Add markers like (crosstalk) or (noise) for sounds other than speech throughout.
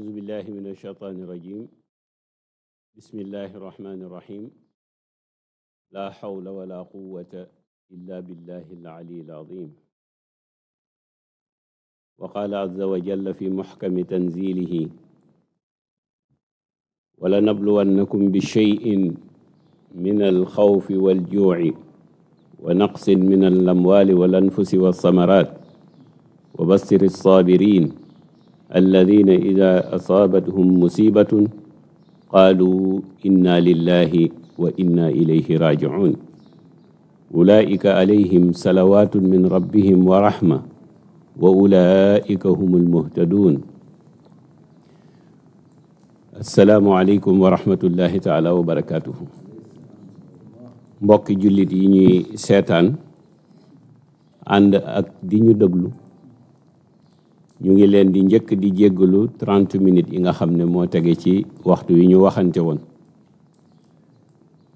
أعوذ بالله من الشيطان الرجيم بسم الله الرحمن الرحيم لا حول ولا قوة إلا بالله العلي العظيم وقال عز وجل في محكم تنزيله ولنبلونكم بشيء من الخوف والجوع ونقص من الأموال والأنفس والثمرات وبشر الصابرين alladina ida asaabathum musibatun qaalu inna lillahi wa inna ilayhi raaji'un ulaika alayhim salawatun min rabbihim wa rahma wa ulaika hum almuhtadun assalaamu aleykum wa rahmatullahi taala wa barakatuhu mbokki jullit yi ñuy seetaan ànd ak di ñu déglu ñu ngi leen di njëkk di jéggalu trente minutes yi nga xam ne moo tege ci waxtu wi ñu waxante woon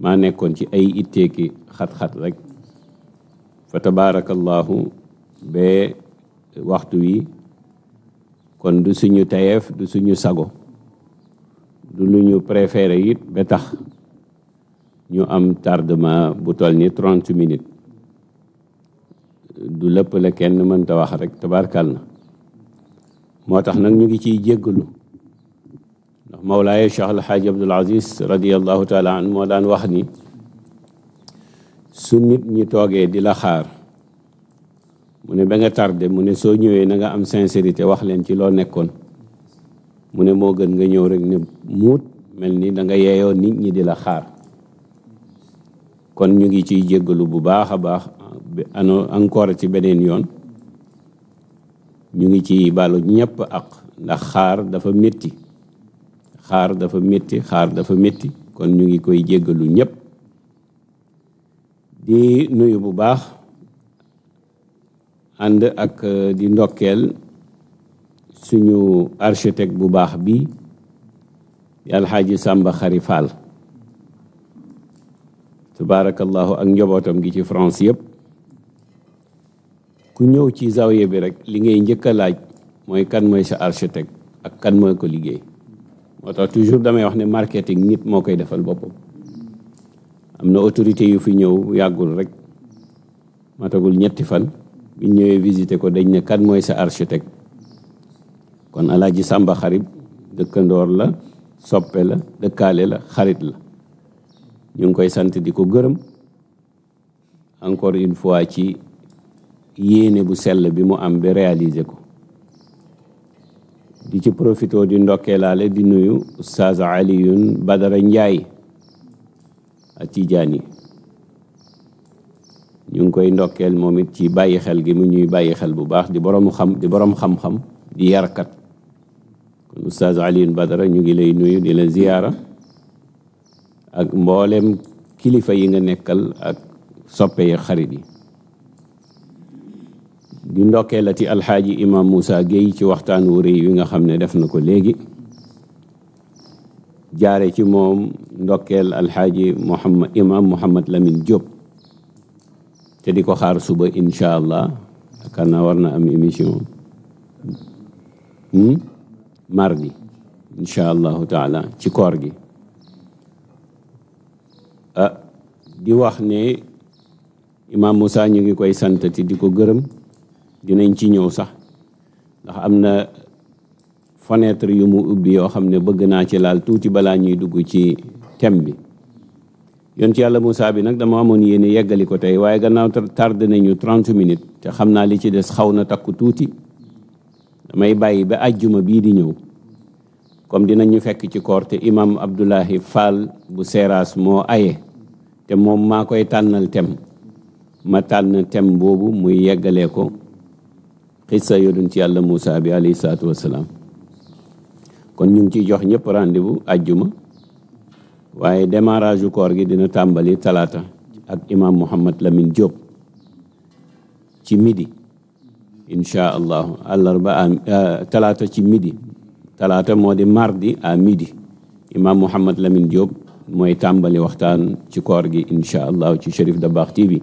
maa nekkoon ci ay itteeki xat-xat rek fa tabaarakallaahu ba waxtu yi kon du suñu tayeef du suñu sago du lu ñu préféré it ba tax ñu am tardement bu toll ni trente minutes du lépp la kenn mënta wax rek tabaarkal na moo tax nag ñu ngi ciy jéggalu ndax mawlaaye cheikh alxaaji abdul aziz radiallahu taala an moo daan wax ni su nit ñi toogee di la xaar mu ne ba nga tardé mu ne soo ñëwee na nga am sincérité wax leen ci loo nekkoon mu ne moo gën nga ñëw rek ne muut mel ni da nga yeeyoo nit ñi di la xaar kon ñu ngi ciy jéggalu bu baax a baax ano encore ci beneen yoon ñu ngi ci balo ñëpp ak ndax xaar dafa métti xaar dafa métti xaar dafa métti kon ñu ngi koy jéggalu ñëpp di nuyu bu baax ànd ak di ndokkeel suñu architecte bu baax bi yàlla alxaaji Sàmba Xari Fall tabaarakallahu ak njobootam gi ci France yëpp ku ñëw ci zawiya bi rek li ngay njëkk a laaj mooy kan mooy sa architecte ak kan mooy ko liggéey moo tax toujours damay wax ne marketing nit moo koy defal boppam am na autorité yu fi ñëw yàggul rek matagul ñetti fan biñ ñëwee visité ko dañ ne kan mooy sa architecte kon alaaji Sàmba xarit dëkkandoor la soppe la dëkkaale la xarit la ñu ngi koy sant di ko gërëm encore une fois ci yéene bu sell bi mu am bi réaliser ko di ci profito di ndokkeelaale di nuyu Oustaz Alioune Badara Ndiaye yi ñu ngi koy ndokkeel moom it ci bàyyi xel gi mu ñuy bàyyi xel bu baax di borom xam di borom xam-xam di yarkat kon Oustaz Alioune Badara ñu ngi lay nuyu di la ziyaara ak mboolem kilifa yi nga nekkal ak soppe yi xarit yi di ndokkeelati alxaaji imam Moussa Gueye ci waxtaan wu yi wi nga xam ne def na ko léegi jaare ci moom ndokkeel alxaaji Muhammad imam Muhammad Lamine Diop te di ko xaar suba incha allah kan na am émission hmm? mardi incha allahu taala ci koor gi ah di wax ne imam Moussa ñu ngi koy santati di ko gërëm dinañ ci ñëw sax ndax am na fenêtre yu mu ubbi yoo xam ne bëgg naa ci laal tuuti balaa ñuy dugg ci thème bi yoon ci yàlla musaa bi nag dama amoon yéene yeggali ko tey waaye gannaaw tardé nañu trente minutes te xam naa li ci des xaw na takk tuuti damay bàyyi ba àjjuma bii di ñëw comme dinañu fekk ci koor te imam Abdoulahi Fall bu Seeraas moo aye te moom maa koy tànnal tem ma tànn tem boobu muy yeggalee ko xissa yonent yàlla Moussa bi alayhi salaatu wassalaam kon ñu ngi ciy jox ñëpp rendez-vous àjjuma waaye démarrage u gi dina tàmbali talaata ak imam la min Diop ci midi incha allahu àllarba talaata ci midi talaata moo di mardi à midi imam la Lamine Diop mooy tàmbali waxtaan ci koor gi incha ci Cherif Dabakh TV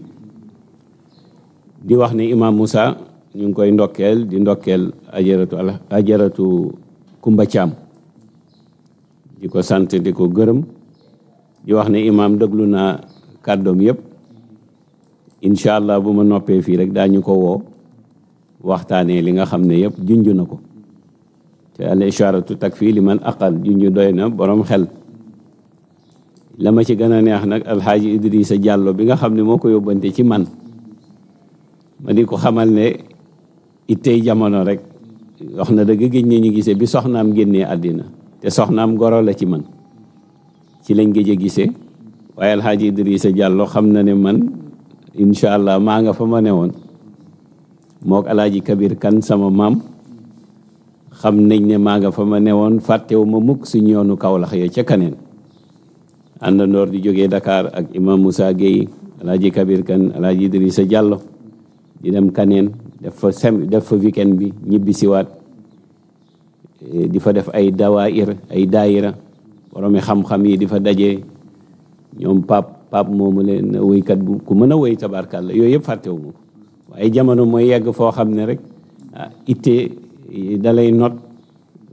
di wax ne imam Moussa ñu ngi koy ndokkeel di ndokkeel ajaratu ala ajaratu Kumba Caam di ko sant di ko gërëm di wax ne imaam déglu naa kàddoom yëpp incha allah bu ma noppee fii rek daañu ko woo waxtaanee li nga xam ne yëpp junj na ko te al isharatu takfi li man aqal junj doy na boroom xel la ma ci gën a neex nag alxaaji Idrissa jàlloo bi nga xam ne moo ko yóbbante ci man ma di ko xamal ne tey jamono rek wax na dëgg géej ne ñu gisee bi soxnaam génnee àddina te soxnaam goro la ci man ci lañ géej a gisee waaye alxaaji sa Diallo xam na ne man incha allah maa nga fa ma ne woon mook alaaji Kabir Kan sama maam xam nañ ne maa nga fa ma ne woon fàttewu ma mukk suñu yoonu Kawlax ya ca kaneen àndandoor di jóge ndakaar ak imam Moussa Gueye alaaji Kabir Kan alaaji Idrissa Diallo di dem kaneen def fa sem def fa weekend bi ñibbi siwaat eh, di fa def ay dawaayir ay daayira boromi xam-xam yi di fa daje ñoom pap pap moomu leen woykat bu ku mën a woy la yooyu yëpp fàttewu ma ko waaye jamono mooy yegg foo xam ne rek ah eh, dalay not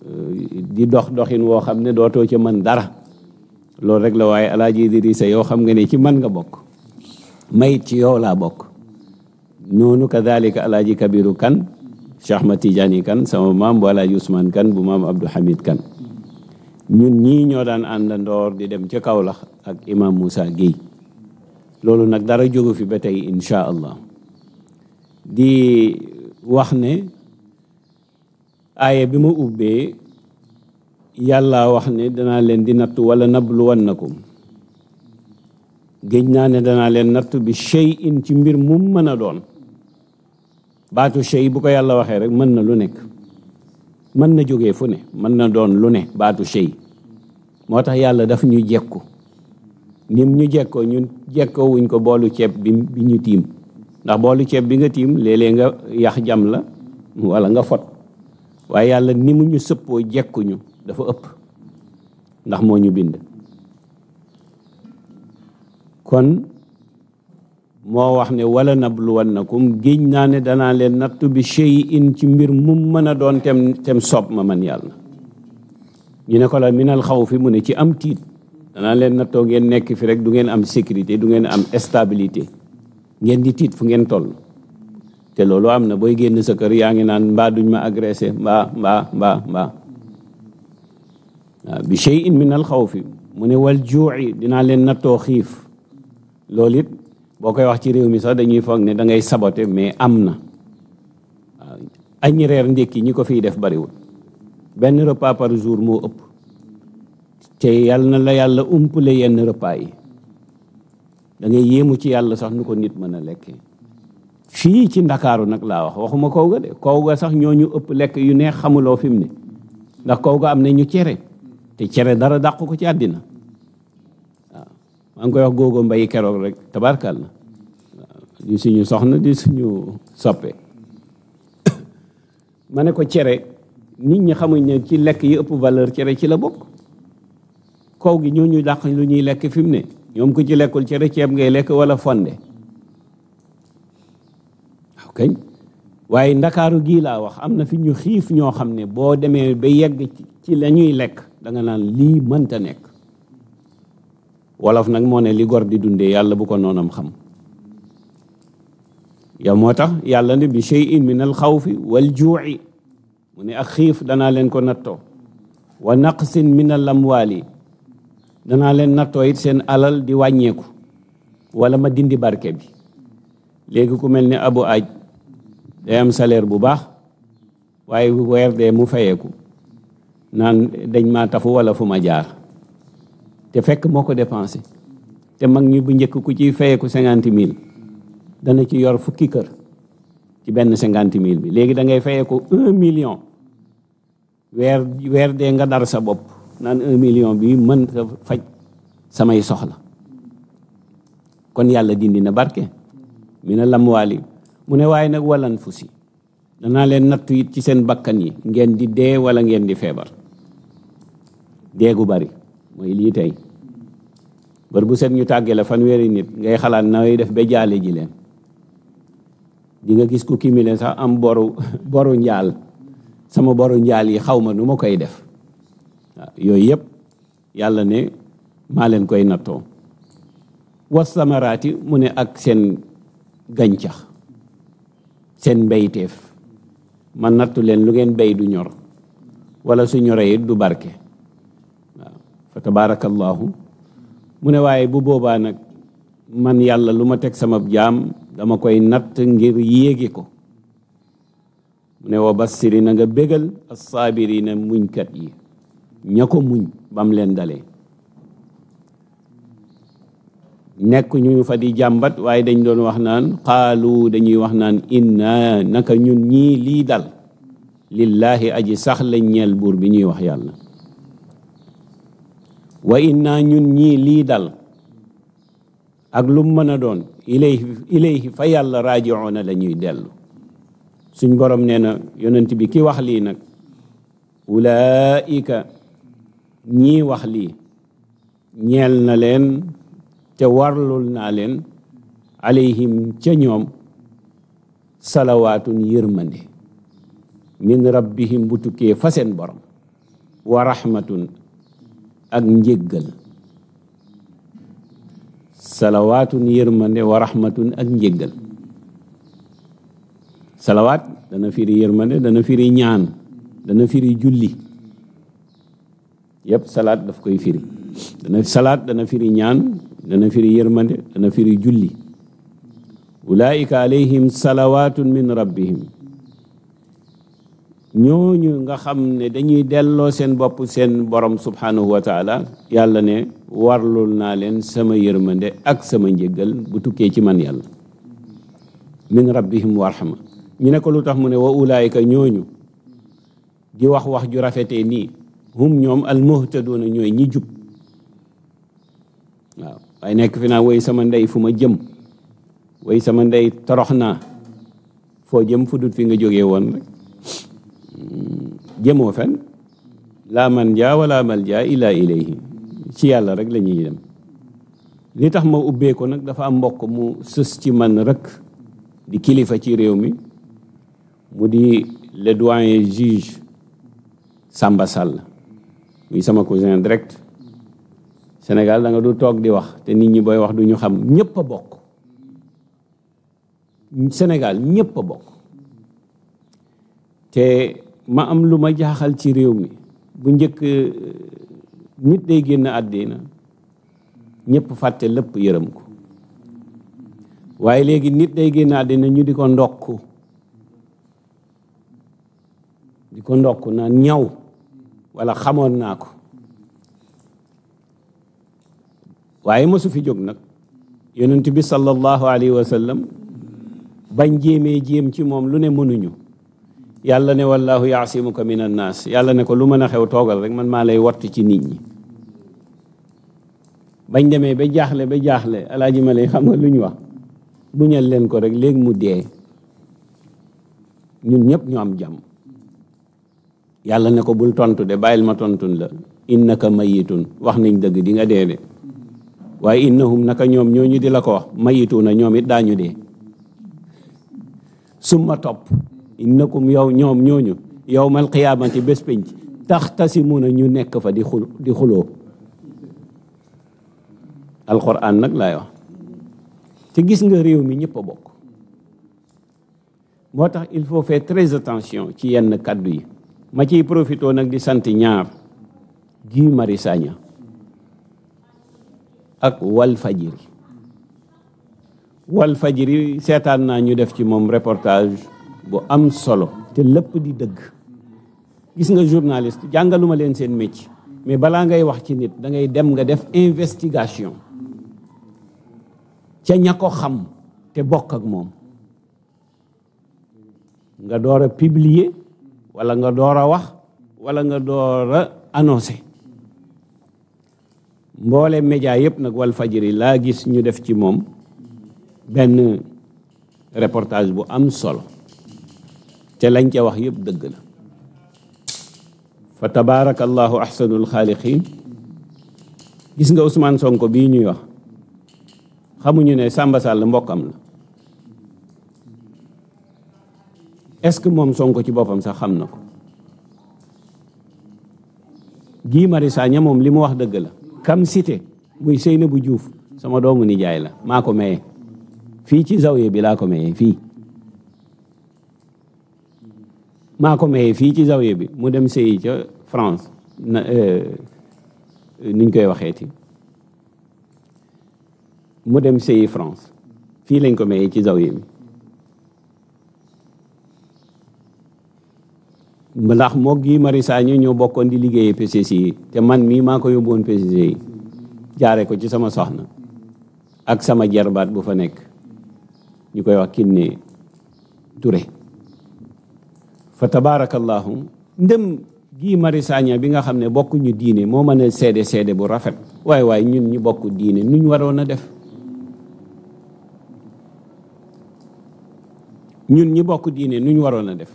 eh, di dox doxin woo xam ne dootoo ca mën dara loolu rek la waaye alaaji Idrissa yoo xam nga ne ci man nga bokk mayit ci yow laa bokk noonu kadhalika alaaji kabiru kan Cheikh Ahmad Tidiane kan sama maam bu alaaji Ousmane kan bu maam Abdou Hamid kan ñun ñii ñoo daan àndandoor di dem ca Kaolack ak imam Moussa Guèye loolu nag dara jógu fi ba tey insha allah di wax ne aaya bi ma ubbee yàlla wax ne danaa leen di nattu wala nabluwannakum géej naa ne danaa leen nattu bi shay'in ci mbir mu mën a doon baatu shay bu ko yàlla waxee rek mën na lu nekk mën na jóge fu ne mën na doon lu ne baatu sey moo tax yàlla daf ñu jekku nim ñu jekkoo ñun jekkoo wuñ ko boolu ceeb bi ñu tiim ndax boolu ceeb bi nga tiim léeg-léeg nga yax jam la wala nga fot waaye yàlla ni mu ñu sëppoo jekkuñu dafa ëpp ndax moo ñu bind kon moo wax ne wala nabluwannakum géej naa ne danaa leen nattu bi in ci mbir mu mën a doon tem tem soob ma man yàlla ñu ne ko la minal xaw fi mu ne ci am tiit danaa leen nattoo ngeen nekk fi rek du ngeen am sécurité du ngeen am stabilité ngeen di tiit fu ngeen toll te loolu am na booy génn sa kër yaa ngi naan mbaa duñ ma agressé mbaa mbaa mbaa mbaa waaw bi shay'in minal xaw fi mu ne wal juu'i dinaa leen nattoo xiif loolu it boo koy wax ci réew mi sax dañuy foog ne dangay ngay mais am na waaw añ reer ndékki ñi ko fiy def bariwul benn repas par jour moo ëpp te yàlla na la yàlla umpale yenn repas yi da ngay yéemu ci yàlla sax nu ko nit mën a lekkee fii ci ndakaaru nag laa wax waxuma kaw ga de kaw ga sax ñoo ñu ëpp lekk yu neex xamuloo fi mu ne ndax kaw ga am na ñu cere te cere dara dàq ko ci àddina maa ngi koy wax googo mbay keroog rek tabarkal na di suñu soxna di suñu soppe (coughs) ma ne ko cere nit ñi xamuñ ne ci lekk yi ëpp valeur cere ci la bokk kow gi ñooñu dàq lu ñuy lekk fi mu ne ñoom ko ci lekkul cere ceeb ngay lekk wala fonde waaw kañ waaye ndakaaru gii laa wax am na fi ñu xiif ñoo xam ne boo demee ba yegg ci la ñuy lekk danga nga naan lii mënta nekk wolof nag moo ne li gor di dundee yàlla bu ko noonam xam yow moo tax yàlla ne bi shay'in min al xawfi wal juu'i mu ne ak xiif danaa leen ko nattoo wa naqsin min al amwaali danaa leen nattoo seen alal di wàññeeku wala ma dindi barke bi léegi ku mel ni abu aj day am salaire bu baax waaye weer dee mu fayeeku naan dañ maa tafu wala fu ma jaar te fekk moo ko dépensé te mag ñi bu njëkk ku ciy fayeeku cinquante mille dana ci yor fukki kër ci benn cinquante mille bi léegi dangay ngay fayeeku un million weer dee nga dar sa bopp naan un million bi mën ta faj samay soxla kon yàlla dindi na barke mi na lamwaali mu ne waaye nag walan fu si danaa leen nattu it ci seen bakkan yi ngeen di dee wala ngeen di feebar dee gu bari mooy lii tey bër bu set ñu tàggee la fanweeri nit ngay xalaat nawey def ba jaale ji leen di nga gis ku kimile sax am boru (laughs) boru njaal sama boru njaal yi xaw ma nu ma koy def yooyu yépp yàlla ne maa leen koy nattoo was samaraati mu ne ak seen gàncax seen mbeyteef ma nattu leen lu ngeen bay du ñor wala su ñoree it du barke fa tabaarakallaahu mu ne waaye bu boobaa nag man yàlla lu ma teg sama jaam dama koy natt ngir yéegi ko mu ne wa bassiri na nga bégal assaabirina muñkat yi ña ko muñ bam leen dale nekk ñu fa di jàmbat waaye dañ doon wax naan xaalu dañuy wax naan inna naka ñun ñii lii dal lillaahi aji sax lañ ñeel buur bi ñuy wax yàlla wa inna ñun ñii lii dal ak lu mën a doon ilayhi fa yàlla raaji'uuna la ñuy dellu suñ borom nee na yonent bi ki wax lii nag ulaa'ika ñii wax lii ñeel na leen te warlul naa leen alayhim ca ñoom salawaatun yërmande min rabbihim bu fa seen borom wa rahmatun ak njéggal salawaatun yërmande wa rahmatun ak njéggal salawaat dana firi yërmande dana firi ñaan dana firi julli yëpp salaat daf koy firi dana salaat dana firi ñaan dana firi yërmande dana firi julli ulaika alayhim salawaatun min rabbihim ñooñu nga xam ne dañuy delloo seen bopp seen borom subhanahu wa yàlla ne warlul naa leen sama yërmande ak sama njëggal bu tukkee ci man yàlla min rabbihim warxama ñu ne ko lu tax mu ne wa ulaayika ñu gi wax wax ju rafetee nii hum ñoom almuhtaduuna ñooy ñi jub waaw waaye nekk fi naa woy sama ndey fu ma jëm woy sama ndey torox naa foo jëm fu dut fi nga jógee woon rek jëmoo fen laa man jaa wala mal jaa illaa ilayhi ci yàlla rek la ñuy dem li tax ma ubbee ko nag dafa am mbokk mu sës ci man rek di kilifa ci réew mi mu di le doyen juge sàmba Sall muy sama cousin direct Sénégal da du toog di wax te nit ñi booy wax du ñu xam ñëpp a bokk Sénégal ñëpp a bokk te ma am lu ma jaaxal ci réew mi bu njëkk euh, nit day génn àddina ñëpp fàtte lépp yërëm ko waaye léegi nit day génn àddina ñu di ko ndokk di ko ndokk na ñaw walla xamoon naa ko waaye mosu fi jóg nag yonent bi sallallahu alayhi wa sallam bañ jéemee jéem ci moom lu ne mënuñu yàlla ne wallaahu yaasimuka min annaas yàlla ne ko lu mën a xew toogal rek man maa lay watt ci nit ñi bañ demee ba jaaxle ba jaaxle alaaji ma lay xam nga lu ñu wax muñal leen ko rek léegi mu dee ñu ñëpp ñu am jàmm yàlla ne ko bul tontu de bàyyil ma tontun la innaka mayitun wax nañ dëgg dinga nga dee de waaye innahum naka ñoom ñooñu di la ko wax mayituuna ñoom it daañu dee summa topp innakum yow ñoom ñooñu yowmal qiyaamati bés penc tax tasimuuna ñu nekk fa di xul di xuloo alquran nag lay wax te gis nga réew mi ñëpp a bokk moo tax il faut fait très attention ci yenn kàddu yi ma ciy profitoo nag di sant ñaar Guy Marius Sagna ak Walfadjri Walfadjri seetaan naa ñu def ci moom reportage bu am solo te lépp di dëgg gis nga journaliste jàngaluma leen seen métier mais balaa ngay wax ci nit da ngay dem nga def investigation ca ña ko xam te bokk ak moom nga door a publier wala nga door a wax wala nga doora a mboole média yëpp nag wal yi laa gis ñu def ci moom benn reportage bu am solo te lañ ca wax yëpp dëgg la fa tabaraka allahu ahsanul xaaliqin gis nga Ousmane Sonko bii ñuy wax xamuñu ne Samba Sall mbokkam la est-ce que moom Sonko ci boppam sax xam na ko Guy Marius moom li mu wax dëgg la kam cité muy Seynabou juuf sama doomu nijaay la maa ko maye fii ci zawiya bi laa ko maye fii maa ko mayee fii ci zawiya bi mu dem sëyi ca France euh, niñ koy waxee waxeeti mu dem sëyi France fii lañ ko mayee ci zawiya bi ndax moo gii marisa ñu ñoo bokkoon di liggéeyee PCC yi te man mii maa ko yóbbuwoon PCC yi jaare ko ci sama soxna ak sama jarbaat bu fa nekk ñu koy wax Kiné Touré fa tabaarakallaahu ndem gii mari Sagna bi nga xam ne bokkuñu diine moo mën a seede seede bu rafet waaye waaye ñun ñu bokk diine nuñ waroon a def ñun ñi bokk diine nuñ waroon a def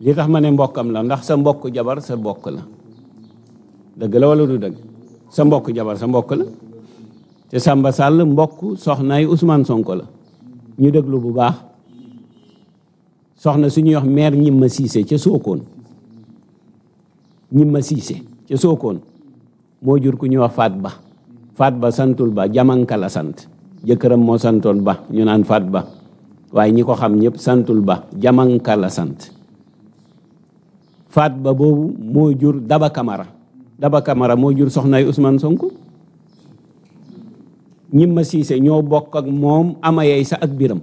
li tax ma ne mbokkam la ndax sa mbokk jabar sa mbokk la dëgg la wala du dëgg sa mbokk jabar sa mbokk la te sàmba sàll mbokk soxnaay Ousmane Sonko la ñu déglu bu baax soxna su ñuy yox maire ñimma siise ca sookoon ñimma siise ca sookoon moo jur ku ñuy wax faat ba faat ba santul ba jamanka la sant jëkkëram moo santoon ba ñu naan faat ba waaye ñi ko xam ñëpp santul ba jamanka la sant faat ba boobu moo jur daba kamara daba kamara moo jur soxnaay Ousmane Sonko ñimma siise ñoo bokk ak moom amayey sa ak biram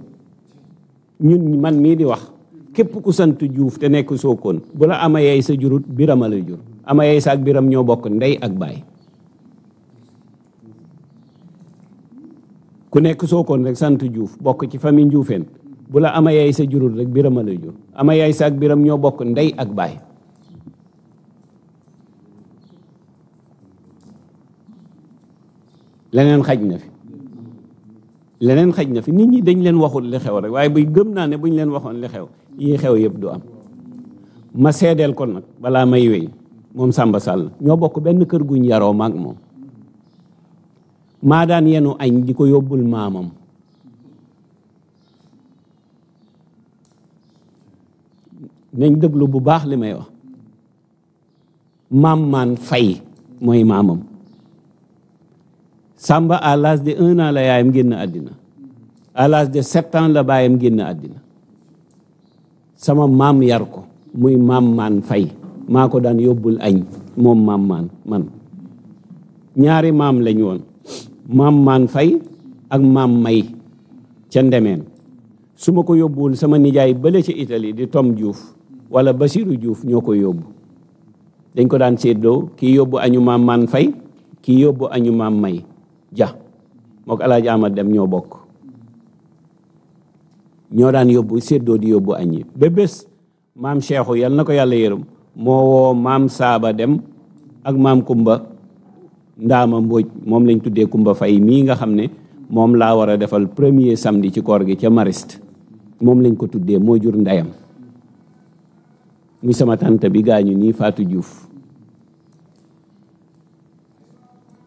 ñun man mii di wax képp ku sant Juuf te nekk Sokone bu la ama yey sa jurut Birama la jur ama yey sa ak Biram ñoo bokk ndey ak baay ku nekk Sokone rek sant Juuf bokk ci famille Njuufeen bu la ama yey sa jurut rek Birama la jur ama yey sa ak Biram ñoo bokk ndey ak baay leneen xaj na fi leneen xaj na fi nit ñi dañ leen waxul li xew rek waaye buy gëm naa ne buñ leen waxoon li xew yi xew yëpp du am ma seedeel ko nag balaa may wéy moom Samba Sall ñoo bokk benn kër guñ yaroo maag moom maa daan yenu añ di ko yóbbul maamam nañ déglu bu baax li may wax maam maan fay mooy maamam Samba à l'âge de un la yaayam génn àddina à l'âge de sept la baayam génn àddina sama maam yar ko muy maam maan fay maa ko daan yóbbul añ moom maam maan man ñaari maam lañu woon maam maan fay ak maam may ca ndemeen su ma ko yóbbuwul sama nijaay bële ca Italie di Tom Diouf wala Basiru juuf ñoo ko yóbbu dañ ko daan séddoo kii yóbbu añu maam maan fay kii yóbbu añu maam may ja moo ko alaaji Amad dem ñoo bokk ñoo daan yóbbu séddoo di yóbbu añ yi ba bés maam Cheikhu yal na ko yàlla yërëm moo woo maam Saaba dem ak maam Kumba Ndaama Mbóoj moom lañ tuddee Kumba Fay mii nga xam ne moom laa war a defal premier samedi ci koor gi ca Mariste moom lañ ko tuddee moo jur ndeyam muy sama tante bi gaañu nii faatu juuf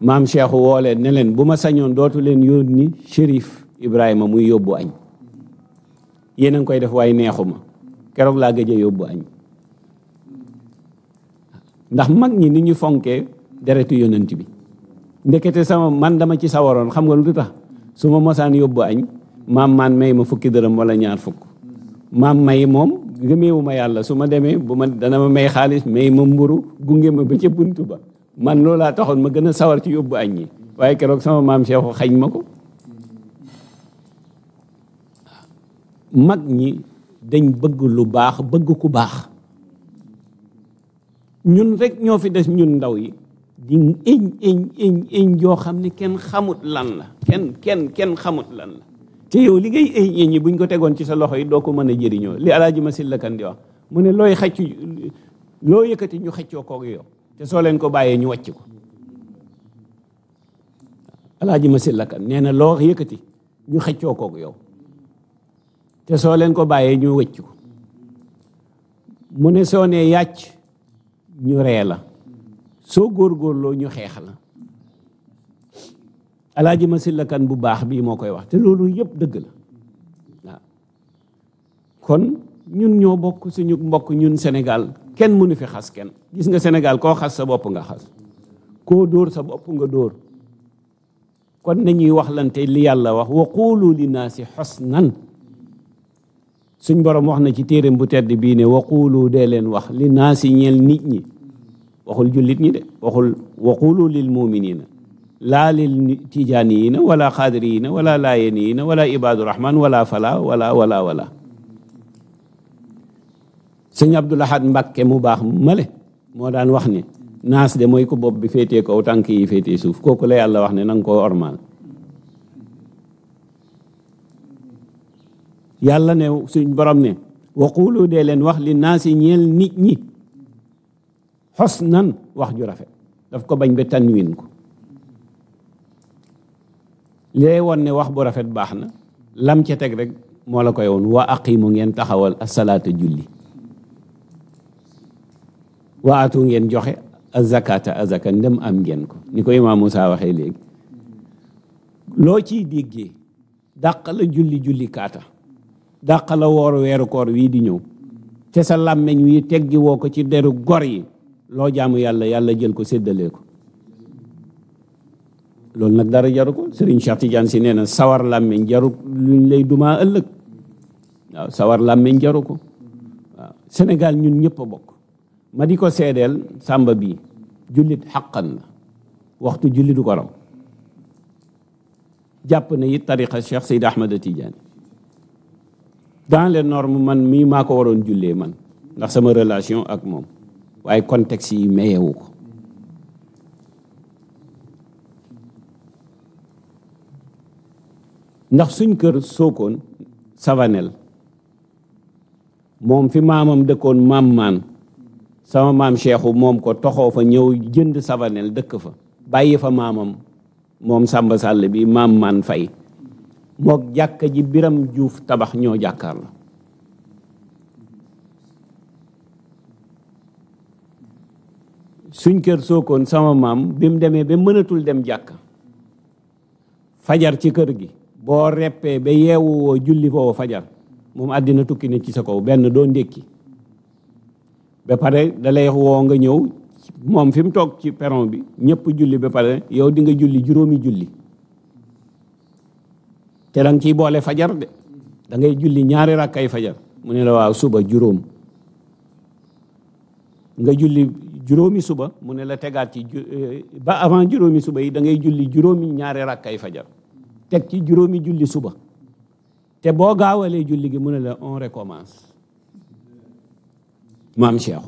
maam Cheikhu woo leen ne leen bu ma sañoon dootu leen yoon yónni Chérif Ibrahima muy yóbbu añ yéen a ngi koy def waaye neexuma keroog laa gëj yóbbu añ ndax mag ñi ni ñu fonkee deretu yonent bi ndekete sama man dama ci sawaroon xam nga lu tax su ma mosaan yóbbu añ maam maan may ma fukki dërëm wala ñaar fukk maam may moom gëmeewu ma yàlla su ma demee bu ma dana ma may xaalis may ma mburu gunge ma ba ca bunt ba man loolaa taxoon ma gën a sawar ci yóbbu añ yi waaye keroog sama maam Cheikh xañ ma ko mag ñi dañ bëgg lu baax bëgg ku baax ñun rek ñoo fi des ñun ndaw yi di iñ iñ iñ iñ xam ni kenn xamut lan la kenn kenn kenn xamut lan la te yow li ngay iñ iñ yi buñ ko tegoon ci sa loxo yi doo ko mën a jëriñoo li alaaji ma silla kan di wax mu ne looy xaccu loo yëkkati ñu xaccoo koog yow te soo leen ko bàyyee ñu wàcc ko alaaji ma silla nee na loo yëkkati ñu xaccoo koog yow te soo leen ko bàyyee ñu wëccu mu ne soo ne yàcc ñu ree la soo góor góorloo ñu xeex la alaaji ma sillakan bu baax bii moo koy wax te loolu yépp dëgg la kon ñun ñoo bokk suñu mbokk ñun senegal kenn mënu fi xas kenn gis nga senegal koo xas sa bopp nga xas koo dóor sa bopp nga dóor kon nañuy waxlante li yàlla wax wa qulu linnaasi xusnan suñ borom wax na ci téeréem bu tedd bii ne waqulu dee leen wax li naa si ñeel nit ñi waxul jullit ñi de waxul waqulu lil muminina laa lil tijaaniyina wala xaadiriyina wala laayeniyina wala ibaadu rahman wala fala wala wala wala sëñ Abdul Ahad mu baax male moo daan wax ni naas de mooy ko bopp bi féetee kow tànk yi féetee suuf kooku la yàlla wax ne nanga koo ormaal yàlla ne suñ borom ne waqulu dee leen wax li naasi ñeel nit ñi xusnan wax ju rafet daf ko bañ tan tanwin ko lee woon ne wax bu rafet baax na lam ca teg rek moo la koy woon wa aqimu ngeen taxawal asalaata julli wa atu ngeen joxe azakata azaka ndem am ngeen ko ni koy imaam Moussa waxee léegi loo ciy déggee dàq la julli julli kaata dàq woor weeru koor wii di ñëw te sa làmmeñ wi teggi woo ko ci deru gor yi loo jaamu yàlla yàlla jël ko séddalee ko loolu nag dara jaru ko Serigne Cheikh si nee na sawar làmmeñ jaru luñ lay dumaa ëllëg waaw sawar làmmeñ jaru ko senegal ñun ñëpp a bokk ma di ko seedeel sàmba bii jullit xaqan la waxtu jullitu ko raw jàpp na yit tariqa Cheikh Seyd Ahmad Tidiane dans les normes man mii maa ko waroon jullee man ndax sama relation ak moom waaye contexte yi mayewu ko ndax suñ kër Sokone Savanel moom fi maamam dëkkoon maam maan sama maam Cheikhu moom ko toxoo fa ñëw jënd Savanel dëkk fa bàyyi fa maamam moom sàmba Sall bi maam maan fay mook jàkka ji biram juuf tabax ñoo jàkkaar la suñ kër sookoon sama maam bi mu demee ba mënatul dem jàkka fajar ci kër gi boo reppee ba yeewu woo julli foofu fajar moom àddina tukki ne ci sa kaw benn doo ndékki ba pare da lay nga ñëw moom fi mu toog ci peron bi ñëpp julli ba pare yow dinga julli juróomi julli te danga ciy boole fajar de da ngay julli ñaari rakkay fajar mu ne la waaw suba juróom nga julli juróomi suba mu ne la tegaat ci eh, ba avant juróomi suba yi da julli juróomi ñaari rakkay fajar teg ci juróomi julli suba te boo gaawalee julli gi mu ne la on recommence maam Cheikh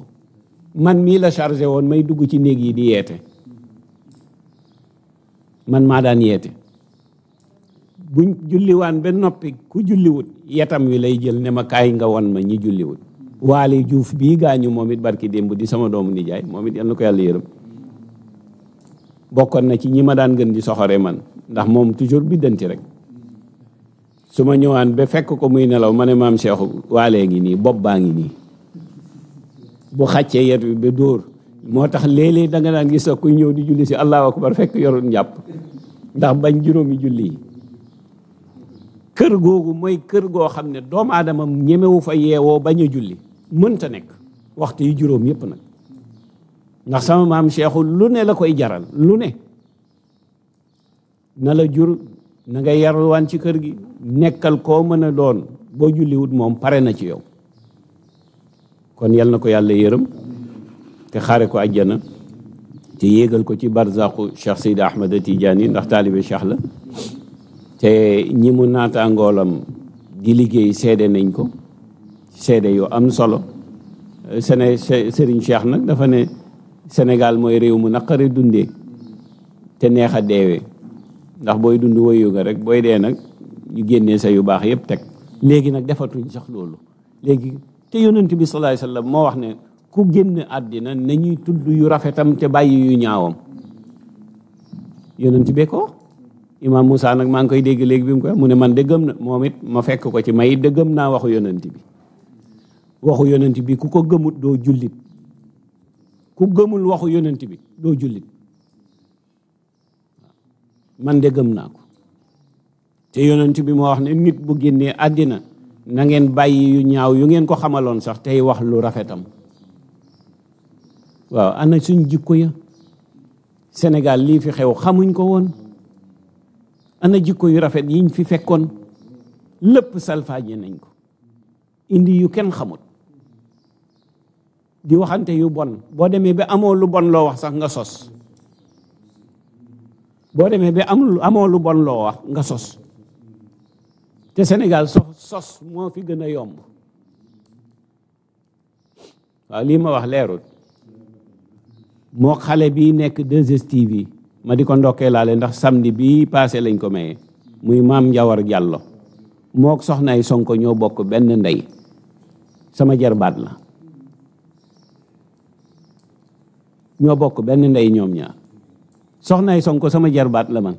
man mii la chargé woon may dugg ci néeg yi di yeete man maa daan yeete buñ julliwaan ba noppi ku julliwut yetam wi lay jël ne ma kaay nga wan ma ñi julliwut waali juuf bii gaañu moom it barki démb di sama doomu nijaay moom it yal na ko yàlla yërëm bokkoon na ci ñi ma daan gën di soxore man ndax moom toujours biddanti rek su ma ñëwaan ba fekk ko muy nelaw mane maam Cheikh waale ngi nii bopp baa ngi nii bu xàccee yet wi ba dóor moo tax léeg-léeg da nga daan gis sax kuy ñëw di julli si allahu akbar fekk yorul njàpp ndax bañ juróomi julli kër googu mooy kër goo xam ne doomu aadama ñemewu fa yeewoo bañ a julli mënta nekk waxtu yu juróom yépp nag ndax sama maam Cheikhu lu ne la koy jaral lu ne na la jur na nga yarluwaan ci kër gi nekkal koo mën doon boo julliwut moom pare na ci yow kon yal na ko yàlla yërëm te xaare ko àjjana te yéegal ko ci barzaqu Cheikh Seydi Ahmad Tijaani ndax taalibe Cheikh la te ñi mu naataangoolam di liggéey seede nañ ko seede yu am solo euh, Séné Serigne Cheikh nag dafa ne Sénégal mooy réew mu naqare dundee te neex a deewee ndax booy dund woyu nga rek booy dee nag ñu génnee sa yu baax yëpp teg léegi nag defatuñ sax loolu léegi te yonent bi sallallahu alayhi wasallam moo wax ne ku génn àddina nañuy tudd yu rafetam te bàyyi yu ñaawam yonent bee ko imaam Moussa nag maa ngi koy dégg léegi bi mu koy mu ne man dëggam na moom it ma fekk ko ci may dëggam naa waxu yonent bi waxu yonent bi ku ko gëmut doo jullit ku gëmul waxu yonent bi doo jullit man de gëm naa ko te yonent bi moo wax ne nit bu génnee àddina na ngeen bàyyi yu ñaaw yu ngeen ko xamaloon sax tey wax lu rafetam waaw ana suñ jikko ya Sénégal lii fi xew xamuñ ko woon ana jikko yu rafet yiñ fi fekkoon lépp salfaaje nañ ko indi yu kenn xamut di waxante yu bon boo demee ba amoo lu bon loo wax sax nga sos boo demee ba am amoo lu bon loo wax nga sos te Sénégal so sos moo fi gën a yomb waaw lii ma wax leerul moo xale bi nekk 2STV ma di ko ndokkee laale ndax samdi bi paase lañ ko maye muy maam Njawar Jàllo mook soxnaay Sonko ñoo bokk benn ndey sama jarbaat la ñoo bokk benn ndey ñoom ñaar soxnaay Sonko sama jarbaat la man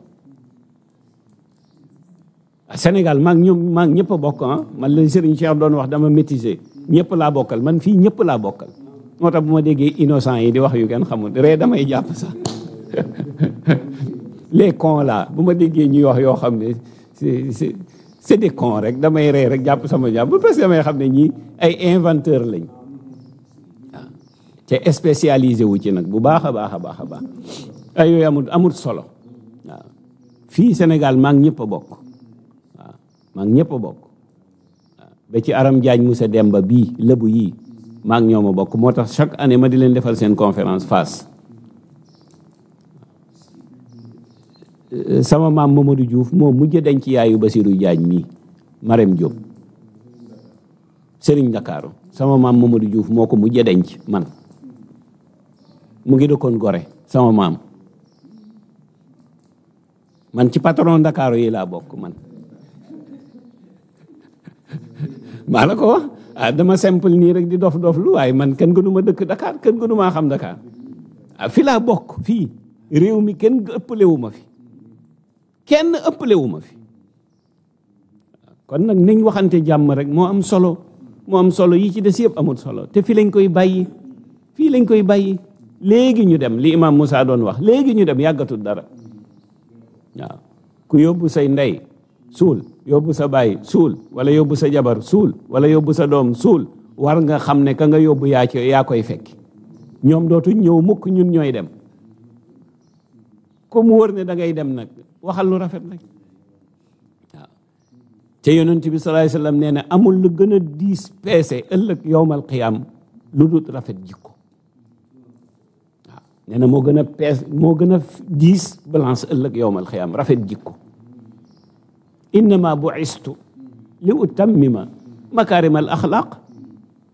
Sénégal maag ñoom maag ñëpp a bokk ah man lañ Serigne Cheikh doon wax dama métisé ñëpp laa bokkal man fii ñëpp laa bokkal moo tax bu ma déggee innocent yi di wax yu kenn xamul ree damay jàpp sax (laughs) les cons laa bu ma déggee ñuy wax yoo xam ne c'est c'est des cons rek damay rey rek jàpp sama jàpp parce que damay xam ne ñii ay inventeur lañ ah. te spécialisé wu ci nag bu baax a baax a baax a baax ay yooyu amul solo waaw ah. fii Sénégal maa ngi ñëpp a bokk waaw ah. maa ngi ñëpp a bokk ba ci Aram Diagne Moussa Demba bii lëbu yii maa ngi ñoom a bokk moo tax chaque année ma di leen defal seen conférence face Euh, sama maam Mamadou Diouf moo mujj denc yaayu Basirou Diagne mii Marème Diop Serigne Ndakaaru sama maam du juuf moo ko mujj denc man mu ngi dëkkoon gore sama maam man ci patron Ndakaaru yi laa bokk man (laughs) maa la ko wax ah, dama simple nii rek di dof dof lu waaye man kenn gënuma dëkk Dakar kenn gënumaa xam Dakar ah fi laa bokk fii réew mi kenn ëppalewu ma fi kenn ëppalewu ma fi kon nag niñ waxante jàmm rek moo am solo moo am solo yi ci des yëpp amul solo te fii lañ koy bàyyi fii lañ koy bàyyi léegi ñu dem li imam Moussa doon wax léegi ñu dem yàggatul dara waaw ku yóbbu say ndey suul yóbbu sa baay suul wala yóbbu sa jabar suul wala yóbbu sa doom suul war nga xam ne ka nga yóbbu yaa yaa koy fekk ñoom dootuñ ñëw mukk ñun ñooy dem mu wër ne da ngay dem nag waxal lu rafet rek te yonent bi sallallahu alayhi nee na amul lu gën a diis peese ëllëg yowmal qiyam lu dul rafet jikko waaw nee na moo gën a pees moo gën a diis balance ëllëg yowmal qiyam rafet jikko innama bu'istu li utammima makaarimal axlaaq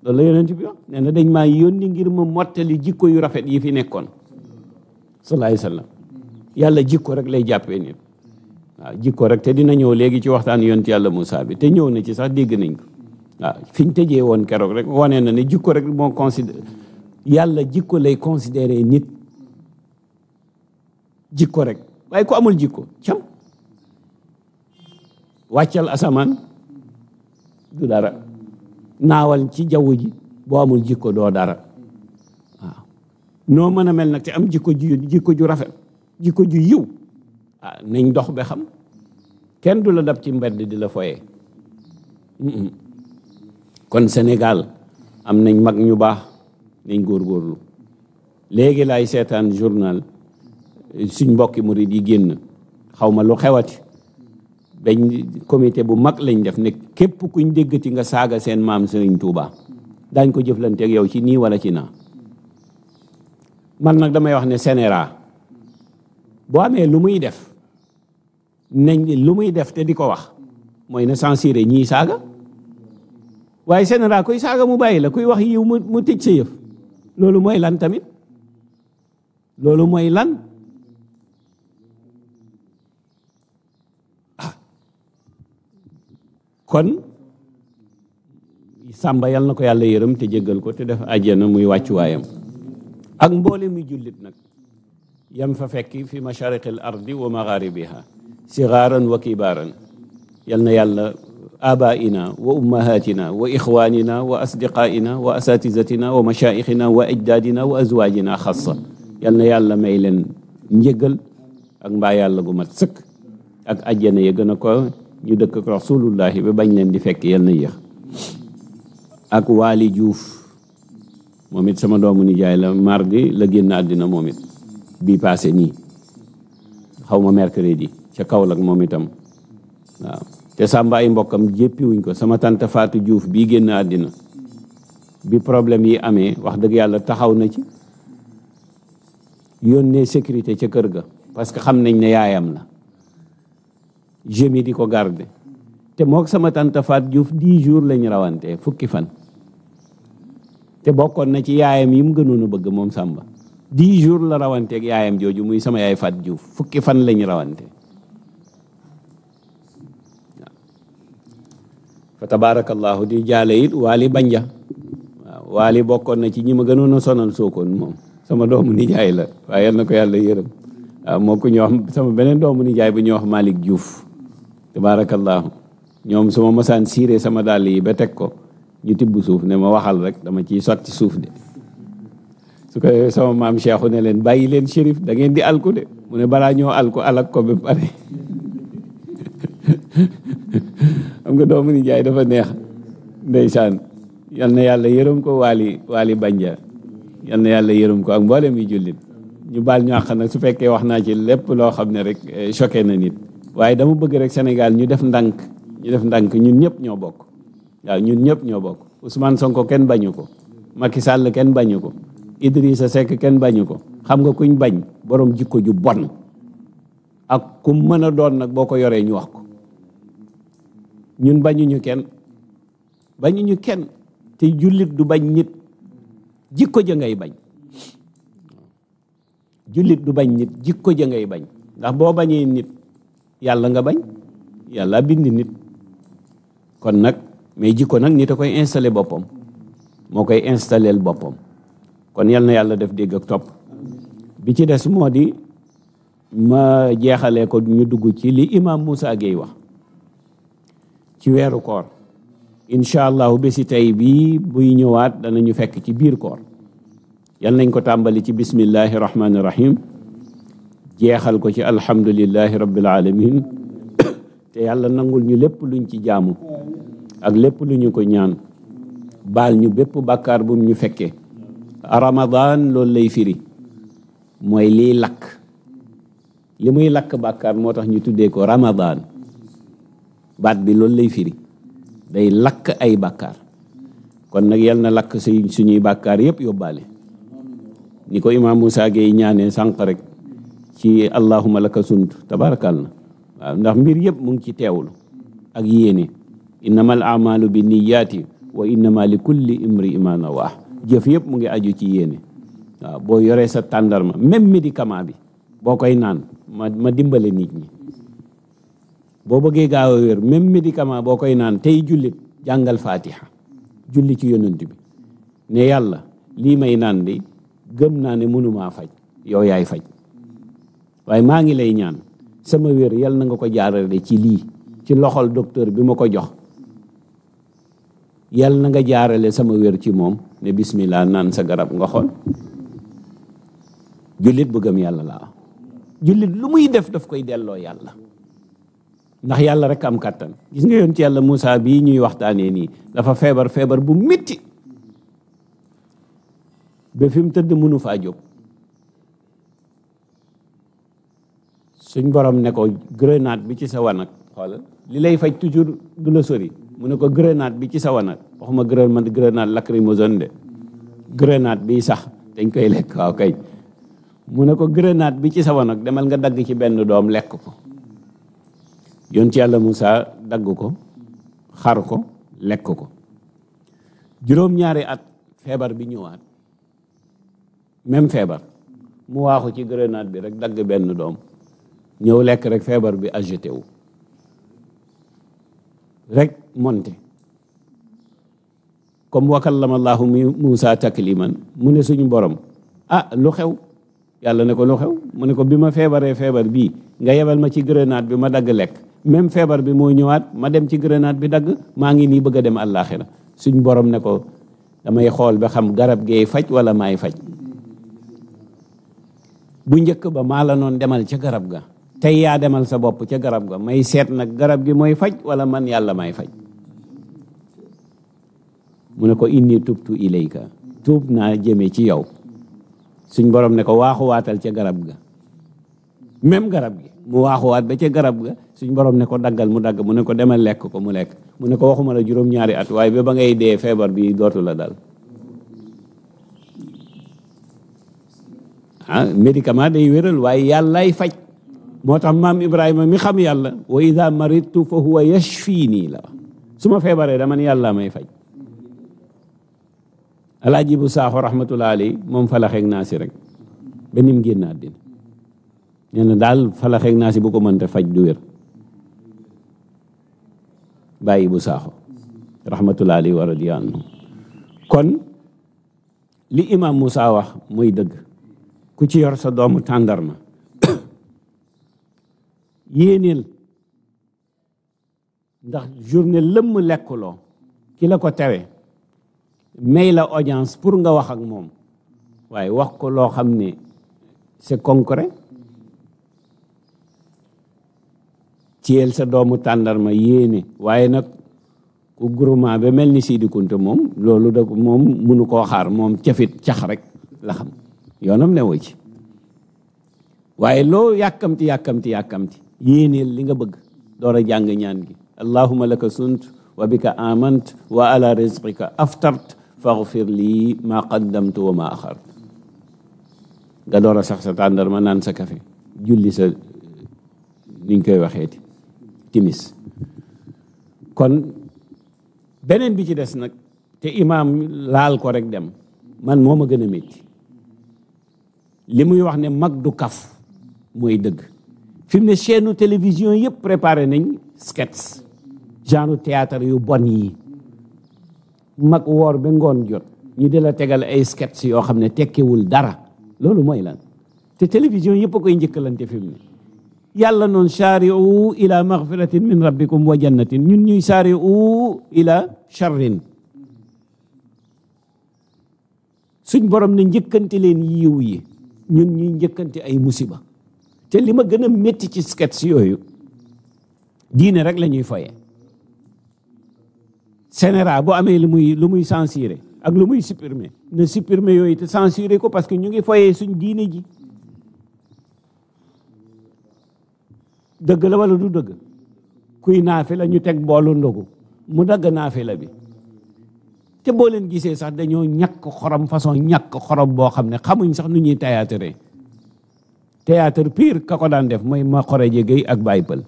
loolu la yonent bi nee na dañ maa yónni ngir ma mottali jikko yu rafet yi fi nekkoon sallallahu alayhi yàlla jikko rek lay jàppee nit jikko rek te dina ñëw léegi ci waxtaan yonent yàlla Moussa bi te ñëw na ci sax dégg nañ ko waaw fi ñu tëjee woon keroog rek wane na ne jikko rek moo considéré yàlla jikko lay considéré nit jikko rek waaye ku amul jikko cam wàccal asamaan du dara naawal ci jaww ji boo amul jikko doo dara waaw noo mën a mel nag te am jikko ju jikko ju rafet jikko ju yiw ah nañ dox bi xam kenn du la dab ci mbedd di la foye kon Sénégal am nañ mag ñu baax nañ góorgóorlu léegi lay seetaan journal suñ mbokki murid yi génn xaw ma lu xewati dañ comité bu mag lañ def ne képp kuñ déggati nga saaga seen maam Serigne Touba daañ ko jëflanteeg yow ci nii wala ci naa man nag damay wax ne sénéra boo amee lu muy def nañ lu muy def te di ko wax mooy na censuré ñii saaga waaye général kuy saaga mu bàyyi la kuy wax yiw mu mu tëj sa yëf loolu mooy lan tamit loolu mooy lan ah kon Samba yal na ko yàlla yërëm te jéggal ko te def na muy wàccuwaayam ak mboole muy jullit nag yam fa fekki fi mashariqil ardi wa magharibiha sigaaran wa kibaaran yal na yàlla abaaina wa ummahatina wa ixwaanina wa asdiqaaina wa asatizatina wa mashaayixina wa ajdaadina wa azwaajina na yàlla may leen njëgal ak yàlla gu mat sëkk ak ajjana gën a dëkk ak rasulullahi ba bañ leen di fekk yal na yéex ak waali juuf moom it sama doomu nijaay la mardi la génn àddina bi passé nii xaw ma mercredi ca kaw Kaolack moom itam waaw te Samba ay mbokkam jéppiwuñ ko sama tante Fatou Diouf bii génn àddina bi problème yi amee wax dëgg yàlla taxaw na ci yónnee sécurité ca kër ga parce que xam nañ ne yaayam la jemi di ko garde te mook sama tante Fatou Diouf dix jours lañ rawante fukki fan te bokkoon na ci yaayam yi mu gënoon a bëgg moom sàmba dix jours la rawanteeg yaayam jooju muy sama yaay Fat juuf fukki fan lañu rawante fa tabarakallahu di jaale it waali banja waaw waali bokkoon na ci ñi ma gënoon a sonal sookoon moom sama doomu nijaay la waaye yal na ko yàlla yërëm waaw moo ko ñoo xam sama beneen doomu nijaay bu ñuy wax Malick Diouf tabarakallahu ñoom su mosaan siiree sama dàll yi ba teg ko ñu tibb suuf ne ma waxal rek dama ciy ci suuf de su ko sama maam Cheikhu ne leen bàyyi leen shérif da ngeen di alku de mu ne balaa ñoo alku alak ko ba pare (laughs) xam nga doomu ni jaay dafa neex ndeysaan yal na yàlla yërëm ko waali waali banja yal na yàlla yërëm ko ak mboolem yi jullit ñu baal ñu àq nag su fekkee wax naa ci lépp loo xam ne rek eh, choqué na nit waaye dama bëgg rek Sénégal ñu def ndànk ñu def ndànk ñun ñëpp ñoo bokk waaw ñun ñëpp ñoo bokk Ousmane Sonko kenn bañu ko Macky Sall kenn bañu ko Idrissa Seck kenn bañu ko xam nga kuñ bañ borom jikko ju bon ak kum mën a doon nag boo ko yoree ñu wax ko ñun bañuñu kenn bañuñu kenn te jullit du bañ nit jikko ja ngay bañ jullit du bañ nit jikko ja ngay bañ ndax boo bañee nit yàlla nga bañ yàlla bind nit kon nag mais jikko nag nit a koy installé boppam moo koy installeel boppam kon yal yàlla def dégg ak topp bi ci des moo di ma jeexale ko ñu dugg ci li imam Moussa Gueye wax ci weeru koor incha allahu bési tey bii buy ñëwaat dana ñu fekk ci biir koor yal nañ ko tàmbali ci bismillahi rahmaani rahim jeexal ko ci alhamdulillahi rabbil alamin (coughs) te yàlla nangul ñu lépp luñ ci jaamu ak lépp lu ñu ko ñaan baal ñu bépp bàkkaar bum ñu fekkee ramadaan lool lay firi mooy liy lakk li muy lakk bàkkaar moo tax ñu tuddee ko ramadaan baat bi loolu lay firi day lakk ay bàkkaar kon nag yal na lakk suñuy suñuy bàkkaar yëpp yóbbaale ni ko imaam Moussa Gueye ñaanee sànq rek ci allahuma laka sunt tabaarakal na waaw ndax mbir yëpp mu ci teewul ak yéene innama al bi niyaati wa innama li kulli imri ma jëf yëpp mu ngi aju ci yéene waaw boo yoree sa tàndarma même médicament bi boo koy naan ma ma dimbale nit ñi boo bëggee gaaw a wér même médicament boo koy naan tey jullit jàngal faatiha julli ci yonent bi ne yàlla lii may naan di gëm naa ne mënumaa faj yow yaay faj waaye maa ngi lay ñaan sama wér yal na nga ko jaarale ci lii ci loxol docteur bi ma ko jox yal na nga jaarale sama wér ci moom ne bismillah naan sa garab nga xool jullit bu gëm yàlla laa jullit lu muy def daf koy delloo yàlla ndax yàlla rek am kàttan gis nga yoon ci yàlla Moussa bii ñuy waxtaanee nii dafa feebar feebar bu métti ba fi mu tëdd mënu faa jóg suñ boroom ne ko grenade bi ci sa wanag xoolal li lay faj toujours du la sori mu ne ko grenade bi ci sawa nag waxuma grenade grenade lacrymogène de grenade bii sax dañ koy lekk waaw kay mu ne ko grenade bi ci sawa nag demal nga dagg ci benn doom lekk ko yoon yonent yàlla Moussa dagg ko xar ko lekk ko juróom-ñaari at feebar bi ñëwaat même feebar mu waaxu ci grenade bi rek dagg benn doom ñëw lekk rek feebar bi agité rek monte comme wa kallama allahu Muusa takliman mu ne suñu borom a ah, lu xew yàlla ne ko lu xew mu ne ko bi ma feebaree feebar bii nga yebal ma ci grenade bi ma dagg lekk même feebar bi moo ñëwaat ma dem ci grenaat bi dagg maa ngi nii bëgg a dem àllaaxira suñu borom ne ko damay xool ba xam garab geey faj wala maay faj bu njëkk ba maa la noon demal ca garab ga tey yaa demal sa bopp ca garab ga may seet nag garab gi mooy faj wala man yàlla may faj mu ne ko inni tubtu ilayka tuub naa jëmee ci yow suñ boroom ne ko waaxuwaatal ca garab ga même garab gi mu waaxuwaat ba ca garab ga suñ borom ne ko daggal mu dagg mu ne ko demal lekk ko mu lekk mu ne ko waxuma la juróom-ñaari at waaye ba ngay dee feebar bi dootu la dal ah médicament day wéral waaye yàllaay faj moo tax maam Ibrahima mi xam yàlla wa ida maridtu fa huwa yashfii nii la su ma feebaree dama ne yàlla may faj alaaji bu saaxo rahmatullahi moom falaxeeg naa rek ba nim génn àddina nee daal falaxeeg naa si bu ko mënte faj du wér bàyyi bu saaxo rahmatullahi wa radiya kon li imam Moussa wax muy dëgg ku ci yor sa doomu tàndarma (coughs) yéeneel ndax journée lëmm lekkuloo ki la ko tewe may la audience pour nga wax ak moom waaye wax ko loo xam ne c'est concret ciyel sa doomu tàndarma yéene waaye nag ku groupement ba mel ni Sidi moom loolu da moom munu koo xaar moom cafit cax rek la xam yoonam ne ci waaye loo yàkkamti yàkkamti yàkkamti li nga bëgg door a jàng ñaan gi allahumma laka sunt wa bika amant wa ala rizqika aftart faghfir lii maa qaddamtu wa maa axart nga door a sax sa tàndarma naan sa kafe julli sa niñ koy waxee ti timis kon beneen bi ci des nag te imaam laal ko rek dem man moo ma gën a métti li muy wax ne mag du kaf mooy dëgg fi mu ne chaîne télévision yëpp préparé nañ sketch genre théâtre yu bon yi mag woor ba ngoon jot ñu di la tegal ay sketch yoo xam ne tekkewul dara loolu mooy lan te télévision yëpp a koy njëkkalante fi mu ne yàlla noonu saari'u ila maghfiratin min rabbikum wa jannatin ñun ñuy saari'u ila sharrin suñ borom na njëkkante leen yiw yi ñun ñuy njëkkante ay musiba te li ma gën a métti ci sketch yooyu diine rek lañuy ñuy foye CNRA bu amee lu muy lu muy censuré ak lu muy supprimer na supprimer yooyu te censuré ko parce que ñu ngi foyee suñ diine ji dëgg la wala du dëgg kuy naafi la ñu teg boolu ndogu mu dagg naafi la bi te boo leen gisee sax dañoo ñàkk xorom façon ñàkk xorom boo xam ne xamuñ sax nu ñuy théâtre théâtre pire ka ko daan def mooy ma xore jegey ak Bible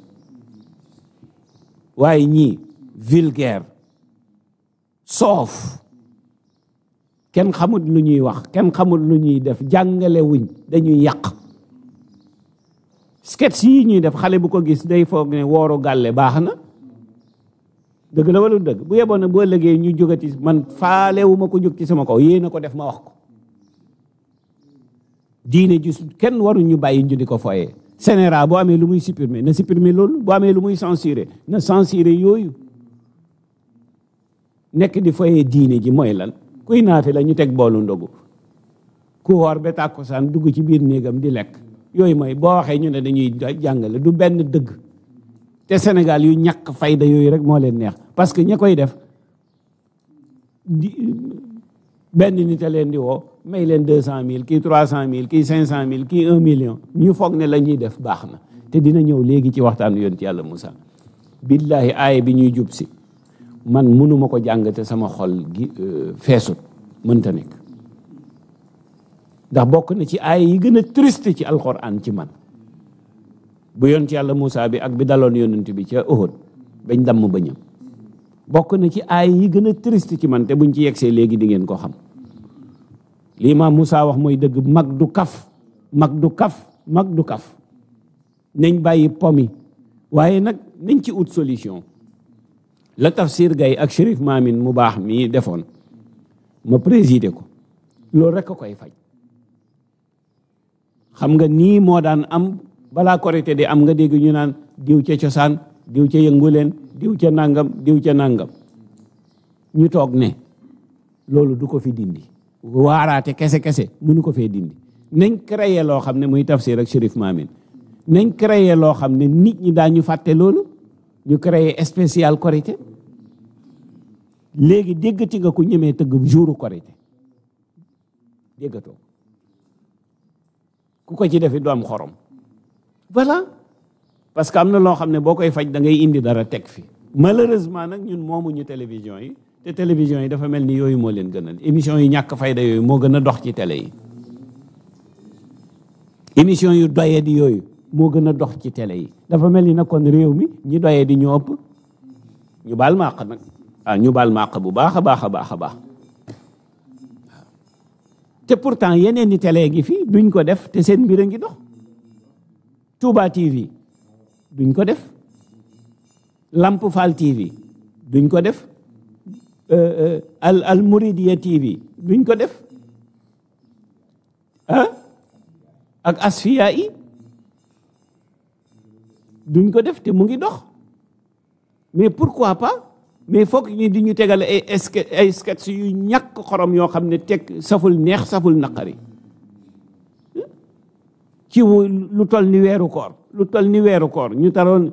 waaye ñii vulgaire soof kenn xamut lu ñuy wax kenn xamut lu ñuy def jàngale wuñ dañuy yàq sketch yi ñuy def xale bu ko gis day foog ne wooru gàlle baax na dëgg la wala dëgg bu yeboon na boo lëgee ñu jógati man faalewu ma ko jóg ci sama ko yéena ko def ma wax ko diine ji kenn waru ñu bàyyi ñu di ko foyee Sénéra boo amee lu muy supprimer na supprimer loolu boo amee lu muy censurer na censurer yooyu nekk di foyee diine ji mooy lan kuy naafi la ñu teg boolu ndogu ku woor ba tàkkusaan dugg ci biir néegam di lekk yooyu mooy boo waxee ñu ne dañuy jàngale du benn dëgg te Sénégal yu ñàkk fayda yooyu rek moo leen neex parce que ña koy def benn nit a leen di woo may leen deux cent mille kii trois cent mille kii cinq cent mille kii un million ñu foog ne la ñuy def baax na te dina ñëw léegi ci waxtaanu yonent yàlla Moussa billaahi aaya bi ñuy jub man mënuma ko jàng te sama xol gi euh, feesut mënta nekk ndax bokk na ci aaya yi gën a triste ci alxuraan ci man bu yoon ci yàlla Moussa bi ak bi daloon yonent bi ca Uhud bañ damm ba ñëm bokk na ci aay yi gën a triste ci man te buñ ci yegsee léegi di ngeen ko xam lii ma Moussa wax mooy dëgg mag du kaf mag du kaf mag du kaf nañ bàyyi pomi waaye nag nañ ci ut solution la tafsir gay ak Chérif Maamin mu baax mii defoon ma présider ko loolu rek a koy faj xam nga nii moo daan am balaa korité di am nga dégg ñu naan diw ca cosaan diw ca yënguleen diw ca nangam diw ca nangam ñu toog ne loolu du ko fi dindi waaraate kese-kese mënu ko fee dindi nañ créé loo xam ne muy tafsir ak Chérif Maamin nañ créé loo xam ne nit ñi daañu fàtte loolu ñu créé spécial korité léegi déggati nga ku ñemee tëgg jouru korité déggatoo ku ko ci defi du am xorom voilà parce que am na loo xam ne boo koy faj da ngay indi dara teg fi malheureusement nag ñun moomuñu télévision yi te télévision yi dafa mel ni yooyu moo leen gënal émission yu ñàkk fayda yooyu moo gën a dox ci télé yi émission yu doyadi yooyu moo gën a dox ci tele yi dafa mel ni nag kon réew mi ñu doyee di ñoo ñu baal màq nag ñu baal màq bu baax a baax a baax a baax te pourtant yeneen ni télé gi fi duñ ko def te seen mbir a ngi dox Touba TV duñ ko def Lamp Fall TV duñ ko def euh, euh, al al Mouridiya TV duñ ko def ah ak Asfiya yi duñ ko def te mu ngi dox mais pourquoi pas mais foog ñi di ñu tegal ay ay sketch yu ñàkk xorom yoo xam ne teg saful neex saful naqari ci lu toll ni weeru koor lu toll ni weeru koor ñu taroon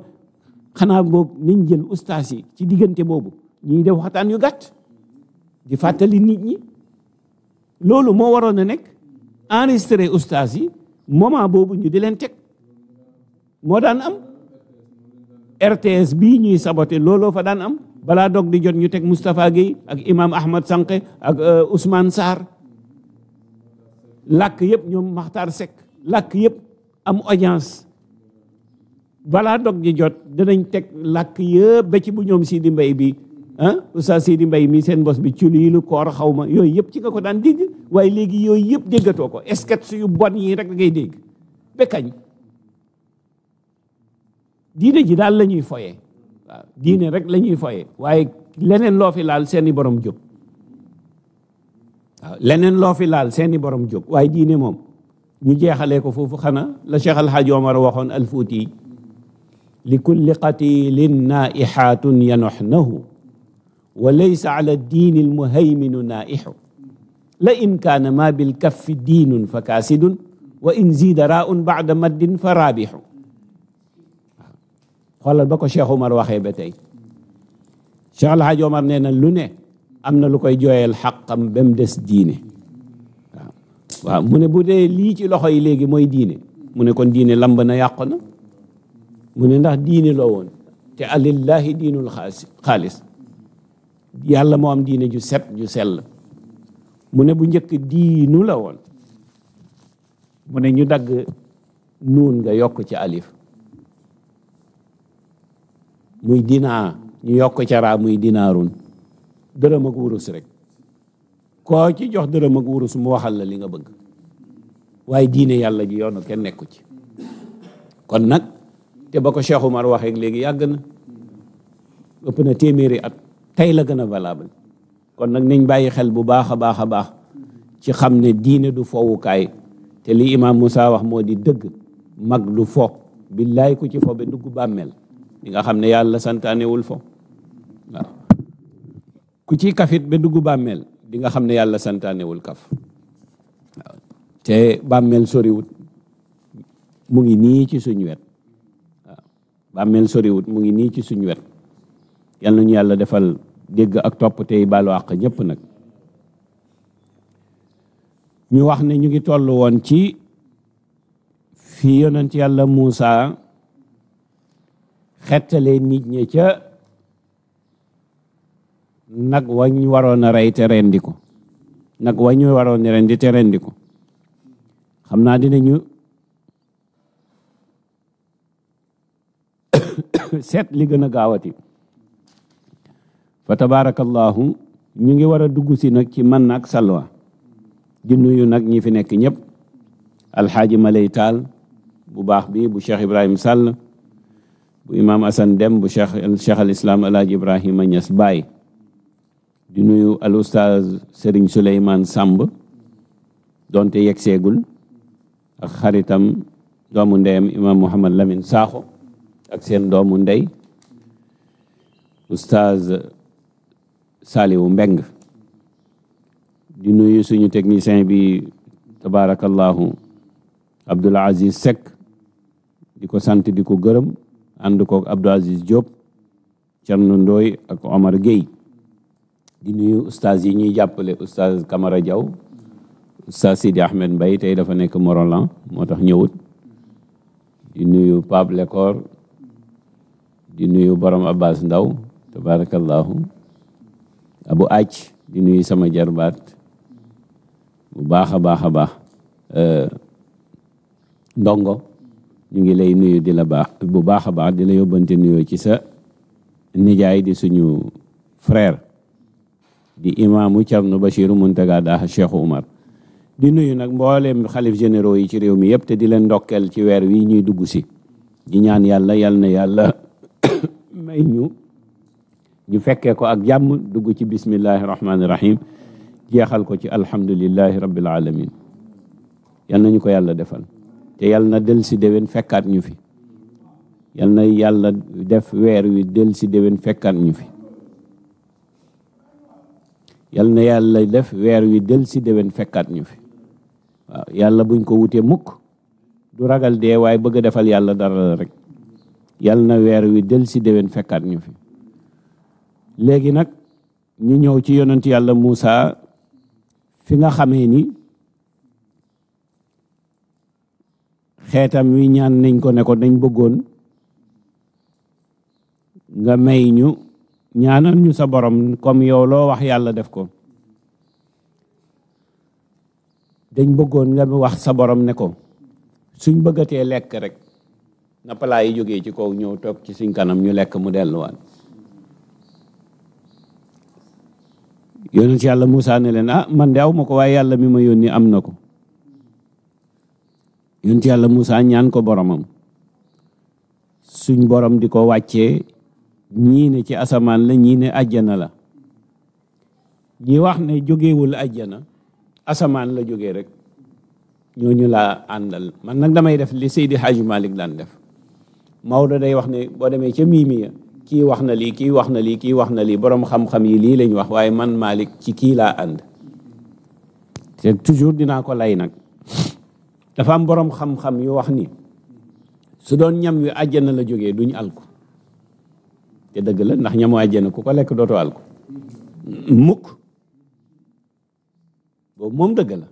xanaa boog nañ jël ustaas ci diggante boobu ñuy def waxtaan yu gàtt di fàttali nit ñi loolu moo waroon a nekk enregistré ustaas yi moment boobu ñu di leen teg moo daan am RTS bii ñuy saboté looloo fa daan am balaa dog di jot ñu teg Moustapha Guèye ak Imam Ahmad Sànqe ak euh, Ousmane Sarr lakk yëpp ñoom Makhtar Seck lakk yëpp am audience balaa dog di jot danañ teg lakk yëpp ba ci bu ñoom Sidi mbay bi ah Oustaz Sidi Mbaye mi seen bos bi ci lii lu koor xaw ma yooyu yëpp ci nga ko daan dégg waaye léegi yooyu yëpp déggatoo ko sketch yu bon yi rek ngay dégg ba kañ diine ji daal la ñuy foyee waaw diine rek la ñuy foyee waaye leneen loo fi laal seeni borom jóg waaw leneen loo fi laal seeni borom jóg waaye diine moom ñu jeexalee ko foofu xana la Cheikh Al Hadj Omar waxoon al Fuuti li kulli qatilin naihatun yanoxnahu wa laysa ala diini almuhayminu naihu la in kaana ma bilkaffi diinun fa kaasidun wa in ziida raun bacda maddin fa raabixu xoolal ba ko Cheikh Omar waxee ba tey Cheikh El Hadj Omar nee na lu ne am na lu koy jooyal xaqam ba mu des diine waaw mu ne bu dee lii ci loxo yi léegi mooy diine mu ne kon diine lamb na yàqu na mu ne ndax diine la woon te alillahi diinul xaalis yàlla moo am diine ju set ju sell mu ne bu njëkk diinu la woon mu ne ñu dagg nuun nga yokk ci alif muy dinaa ñu yokk ca raa muy dinaarun dërëm ak wurus rekk koo ci jox dërëm ak wurus mu waxal la li nga bëgg waaye diine yàlla ji yoonu kenn nekku ci kon nag te ba ko Cheikh Umar waxee léegi yàgg na ëpp na téeméeri at tey la gën a valable kon nag nañ bàyyi xel bu baax a baax a baax ci xam ne diine du fowukaay te li imam Moussa wax moo di dëgg mag du fo billaay ku ci fo ba dugg bàmmeel li nga xam ne yàlla santaanewul fo waaw ku ci kafit ba dugg bàmmeel di nga xam ne yàlla santaanewul kaf waaw te bàmmeel soriwut mu ngi nii ci suñ wet waaw soriwut mu ngi nii ci suñ wet yal ñu yàlla defal dégg ak topp tey baalu àq ñëpp nag ñu wax ne ñu ngi toll woon ci fii yonent yàlla Muusa xettalee nit ñi ca nag wañ waroon a rey te rendi ko nag wañ waroon a rendi te rendi ko xam naa dina ñu (coughs) seet li gën a gaawati fa tabarakallahu ñu ngi war a dugg si nag ci man ak salwa di nuyu nag ñi fi nekk ñépp alxaaji malay taal bu baax bi bu Cheikh Ibrahim Sall bu imaam Assane Dem bu cheikh cheikh al islam alaaji Ibrahima Niass Baye di nuyu al ustaaz Serigne Souleymane Samb donte yeggseegul ak xaritam doomu ndeyam imaam Mouhamad Lamine Sakho ak seen doomu ndey ustaaz Saliwu Mbeng di nuyu suñu technicien bi tabarakallahu Abdoul Aziz Seck di ko sant di ko gërëm ànd kook Abdou Aziz Diop Thierno Ndoye ak Omar Gueye di nuyu ustaas yi ñuy jàppale ustaas Camara Diaw ustaas Sidi Ahmed mbay tey dafa nekk Morolan moo tax ñëwut di nuyu Pape Lekor di nuyu borom Abbas Ndaw tabarakallahu abu aj di nuyu sama jarbaat bu baax a baax a baax euh, ndongo ñu ngi lay nuyu di la baax bu baax a baax di la yóbbante nuyoo ci sa nijaay di suñu frère di imaamu Thierno Bachirou Mountaga Daha Cheikh Oumar di nuyu nag mbooleem xalif généraux yi ci réew mi yëpp te di leen ndokkeel ci weer wi ñuy dugg si di ñaan yàlla yal na yàlla (coughs) may ñu ñu fekkee ko ak jàmm dugg ci bismillahi rahmaani rahim jeexal ko ci alhamdulillahi rabbil alamin nañu ko yàlla defal te yal na del si déwén fekkaat ñu fi yal na yàlla def weer wi del si déwén fekkaat ñu fi yal na yàlla def weer wi del si déwén fekkaat ñu fi waaw yàlla buñ ko wutee mukk du ragal dee waaye bëgg defal yàlla dara la rek yal na weer wi del si déwén fekkaat ñu fi léegi nag ñu ñëw ci yonent yàlla Muusa fi nga xamee ni xeetam wi ñaan nañ ko ne ko dañ bëggoon nga may ñu ñaanal ñu sa borom comme yow loo wax yàlla def ko dañ bëggoon nga wax sa borom ne ko suñ bëggatee lekk rek na yi jóge ci kaw ñëw toog ci suñ kanam ñu lekk mu delluwaat yonent yàlla Muusaa ne leen ah man de aw ko waaye yàlla mi ma yónni am na ko yonent yàlla Moussa ñaan ko boromam suñ borom di ko wàccee ñii ne ci asamaan la ñii ne àjjana la ñi wax na jógewul àjjana asamaan la jóge rek ñoo ñu laa àndal man nag damay def li Seydi Hadji Malick daan def Maodo day wax ne boo demee ca miimiya kii wax na lii kii wax na lii kii wax na lii borom xam-xam yi lii lañ wax waaye man Malick ci kii laa ànd te toujours dinaa ko lay nag dafa am boroom xam-xam yu wax ni su doon ñam wi àjjana la jógee duñ alku te dëgg la ndax ñamu àjjana ku ko lekk dootoo alku mukk boobu moom dëgg la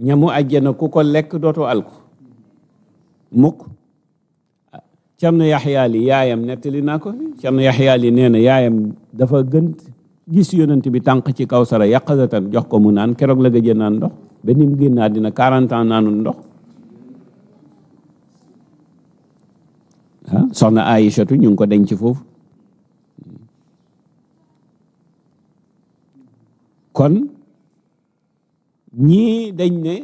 ñamu àjjana ku ko lekk dootoo alku mukk cam na yaxyaa yaayam nettali naa ko cam na yaxyaa nee na yaayam dafa gën gis yonent bi tànq ci kaw sara yàqazatan jox ko mu naan keroog la gëjë naan ndox ba ni mu génn àddina quarante ans naanul ndox ah soxna Aïchatu ñu ngi ko denc foofu kon ñii dañ ne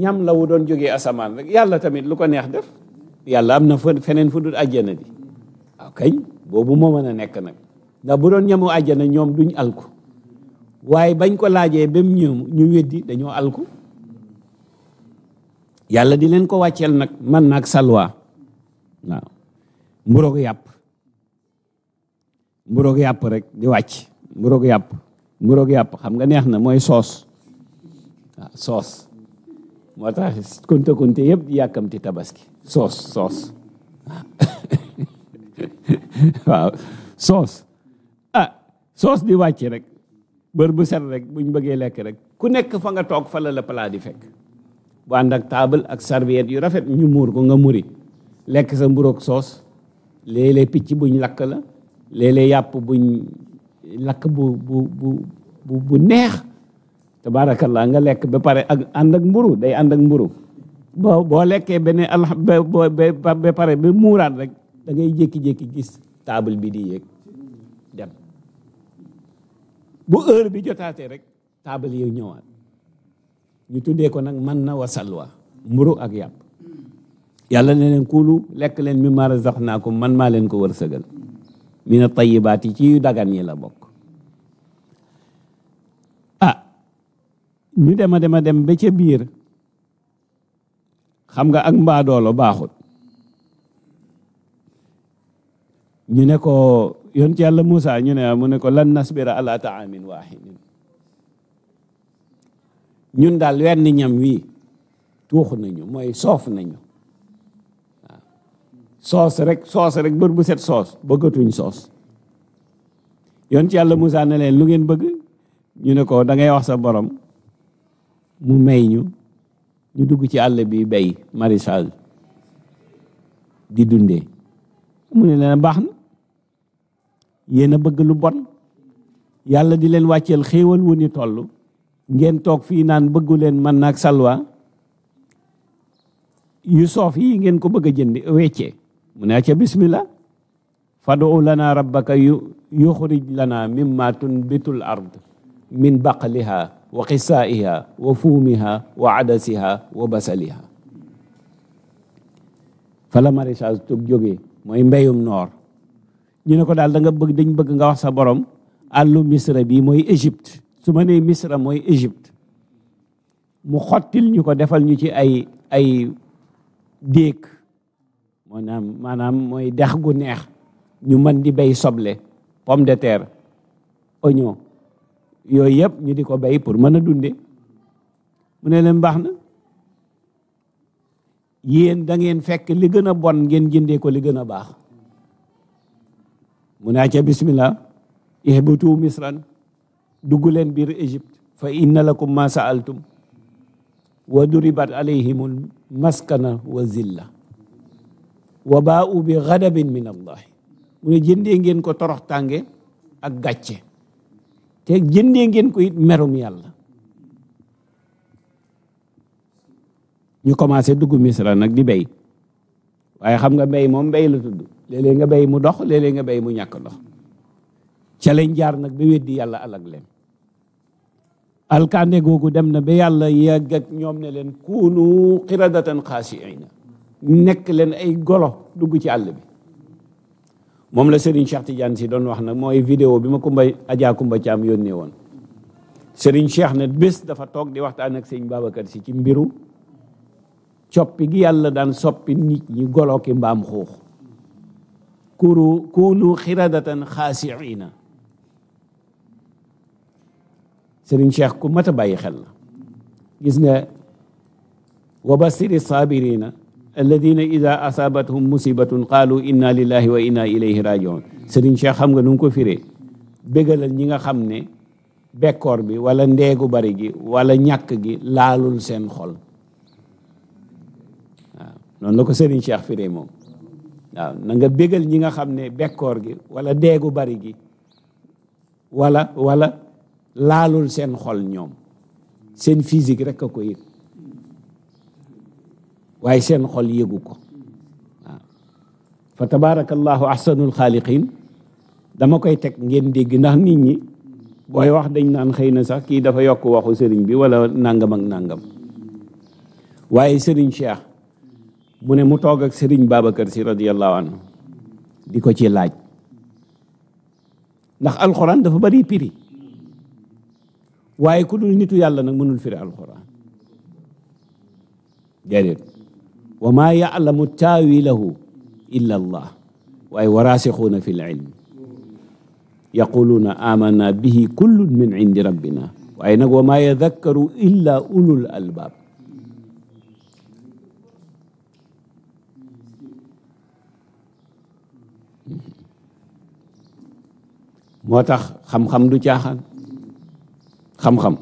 ñam la wu doon jóge asamaan rek yàlla tamit lu ko neex def yàlla am na feneen fu dul àjjana di waaw ah, boobu moo mën a nekk nag ndax bu doon ñamu àjjana ñoom duñ alku waaye bañ ko laajee ba mu ñëw ñu weddi dañoo alku yàlla di leen ko wàcceel nag man naag salwa waaw mburoog yàpp mburoog yàpp rek di wàcc mburoog yàpp mburoog yàpp xam nga neex na mooy soos soos moo tax konte konte yëpp di yàkkamti tabaski soos soos (laughs) waaw soos ah soos di wàcc rek bër bu set rek buñ bëggee lekk rek ku nekk fa nga toog fa la la plat di fekk bu ànd ak table ak serviette yu rafet ñu muur ko nga muri lekk sa mburoog soos léeg picc buñ lakk la léeg yàpp buñ lakk bu bu bu bu neex tabaarakallaa nga lekk ba pare ak ànd ak mburu day ànd ak mburu boo boo lekkee beneen alxam ba pare ba muuraat rek da ngay jékki-jékki gis table bi di yéeg bu heure bi jotaatee rek taabal yi ñëwaat ñu tuddee ko nag man na wa salwa mburu ak yàpp yàlla ne leen kuulu lekk leen mi ma ko man maa leen ko wërsëgal mina tayyibaat yi ci yu dagan yi la bokk ah ñu dema dema dem ba ca biir xam nga ak mbaadoolo baaxut ñu ne ko yon ci yàlla Moussa ñu ne mu ne ko lan nasbira ala taamin waahidin ñun daal wenn ñam wii tuux nañu mooy soof nañu waaw soos rek soos rek bër bu set soos bëggatuñ soos yon ci yàlla musa ne leen lu ngeen bëgg ñu ne ko da ngay wax sa borom mu may ñu ñu dugg ci àll bi bay maraîchage di dundee mu ne leen baax yéen a bëgg lu bon yàlla di leen wàccel xéewal wu ni toll ngeen toog fii naan bëggu leen man naag salwa yu soof yi ngeen ko bëgg a jëndi weccee mu ne ca bismillah fad'u lana rabbaka yuxrij lana mimma tunbitul ard min baqliha wa xisaa'iha wa fuumiha wa adasiha wa basaliha fala maraîchage tub jógee mooy mbéyum noor ñu ne ko daal danga bëgg dañ bëgg nga wax sa borom àllu misra bii mooy Égypte su ma nee misra mooy Égypte mu xottil ñu ko defal ñu ci ay ay déeg maanaam maanaam mooy dex gu neex ñu mën di bay soble pomme de terre oignon yooyu yëpp ñu di ko bay pour mën a dunde mu ne leen baax na yéen da ngeen fekk li gën a bon ngeen jëndee ko li gën a baax mu ne ca bismillah ihbitu misran dugg leen biir Égypte fa inna lakum ma saaltum wa duribat alayhimul maskana wa zilla wa baau bi ghadabin min allahi mu ne jëndee ngeen ko torox ak gàcce te jëndee ngeen ko it merum yàlla ñu commencé dugg misra nag di béy waaye xam nga mbéy moom mbéy la tudd léeg nga béy mu dox léeg nga béy mu ñàkk dox ca njaar jaar nag ba weddi yàlla alag leen alkande googu dem na ba yàlla yàgg ñoom ne leen kuunu xiradatan xaasiina nekk leen ay golo dugg ci àll bi moom la Serigne Cheikh Tidiane si doon wax nag mooy vidéo bi ma Kumba ajaa Kumba Caam yónnee woon Serigne Cheikh ne bés dafa toog di waxtaan ak sëñ Babacar si ci mbiru coppi gi yàlla daan soppi nit ñi goloki mbaam xuux kuru kunu xiradatan xaasiina sëriñ cheikh ku mat a bàyyi xel la gis nga wa basiri saabirina alladina ida asaabathum musibatun qaalu inna wa inna ilayhi rajiun sëriñ cheikh xam nga nu ko firee bégalal ñi nga xam ne bekkoor bi wala ndeegu bari gi wala ñàkk gi laalul seen xol noonu la ko Serigne Cheikh firee moom waaw na bégal ñi nga xam ne bekkoor gi wala deegu bari gi wala walla laalul seen xol ñoom seen physique rek a ko yëg waaye seen xol yëgu ko waaw fa tabarakallahu ahsanul xaaliqin dama koy teg ngeen dégg ndax nit ñi booy wax dañ naan xëy na sax kii dafa yokk waxu sëriñ bi wala nangam ak nangam waaye sëriñ Cheikh mu ne mu toog ak Serigne Babacar si radiyallahu anhu di ko ci laaj ndax alxuraan dafa bari piri waaye ku dul nitu yàlla nag mënul firi alxuraan déedéet wa maa ya'lamu taawilahu illa allah waaye waraasixuuna fi l-ilm yaquluuna aamana bihi kullun min indi rabbina waaye nag wa maa yadakkaru illa ulul albaab moo tax xam du caaxaan xam-xam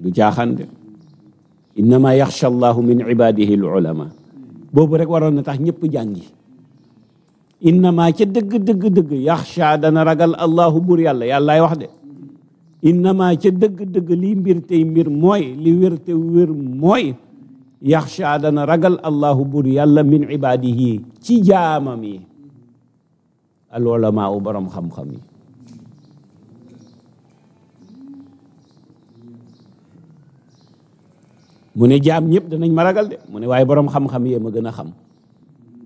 du caaxaan de innama yaxsha allahu min ibadihi al boobu rek waroon na tax ñëpp jàngi innama ca dëgg dëgg dëgg yaxsha dana ragal allahu buur yàlla yàllaay wax de innama ca dëgg dëgg lii mbir tey mbir mooy li wér te wér mooy yaxsha dana ragal allahu buur yàlla min ibadihi ci jaamam yi al ulama u yi mu ne jaam ñëpp danañ ma ragal de mu ne waaye borom xam-xam yee ma gën a xam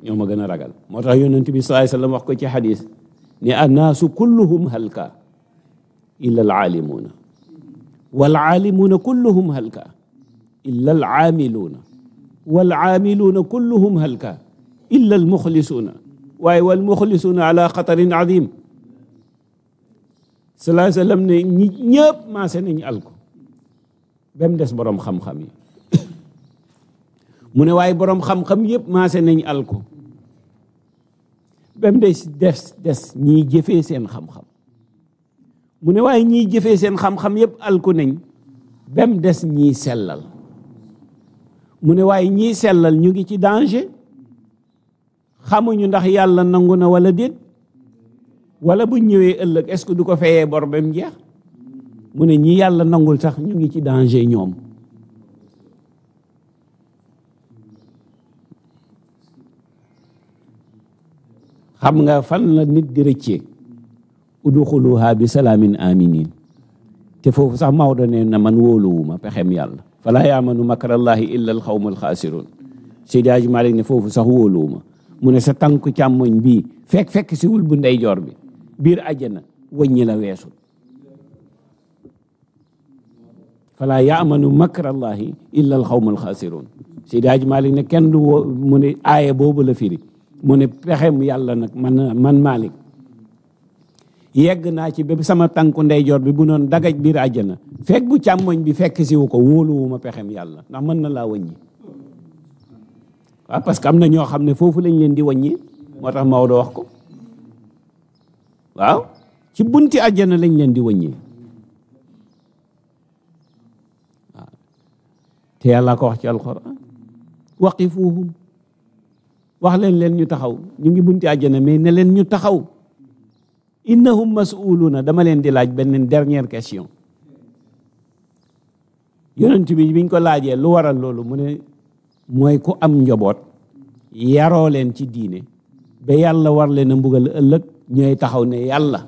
ñoo ma gën a ragal moo tax yonent bi sallallahu alayhi wasallam wax ko ci xadis ne annaasu kulluhum halka illa alaalimuuna waalaalimuuna kulluhum halka illa alaamiluuna waalaamiluuna kulluhum halka illa almuxlisuuna waaye walmuxlisuuna ala xatarin adim sallallahu alayhi wasallam ne ñi ñëpp maase nañ alko ba mu des borom xam-xam yi mu ne waaye boroom xam-xam yëpp maase nañ al ko des des des ñiy jëfee seen xam-xam mu ne waay ñiy jëfee seen xam-xam yëpp alku nañ ba des ñiy sellal mu ne waay ñiy sellal ñu ngi ci danger xamuñu ndax yàlla nangu na wala déet wala bu ñëwee ëllëg est-ce que du ko fayee bor ba mu jeex mu ne ñii yàlla nangul sax ñu ngi ci danger ñoom xam nga fan la nit di rëccee uduxuluha bi salaamin aminin te foofu sax Maodo nee na man wooluwuma pexem yàlla falaa yaamanu makrallahi illa al xawma alxaasiroon Seydi Hadji Malick ne foofu sax wóoluwuma mu ne sa tànku càmmoñ bii fekk fekk si wul bu ndeyjoor bi biir àjjana wëññi la weesu falaa yaamanu makrallahi illa al xawma alxaasiroon Seydi Hadji Malick ne kenn du woo mu ne aaya boobu la firi mu ne pexem yàlla nag man man Malick yegg naa ci ba sama tànku ndeyjoor bi bu noon dagaj biir àjjana fekk bu càmmoñ bi fekk siwu ko wóoluwuma pexem yàlla ndax mën na laa waññi waaw parce que am na ñoo xam ne foofu lañ leen di waññi moo tax Maodo wax ko waaw ci bunti àjjana lañ leen di waññi waaw te yàlla ko wax ci alquran waqifuhum wax leen leen ñu taxaw ñu ngi bunti àjjana mais ne leen ñu taxaw innahum na dama leen di laaj benn dernière question yonent bi biñ ko laajee lu waral loolu mu ne mooy ku am njaboot yaroo leen ci diine ba yàlla war leen a mbugal ëllëg ñooy taxaw ne yàlla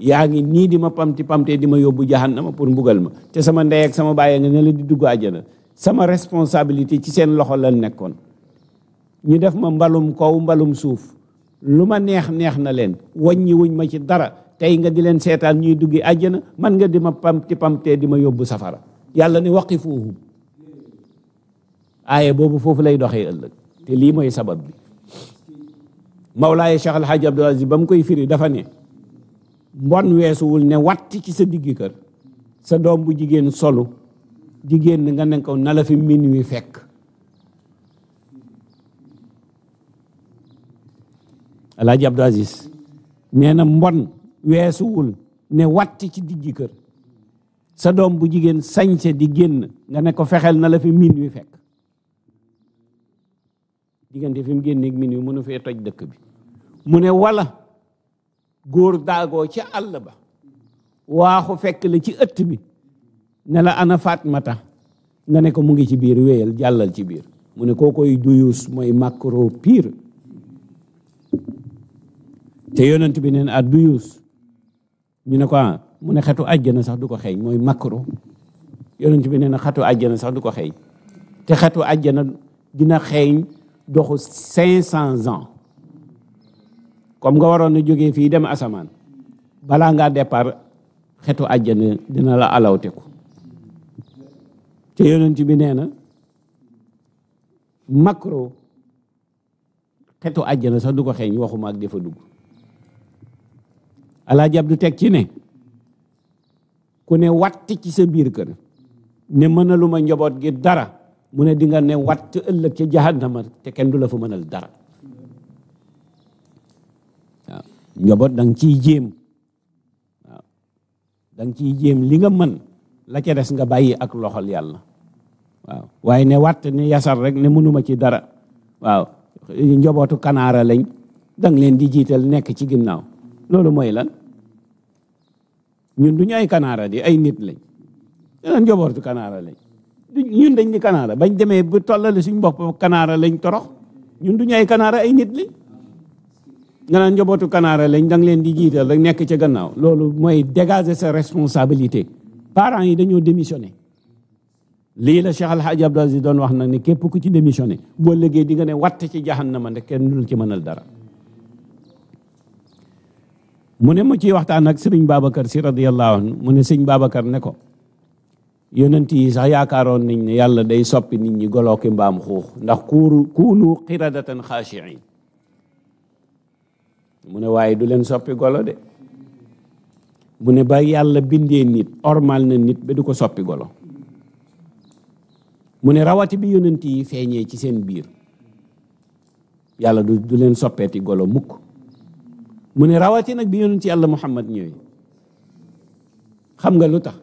yaa ngi nii di ma pamti pamte di ma yóbbu jahannama pour mbugal ma te sama ndey sama baay nga ne la di dugg àjjana sama responsabilité ci seen loxo la nekkoon ñu def ma mbalum kaw mbalum suuf lu ma neex neex na leen wàññi wuñ ma ci dara tey nga di leen seetaan ñuy duggi àjjana man nga di ma pamti pamtee di ma yóbbu safara yàlla ni waqifuhum aaye boobu foofu lay doxee ëllëg te lii mooy sabab bi Mawlaaye Cheikh Alhaji Abdou Aziz ba mu koy firi dafa ne mbon weesuwul ne watti ci sa diggi kër sa doom bu jigéen solu jigéen nga ne ko na la fi min wi fekk alaaji Abdou Aziz nee na mbon weesuwul ne watt ci diggi kër sa doom bu jigéen sañse di génn nga ne ko fexeel na la fi min wi fekk diggante fi mu génneeg min wi mënu fee toj dëkk bi mu ne walla góor daagoo ci àll ba waaxu fekk la ci ëtt bi ne la ana Fatmata nga ne ko mu ngi ci biir wéyal jàllal ci biir mu ne koo koy duyus mooy macro piir te yonent bi neen at du yuus ñu ne ko ah, mu ne xetu àjjana sax du ko xeeñ mooy makru yonent bi nee xetu àjjana sax du ko xeeñ te xetu àjjana dina xeeñ doxu cinq cent ans comme nga waroon na jógee fii dem asamaan balaa ngaa départ xetu àjjana dina la alawteku te yonent bi nee na makru xetu àjjana sax du ko xeeñ waxuma ak a dugg alaa jab du teg ci ne ku ne watt ci sa biir kër ne mënaluma njaboot gi dara mu ne dinga ne watt ëllëg ca jahannama te kenn du la fa mënal dara waaw njaboot danga ciy jéem waaw ciy jéem li nga mën la ca des nga bàyyi ak loxol yàlla waaw waaye ne watt ne yasar rek ne mënuma ci dara waaw njabootu kanaara lañ dang leen di jiital nekk ci ginnaaw loolu mooy lan ñun du ñu ay kanaara di ay nit lañ danañ kanaara lañ ñun dañ di kanaara bañ demee bu tollale suñ bopp kanaara lañ torox ñun du ñu ay kanaara ay nit lañ nga naan njobootu kanaara lañ danga leen di jiital rek nekk ci gannaaw loolu mooy dégager sa responsabilité parent yi dañoo démissionné lii la Cheikh Alhaji Abdou Aziz doon wax na ni képp ku ci démissionné boo liggéey di nga ne watt ci jahannama ne kenn lu ci mënal dara mu ne mu ciy waxtaan ak sëriñ Babacar si radiyallahu anhu mu ne sëñ Babacar ne ko yonent yi sax yaakaaroon nañ ne yàlla day soppi nit ñi goloo ki mbaam xuux ndax kuuru kuunu xiradatan xaashiin mu ne waaye du leen soppi golo de mu ne ba yàlla bindee nit ormal na nit ba du ko soppi golo mu ne rawati bi yonent yi feeñee ci seen biir yàlla du du leen soppeeti golo mukk mu ne rawati nag bi yonent yàlla muhammad ñëwee xam nga lu tax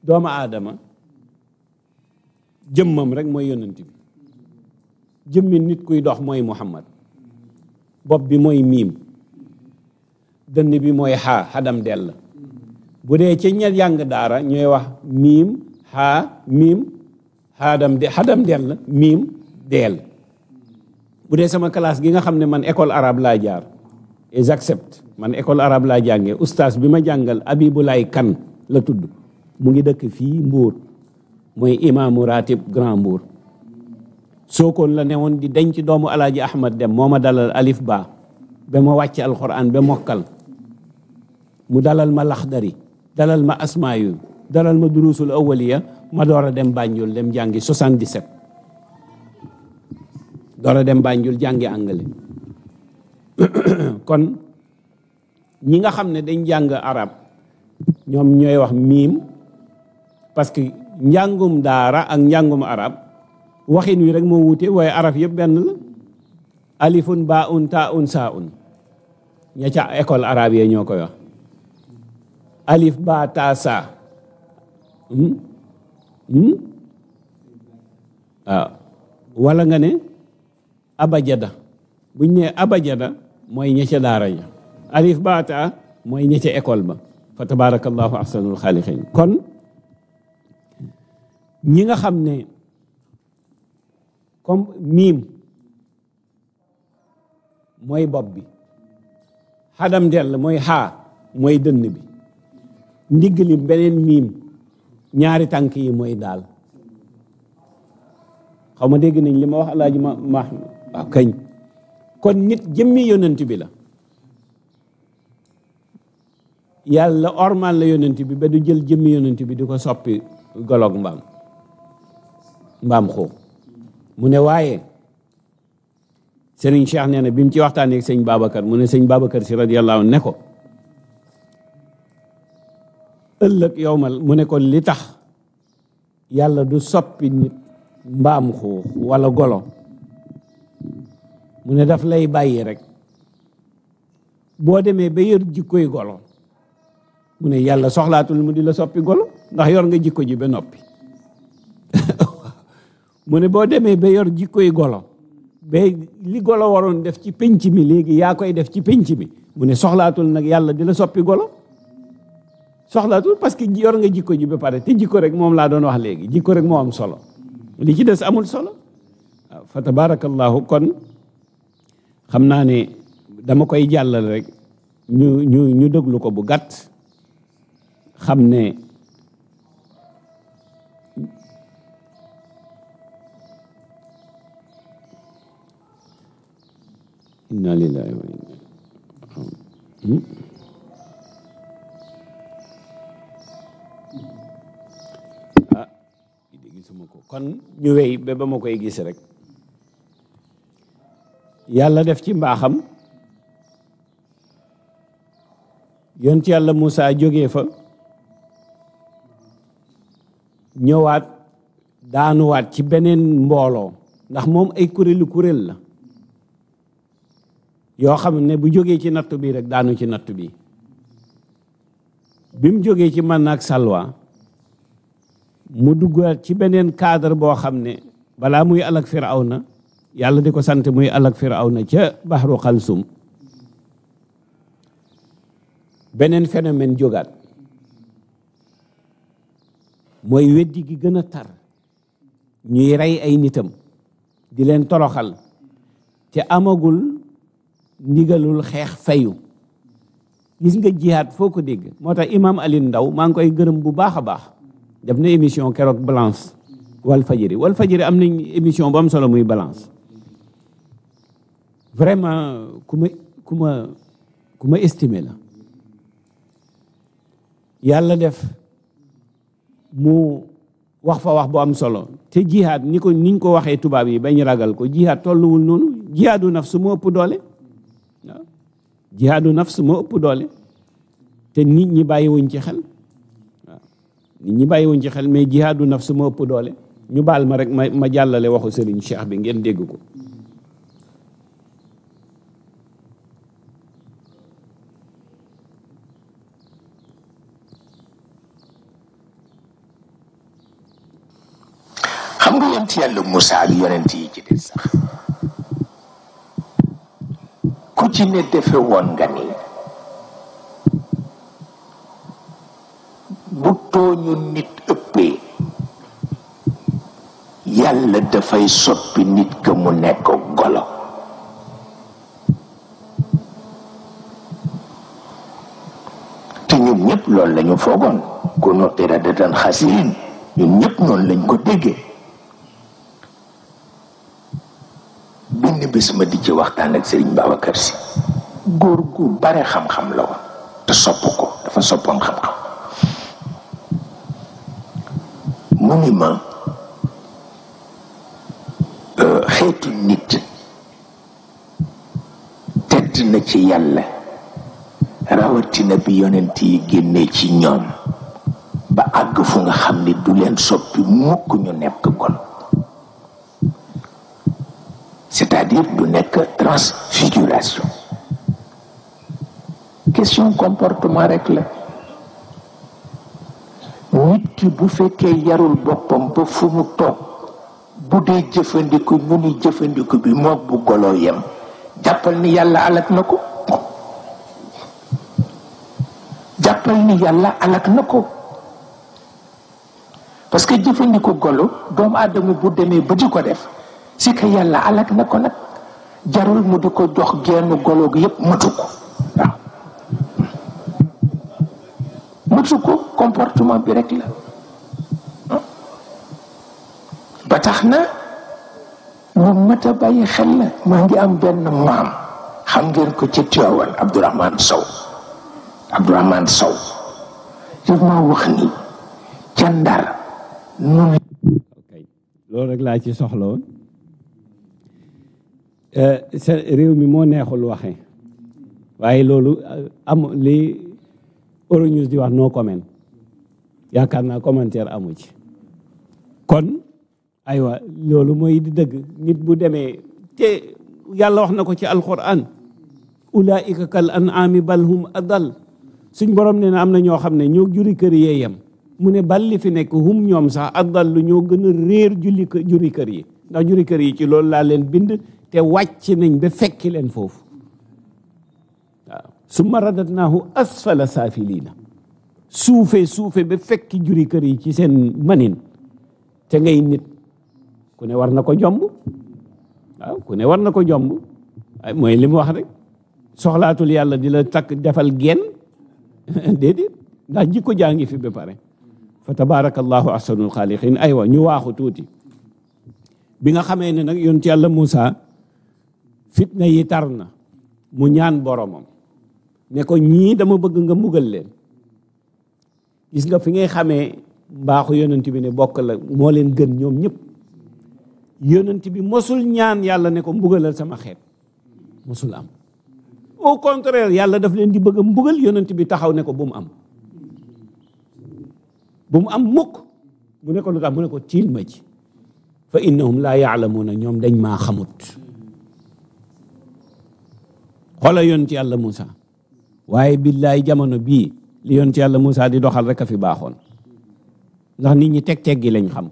doomu aadama jëmmam rek mooy yonent bi jëmmi nit kuy dox mooy muhammad bopp bi mooy miim dënn bi mooy xaa xadam dell bu dee ci ña yàng daara ñooy wax miim xaa miim xadam de xadam dell miim deel bu dee sama classe gi nga xam ne man école arabe laa jaar et man école arabe laa jàngee oustaz bi ma jàngal Abibulaay Kan la tudd mu ngi dëkk fii Mbuur mooy imaamu ratib Grand Mbuur sookoon la ne di denc doomu alaaji Ahmad dem moo ma dalal alif ba ba ma wàcc alxuraan ba mokkal mu dalal ma laxdari dalal ma asmaayu dalal ma duruusul awaliya ma door a dem Banjul dem jàngi 77 door a dem Banjul jàngi anglais (coughs) kon ñi nga xam ne dañ njàng arab ñoom ñooy wax miim parce que njàngum daara ak njàngum arab waxin wi rek moo wuute waaye arab yëpp benn la alifun ba un ta un saa un ña ca école arabe yee ñoo koy wax alif ba ta sa hmm? Hmm? waaw nga ne abajada buñ ne abajada mooy ña ca daara ja alif mooy ña ca école ba fa tabarakallahu ahsanul xaaliqin kon ñi nga xam ne comme miim mooy bopp bi xadam dell mooy xaa mooy dënn bi ndigg li beneen miim ñaari tànk yi mooy daal xaw ma dégg nañ li ma wax alaaji ma ma kon nit jëmmi yonent bi la yàlla ormal la yonanti bi ba du jël jëmmi yonent bi du ko soppi goloog mbaam mbaam xoo mu ne waaye Serigne Cheikh nee na bi mu ci waxtaanee ak sëñ Babacar mu ne sëñ Babacar si radiyallahu anhu ne ko ëllëg ma mu ne ko li tax yàlla du soppi nit mbaam xoo wala golo mu ne daf lay bàyyi rek boo demee ba yor jikko yi golo mu ne yàlla soxlaatul mu di la soppi golo ndax yor nga jikko ji ba noppi (laughs) mu ne boo demee ba yor golo ba li golo waroon def ci pénc mi léegi yaa koy def ci pénc mi mu ne soxlaatul nag yàlla di la soppi golo soxlaatul parce que yor nga jikko ji ba pare te jikko rek moom laa doon wax léegi jikko rek moo am solo li ci des amul solo fa tabarakallahu kon xam naa ne dama koy jàllale rek ñu ñu ñu déglu ko bu gàtt xam ne inna hmm? ah gisuma ko kon ñu wéy ba ba ma koy gis rek yàlla def ci mbaaxam ci yàlla Moussa jóge fa ñëwaat daanuwaat ci beneen mbooloo ndax moom ay kuréelu kuréel la yoo xam ne bu jógee ci nattu bii rek daanu ci nattu bi bi jógee ci man ak salwa mu duggaat ci beneen cadre boo xam ne balaa muy alak na yàlla di ko sant muy firaw na ca baxru xalsum beneen phénomène jógaat mooy weddi gi gën a tar ñuy rey ay nitam di leen toroxal te amagul ndigalul xeex fayu gis nga jiyaat foo ko dégg moo tax imam Alioune ndaw maa ngi koy gërëm bu baax a baax def na émission keroog balance wal fajiri wal fajiri am nañ émission bu am solo muy balance vraiment ku ma ku ma ku ma estimé la yàlla def mu wax fa wax bu am solo te jihaad ni ko niñ ko waxee tubaab yi ñu ragal ko jihaad tolluwul noonu jihaadu nafs moo ëpp doole waaw jihaadu su ma ëpp doole te nit ñi bàyyiwuñ ci xel nit ñi bàyyiwuñ ci xel mais jihaadu su ma ëpp doole ñu baal ma rek ma ma jàllale waxu Serigne Cheikh bi ngeen dégg ko xam nga yonent yàlla Moussa ak yi ci des sax ku ci ne defewoon woon nga ni bu tooñu nit ëppee yàlla dafay soppi nit ka mu nekk golo te ñun ñëpp loolu lañu foogoon ku nutira datan xasiin ñun ñëpp noonu lañ ko déggee bés ma di ci waxtaan ak Serigne Babacar Sy góor gu bare xam-xam la woon te sopp ko dafa soppoon xam-xam mu ni ma euh, xeetu nit tedd na ci yàlla rawatina bi yonent yi génnee ci ñoom ba àgg fu nga xam ni du leen soppi mukk ñu nekk kon yëpp du nekk transfiguration question comportement rek la nit ki bu fekkee yarul boppam ba fu mu toog bu dee jëfandiku ñu ni jëfandiku bi moog bu golo yem jàppal ni yàlla alak na ko jàppal ni yàlla alak na ko parce que jëfandiku golo doomu aadama bu demee ba di ko def si que yàlla alak na ko nag jarul mu di ko jox genn goloog yépp matu ko waaw matu ko comportement bi rek la ba tax na lu mat a bàyyi xel la maa ngi am benn maam xam ngeen ko ci Tiwaawan Abdourahmane Sow Abdourahmane Sow daf maa wax ni ca Ndar noonu loolu rek laa ci soxla Eh, sa réew mi moo neexul waxe waaye loolu eh, am li Euronews di wax no comment yaakaar naa commentaire amu ci kon aywa loolu mooy di dëgg nit bu demee te yàlla wax na ko ci alquran ulaika kal an'ami bal hum adal suñ borom ne na am na ñoo xam ne ñoo juri kër yee yem mu ne bal li fi nekk hum ñoom sax adal lu ñoo gën a réer julli juri kër yi ndax juri kër yi ci loolu laa leen bind te wàcc nañ ba fekki leen foofu waaw summa radatnaahu asfala saafiliina suufe suufe ba fekki juri kër yi ci seen manin te ngay nit ku ne war na ko jomb waaw war na ko jomb ay mooy li mu wax rek soxlaatul yàlla di la takk defal genn (laughs) déedéet ndax jikko jaa ngi fi ba pare fa tabarakallahu ahsanul xaaliqin aywa ñu waaxu tuuti bi nga xamee ne nag yonent yàlla Muusa fitna yi tar na mu ñaan boromam ne ko ñii dama bëgg nga mbugal leen gis nga fi ngay xamee mbaaxu yonent bi ne bokk la moo leen gën ñoom ñëpp yonent bi mosul ñaan yàlla ne ko mbugalal sama xeet mosul am au contraire yàlla daf leen di bëgg a mbugal yonent bi taxaw ne ko bu mu am bu mu am mukk mu ne ko lu tax mu ne ko tiil ma ci fa innahum laa na ñoom dañ maa xamut xoola yoon ci yàlla Moussa waaye billaay jamono bii li yoon ci yàlla Moussa di doxal rek a fi baaxoon ndax nit ñi teg-teg gi lañ xam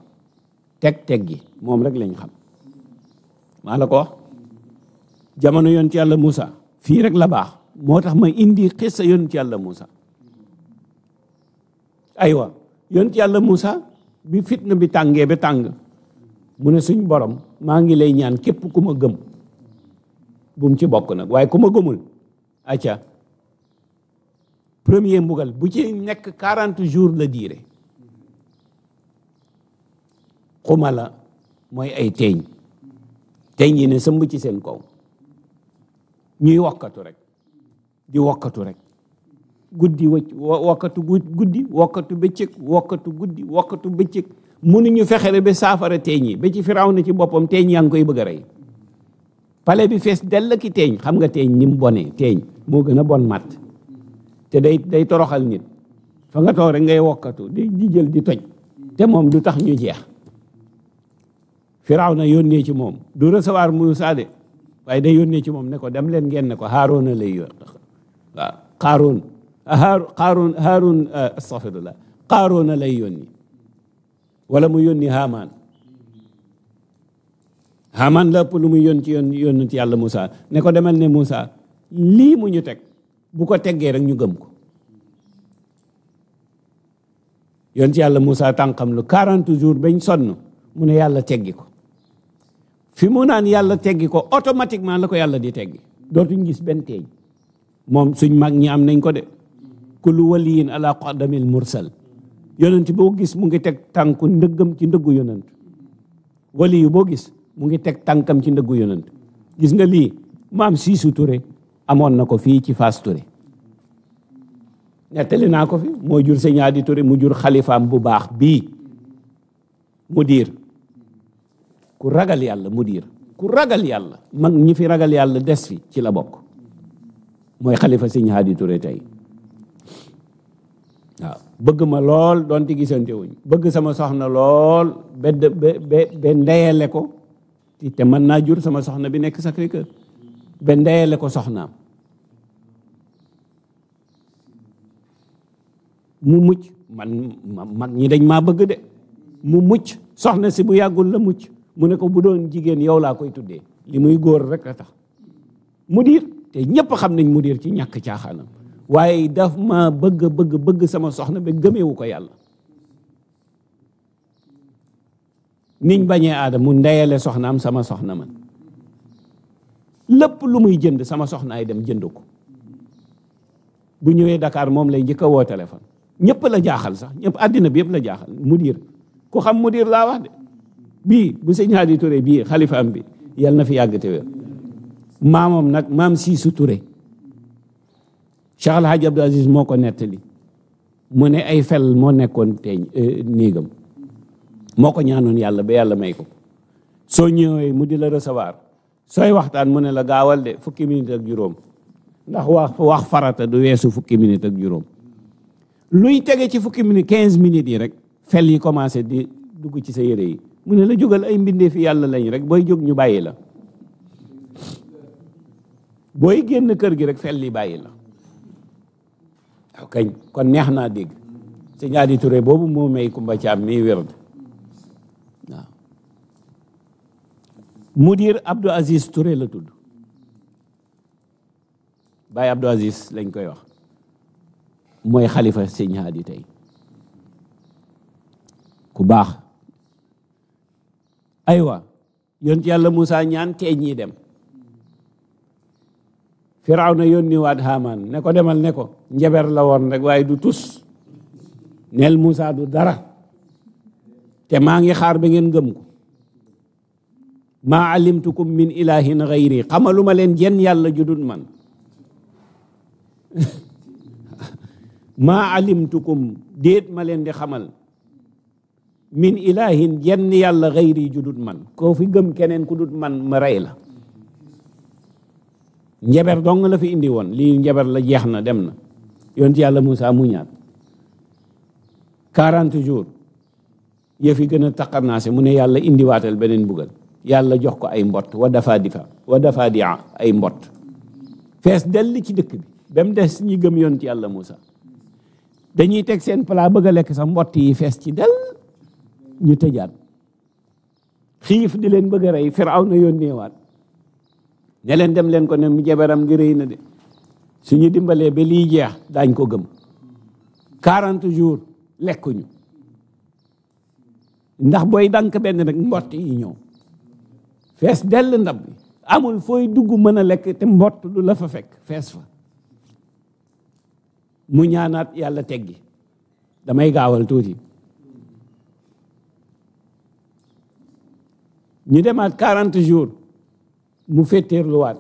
teg-teg gi moom rek lañ xam maa la ko wax jamono yoon ci yàlla Moussa fii rek la baax moo tax ma indi xissa yoon ci yàlla Moussa aywa yoon ci yàlla Moussa bi fitna bi tàngee ba tàng mu ne suñ borom maa ngi lay ñaan képp ku ma gëm bu mu ci bokk nag waaye ku ma gëmul acca premier mbugal bu ci nekk quarante jours la diire xuma la mooy ay teeñ teeñ yi ne sëmb ci seen kaw ñuy wokkatu rek di wokkatu rek guddi wëcc wokkatu guddi wokkatu bëccëg wokkatu guddi wokkatu bëccëg mënuñu fexere ba saafara teeñ yi ba ci Firawna ci boppam teeñ yaa ngi koy bëgg a rey palais bi fees dell ki teeñ xam nga teeñ ni bone bonee teeñ moo gën a bon matt te day day toroxal nit fa nga toog rek ngay wokkatu di di jël di toj te moom du tax ñu jeex Firawna yónnee ci moom du recevoir mu de waaye day yónnee ci moom ne ko dem leen ngeen ne ko Haaroona lay yor waaw Qaaroon Qaaroon Haaroon astaghfirullah Qaaroona lay yi wala mu yónni Haamaan Haamaan la ëpp lu muy yoon ci yoon yoonu ci yàlla Moussa ne ko demal ne Moussa lii mu ñu teg bu ko teggee rek ñu gëm ko ci yàlla Moussa tànkam lu 40 jours bañ sonn mu ne yàlla teggi ko fi mu naan yàlla teggi ko automatiquement la ko yàlla di teggi dootuñ gis benn teeñ moom suñ mag ñi am nañ ko de kullu waliyin ala qadamil mursal yonent boo gis mu ngi teg tànku ndëggam ci ndëggu yonent wali yu boo gis mu ngi teg tànkam ci ndëggu yonent gis nga lii maam Siisu Ture amoon na ko fii ci Fass Ture nettali naa ko fi mooy jur sëñ Aadi Ture mu jur xalifaam bu baax bii mu diir ku ragal yàlla mu diir ku ragal yàlla mag ñi fi ragal yàlla des fi ci la bokk mooy xalifa sëñ Aadi Ture tey waaw bëgg ma lool doonte gisante wuñ bëgg sama soxna lool ba ndeyale ko te mën naa jur sama soxna bi nekk Sacré Cœur ba ndeyale ko soxnaam mu mucc man mag ñi dañ maa bëgg de mu mucc soxna si bu yàggul la mucc mu ne ko bu doon jigéen yow laa koy tuddee li muy góor rek a tax mu diir te ñëpp xam nañ mu diir ci ñàkk caaxaanam waaye daf ma bëgg bëgg bëgg sama soxna ba gëmeewu ko yàlla niñ bañee aadam mu ndeyale soxnaam sama soxna man lépp lu muy jënd sama soxnaay dem jënd ko bu ñëwee dakaar moom lay njëkk a woo téléphone ñëpp la jaaxal sax ñëpp àddina bi yëpp la jaaxal mudir ku xam mudir laa wax de bii bu sëñ Hadi Touré bii xalifaam bi yal na fi yàgg te wér maamoom nag maam Siisu Touré Cheikh Al Hadj Abdou moo ko nettali mu ne ay fel moo nekkoon teeñ euh, néegam moo ko ñaanoon yàlla ba yàlla may ko soo ñëwee mu di la recevoir sooy waxtaan mu ne la gaawal de fukki minute ak juróom ndax wax wax farata du weesu fukki minute ak juróom luy tege ci fukki minute quinze minutes yi rek fel yi commencé di dugg ci sa yére yi mu ne la jógal ay mbindee fi yàlla lañ rek booy jóg ñu bàyyi la booy génn kër gi rek fel li bàyyi la waaw kon neex naa dégg sa ñaari ture boobu moo may Kumba Caam mi wérd mudir Abdou Aziz Touré la tudd Baye Abdou Aziz lañ koy wax mooy xalifa sëñ Haadi tey ku baax aywa yonent yàlla Moussa ñaan tee ñii dem Firawna yónni waat Haamaan ne ko demal ne ko njaber la woon rek waaye du tus neel musa du dara te maa ngi xaar ba ngeen gëm ko maa alimtukum min ilahin gayri xamaluma leen jenn yàlla judul man (laughs) maa alimtukum déet ma leen di xamal min ilahin jenn yàlla gayri judul man koo fi gëm keneen ku dut man ma rey la njaber dong la fi indi woon lii njaber la jeex na dem na yonent yàlla Muusaa muñaat quarante jours yëf yi gën naa si mu ne yàlla indiwaatal beneen bugal yàlla jox ko ay mbott wa dafa di wa dafa di ay mbott fees dell ci dëkk bi ba mu des ñi gëm yoon ci yàlla Moussa dañuy teg seen palaa bëgg a lekk sa mbott yi fees ci dell ñu tëjaat xiif di leen bëgg a rey firaw na yónneewaat ne leen dem leen ko ne mu jabaram ngi rëy na de suñu dimbalee ba lii jeex daañ ko gëm quarante jours lekkuñu ndax booy dank benn rek mbott yi ñëw fees dell ndab amul fooy dugg mën a lekk te mbott du la fa fekk fees fa mu ñaanaat yàlla teggi damay gaawal tuuti ñu demaat quarante jours mu féeteer luwaat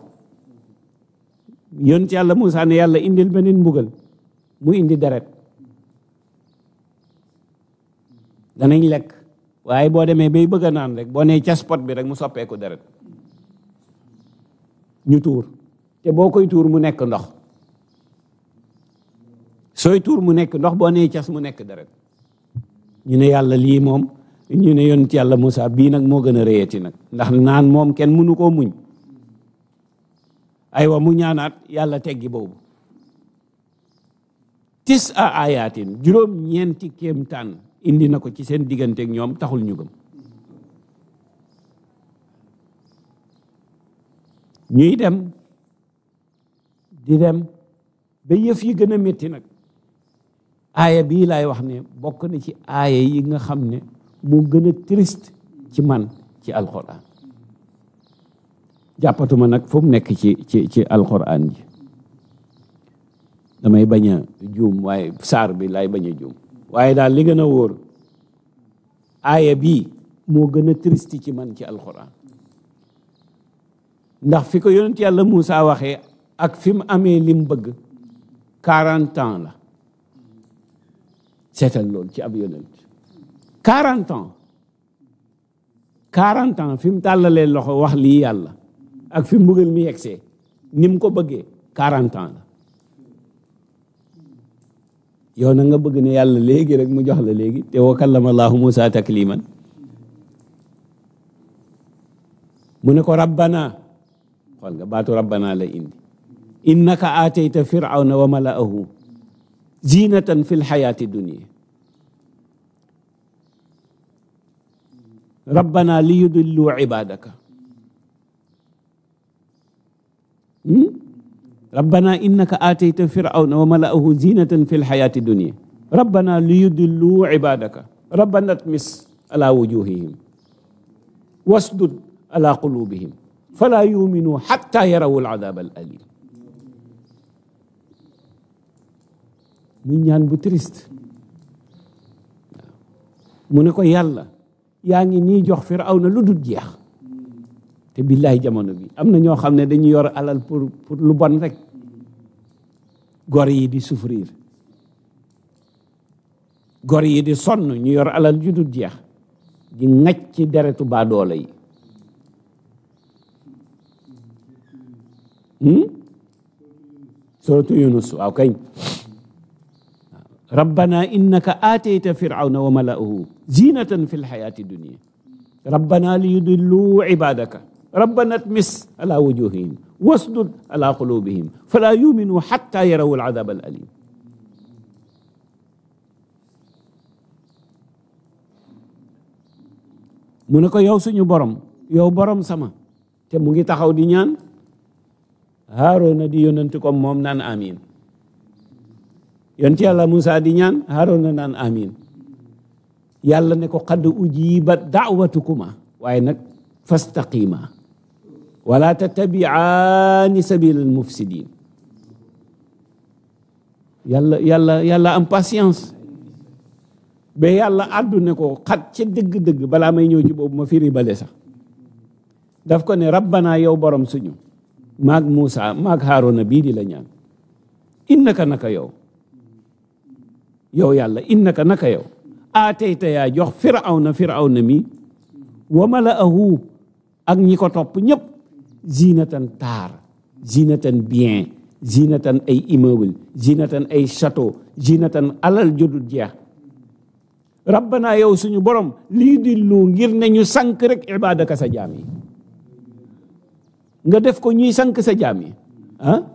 yonent yàlla Moussa ne yàlla indil beneen mbugal mu indi deret danañ lekk waaye boo demee bay bëgg naan rek boo nee ca spot bi rek mu soppeeku deret ñu tuur te boo koy tuur mu nekk ndox sooy tuur mu nekk ndox boo nee cas mu nekk deret ñu ne yàlla lii moom ñu ne yonent yàlla Moussa bii nag moo gën a réyati nag ndax naan moom kenn mënu koo muñ aywa mu ñaanaat yàlla teggi boobu tis a ayatin juróom ñeenti kéemtaan indi na ko ci seen digganteeg ñoom taxul ñu gëm ñuy dem di dem ba yëf yi gën a métti nag aaya bii laay wax ne bokk na ci aaya yi nga xam ne mu gën a triste ci man ci alxuraan jàppatuma nag fu nekk ci ci ci alxuraan ji damay bañ a juum waaye saar bi laay bañ a juum waaye daal li gën a wóor aaya bii moo gën a triste ci man ci alxuraan ndax fi ko yonent yàlla Moussa waxe ak fi mu amee lim bëgg quarante la seetal lool ci ab yonent quarante ans quarante ans fi mu tàllalee loxo wax lii yàlla ak fi mbugal mu yegsee ni mu ko bëggee quarante la yow na nga bëgg ne yàlla léegi rek mu jox la léegi te wa kallama allahu musa takliman mu ne ko rabbana xool nga baatu rabbana la indi innaka aatayta firawna wa malaahu zinatan fi lxayaati dunia rabbana li yudillu ibadaka hmm? rabbana innaka aatayta firawna wa malaahu zinatan fi lxayaati dunia rabbana li yudillu ibadaka rabbana tmis ala wujuhihim wasdud ala qulubihim fala yuminu xatta yarawu aladaab al alim muy ñaan bu triste mu ne ko yàlla yaa ngi nii jox firawna lu dul jeex te billaay jamono bi am na ñoo xam ne dañu yor alal pour pour lu bon rek gor yi di souffrir gor yi di sonn ñu yor alal ju dul jeex di ŋaj ci deretu baadoolo yi hmm? suratu yunus waaw kañ rabbana innaka aatayta firawna wa mala'ahu zinatan fi lxayaati dunia rabbana li yudillu ibadaka rabbana tmis ala wujuhihim wasdud ala qulubihim fala yuminu xatta yarawu alcadab al alim mu ne ko yow suñu borom yow borom sama te mu ngi taxaw di ñaan Haaruna di yonanti ko moom naan amin yonti yàlla Musa di ñaan Haaruna naan amin yàlla ne ko qad ujibat da'watukuma waaye nag fastaqima wala tattabiaani sabilal mufsidin yàlla yàlla am patience ba yàlla àddu ne ko xat ca dëgg-dëgg balaa may ñëw ci boobu ma firi bale sax daf ko ne rabbanaa yow borom suñu maag Muusa maag Haaruna bii di la ñaan innaka naka yow yow yàlla innaka naka yow aatayta yaa jox firawna firawna mi wa malaahu ak ñi ko topp ñëpp zinatan taar zinatan bien zinatan ay immeuble zinatan ay château zinatan alal judul jeex rabbana yow suñu borom lii dillu ngir ne ñu sànk rek ibadaka sa jaam yi nga def ko ñuy sànk sa jaam yi ah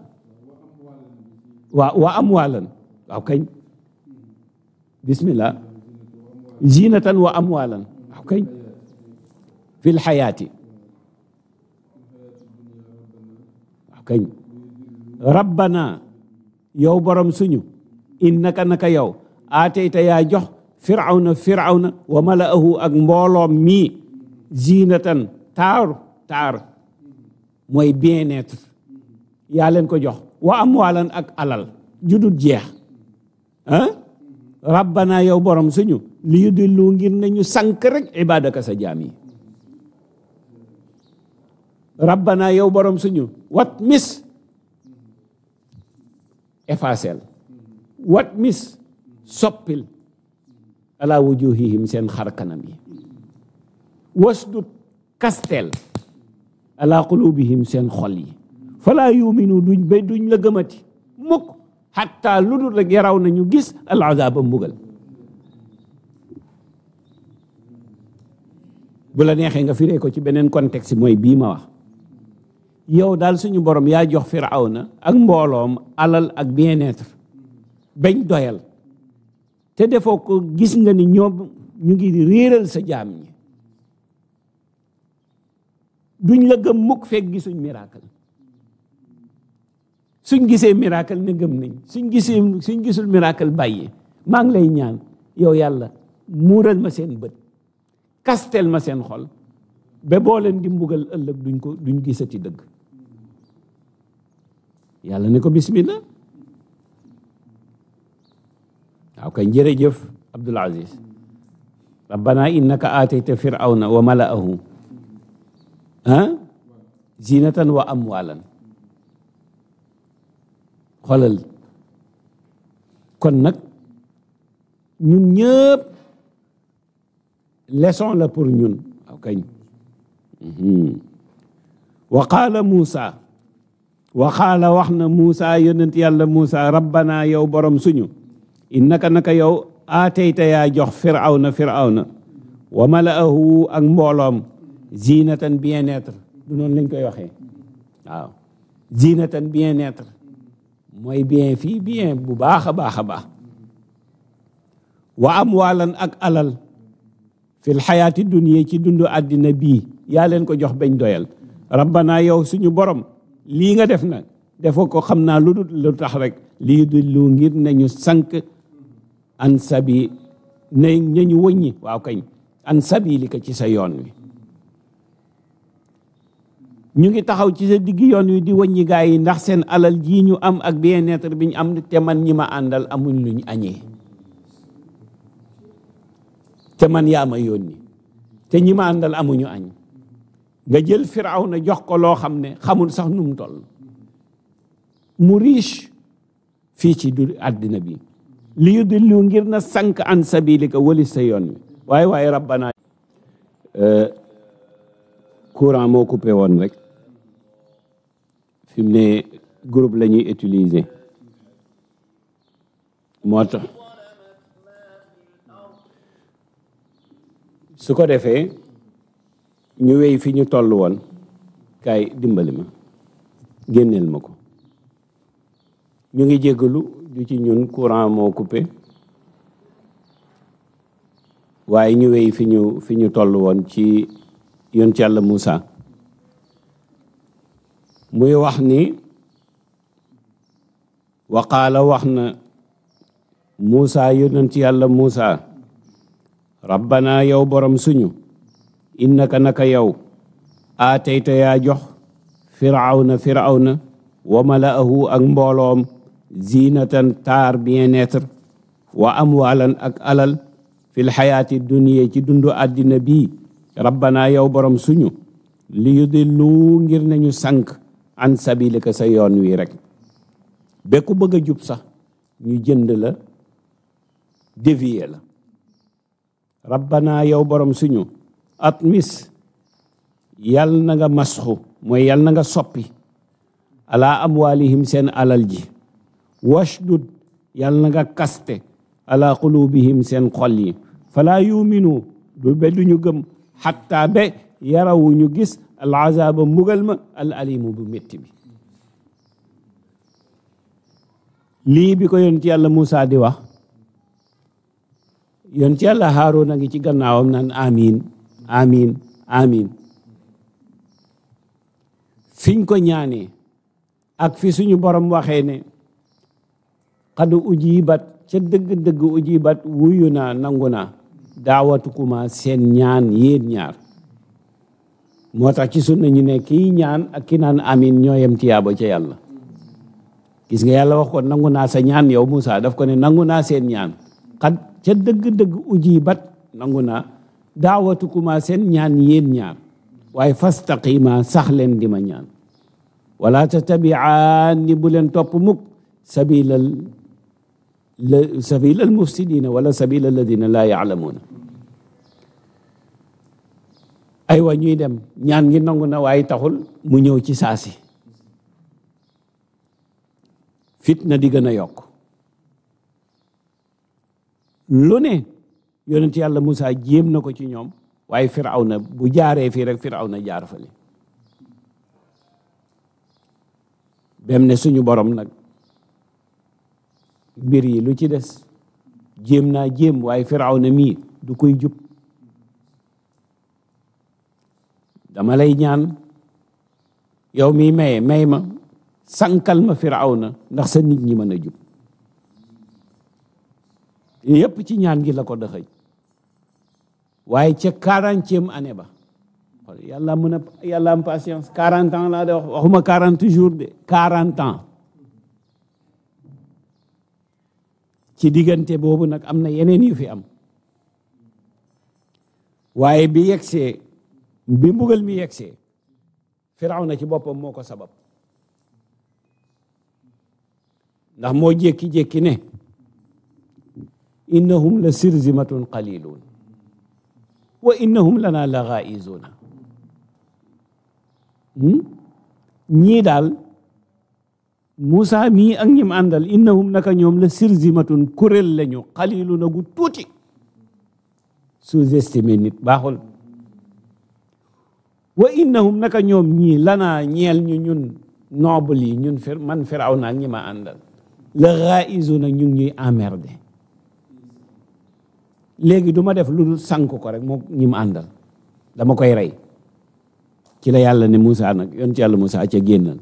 waa wa amwalan waaw kañ bismillah zinatan wa amwalan waaw kañ fil xayaati kañ rabbana yow borom suñu innaka naka yow aatayta yaa jox firawna firawna wa malaahu ak mbooloom mii zinatan taaru taar mooy bien-être yaa leen ko jox wa am amwalan ak alal judut jeex ah rabbana yow borom suñu li yudillu ngir nañu sànk rek ibadaka sa jaam yi rabbana yow borom suñu wat mis effacel wat mis soppil ala wujuhihim seen xar kanam yi wasdud kastel ala qulubihim seen xol yi fala yuminu ba duñ la gëmati mukk xatta lu du rek yaraw nañu gis al azaba mbugal bu la neexee nga firee ko ci beneen contexte mooy bii ma wax yow daal suñu borom yaa jox firawna ak mbooloom alal ak bien-être bañ doyal te defoo ko gis nga ni ñoom ñu ngi réeral sa jaam ñi duñ la gëm mukk fekk gisuñ miracle suñ gisee miracle ne gëm nañ suñ gisee suñ gisul miracle bàyyi maa ngi lay ñaan yow yàlla muural ma seen bët kastel ma seen xol be boo leen di mbugal ëllëg duñ ko duñ gisati dëgg yàlla ne ko bismillah waaw kay jërëjëf Abdul Aziz rabbana innaka aatayta firawna wa malaahu ah zinatan wa amwalan xoolal kon nag ñun ñëpp leçon la pour ñun waaw kañ mhm. wa qaala Muusa waxaala wax na Muusa yonent yàlla Muusa rabbana yow borom suñu innaka naka yow tey yaa jox firawna firawna wa malaahu ak mbooloom zinatan bien netre du noonu lañ koy waxee waaw zinatan bien être mooy bien fii bien bu baax a baax a baax wa amwaalan ak alal fil xayaati dunya ci dundu àddina bii yaa leen ko jox bañ doyal rabbana yow suñu borom lii nga def na defoo ko xam naa lu lu tax rek lii du lu ngir nañu sànq an sabi na ñu wëññi waaw kañ an sabi li ko ci sa yoon wi ñu ngi taxaw ci sa digg yoon wi di wëññi gaa yi ndax seen alal jii ñu am ak bien-être bi ñu am te man ñi ma àndal amuñ luñ añee te man yaa ma yónni te ñi ma amuñu añ nga jël na jox ko loo xam ne xamul sax nu mu toll mu riche fii ci du àddina bi li yudillu ngir na sànq an sabilika wali sa yoon wi waaye waaye rabbana euh, courant moo coupé woon rek fi mu ne groupe la ñuy utiliser moo tax su ko defee ñu wey fi ñu toll woon kaay dimbali ma génneel ma ko ñu ngi jéggalu ju ci ñun courant moo coupé waaye ñu wéy fi ñu fi toll woon ci yoon ci Yàlla Muusa muy wax ni waxaala wax na Muusa yonent ci Yàlla Muusa rabbana yow borom suñu innaka naka yow aatayta yaa jox firawna firawna wa malaahu ak mbooloom zinatan taar bien-être wa amwalan ak alal fil xayaati dunya ci dundu àddina bi rabbanaa yow borom suñu li yudillu ngir ñu sànk an sabilika sa yoon wi rek be bëgg a jub sax ñu jënd la dévier la rabbanaa yow borom suñu at mis yal na nga masxu mooy yal na nga soppi ala amwalihim seen alal ji washdud yal na nga kaste ala qulubihim seen xol yi fala yuminu du be gëm xatta be yarawu ñu gis al azaba mbugal ma al alimu bu métti bi lii bi ko yonent yàlla Muusa di wax yoon ci yonent yàlla Haaroona ngi ci gannaawam naan amin amin amin fiñ ko ñaanee ak fi suñu borom waxee ne xadu ujibat ca dëgg-dëgg ujibat wuyu naa nangu naa daawatukuma seen ñaan yéen ñaar moo tax ci sunna ñu ne kii ñaan ak ki naan amin ñoo yem tiyaaba ca yàlla gis nga yàlla wax ko nangu naa sa ñaan yow Moussa daf ko ne nangu naa seen ñaan xad ca dëgg-dëgg ujibat nangu naa daawatukuma seen ñaan yéen ñaar waaye fastaqima sax leen di ma ñaan wala tattabiaani bu leen topp mukk sabilal sabilal mufsidina wala sabilal ladina laa yaalamuuna aywa ñuy dem ñaan ngi nangu na waaye taxul mu ñëw ci saasi fitna di gën a yokk lu ne yonent yàlla Moussa jéem na ko ci ñoom waaye Firawna bu jaaree fii rek Firawna jaar fale bem ne suñu borom nag mbir yi lu ci des jéem naa jéem waaye Firawna mii du koy jub dama lay ñaan yow mii maye may ma sankal ma Firawna ndax sa nit ñi mën a jub yépp ci ñaan gi la ko dëxëñ waaye ca quarantième année ba yàlla mën a yàlla am patience quarante ans laa de wax waxuma quarante jours de quarante ans ci diggante boobu nag am na yeneen yu fi am waaye bi yegsee bi mbugal mi yegsee Firawna ci boppam moo ko sabab ndax moo jékki-jékki ne innahum la sirzimatun qalilun wa innahum lana la ghaizuna hmm? ñii daal Moussa mii ak ñim àndal innahum naka ñoom la sirzimatun kuréel lañu xalilu na gu tuuti sous-estimé nit baaxul wa innahum naka ñoom ñii lanaa ñeel ñu ñun noble yi ñun fir man firaw na ak ñi ma la ghaizuna ñu ngi ñuy emmerdé léegi du ma def lu dul sànk ko rek moo ñi àndal dama koy rey ci la yàlla ne Moussa nag yoon ci yàlla Moussa ca génnal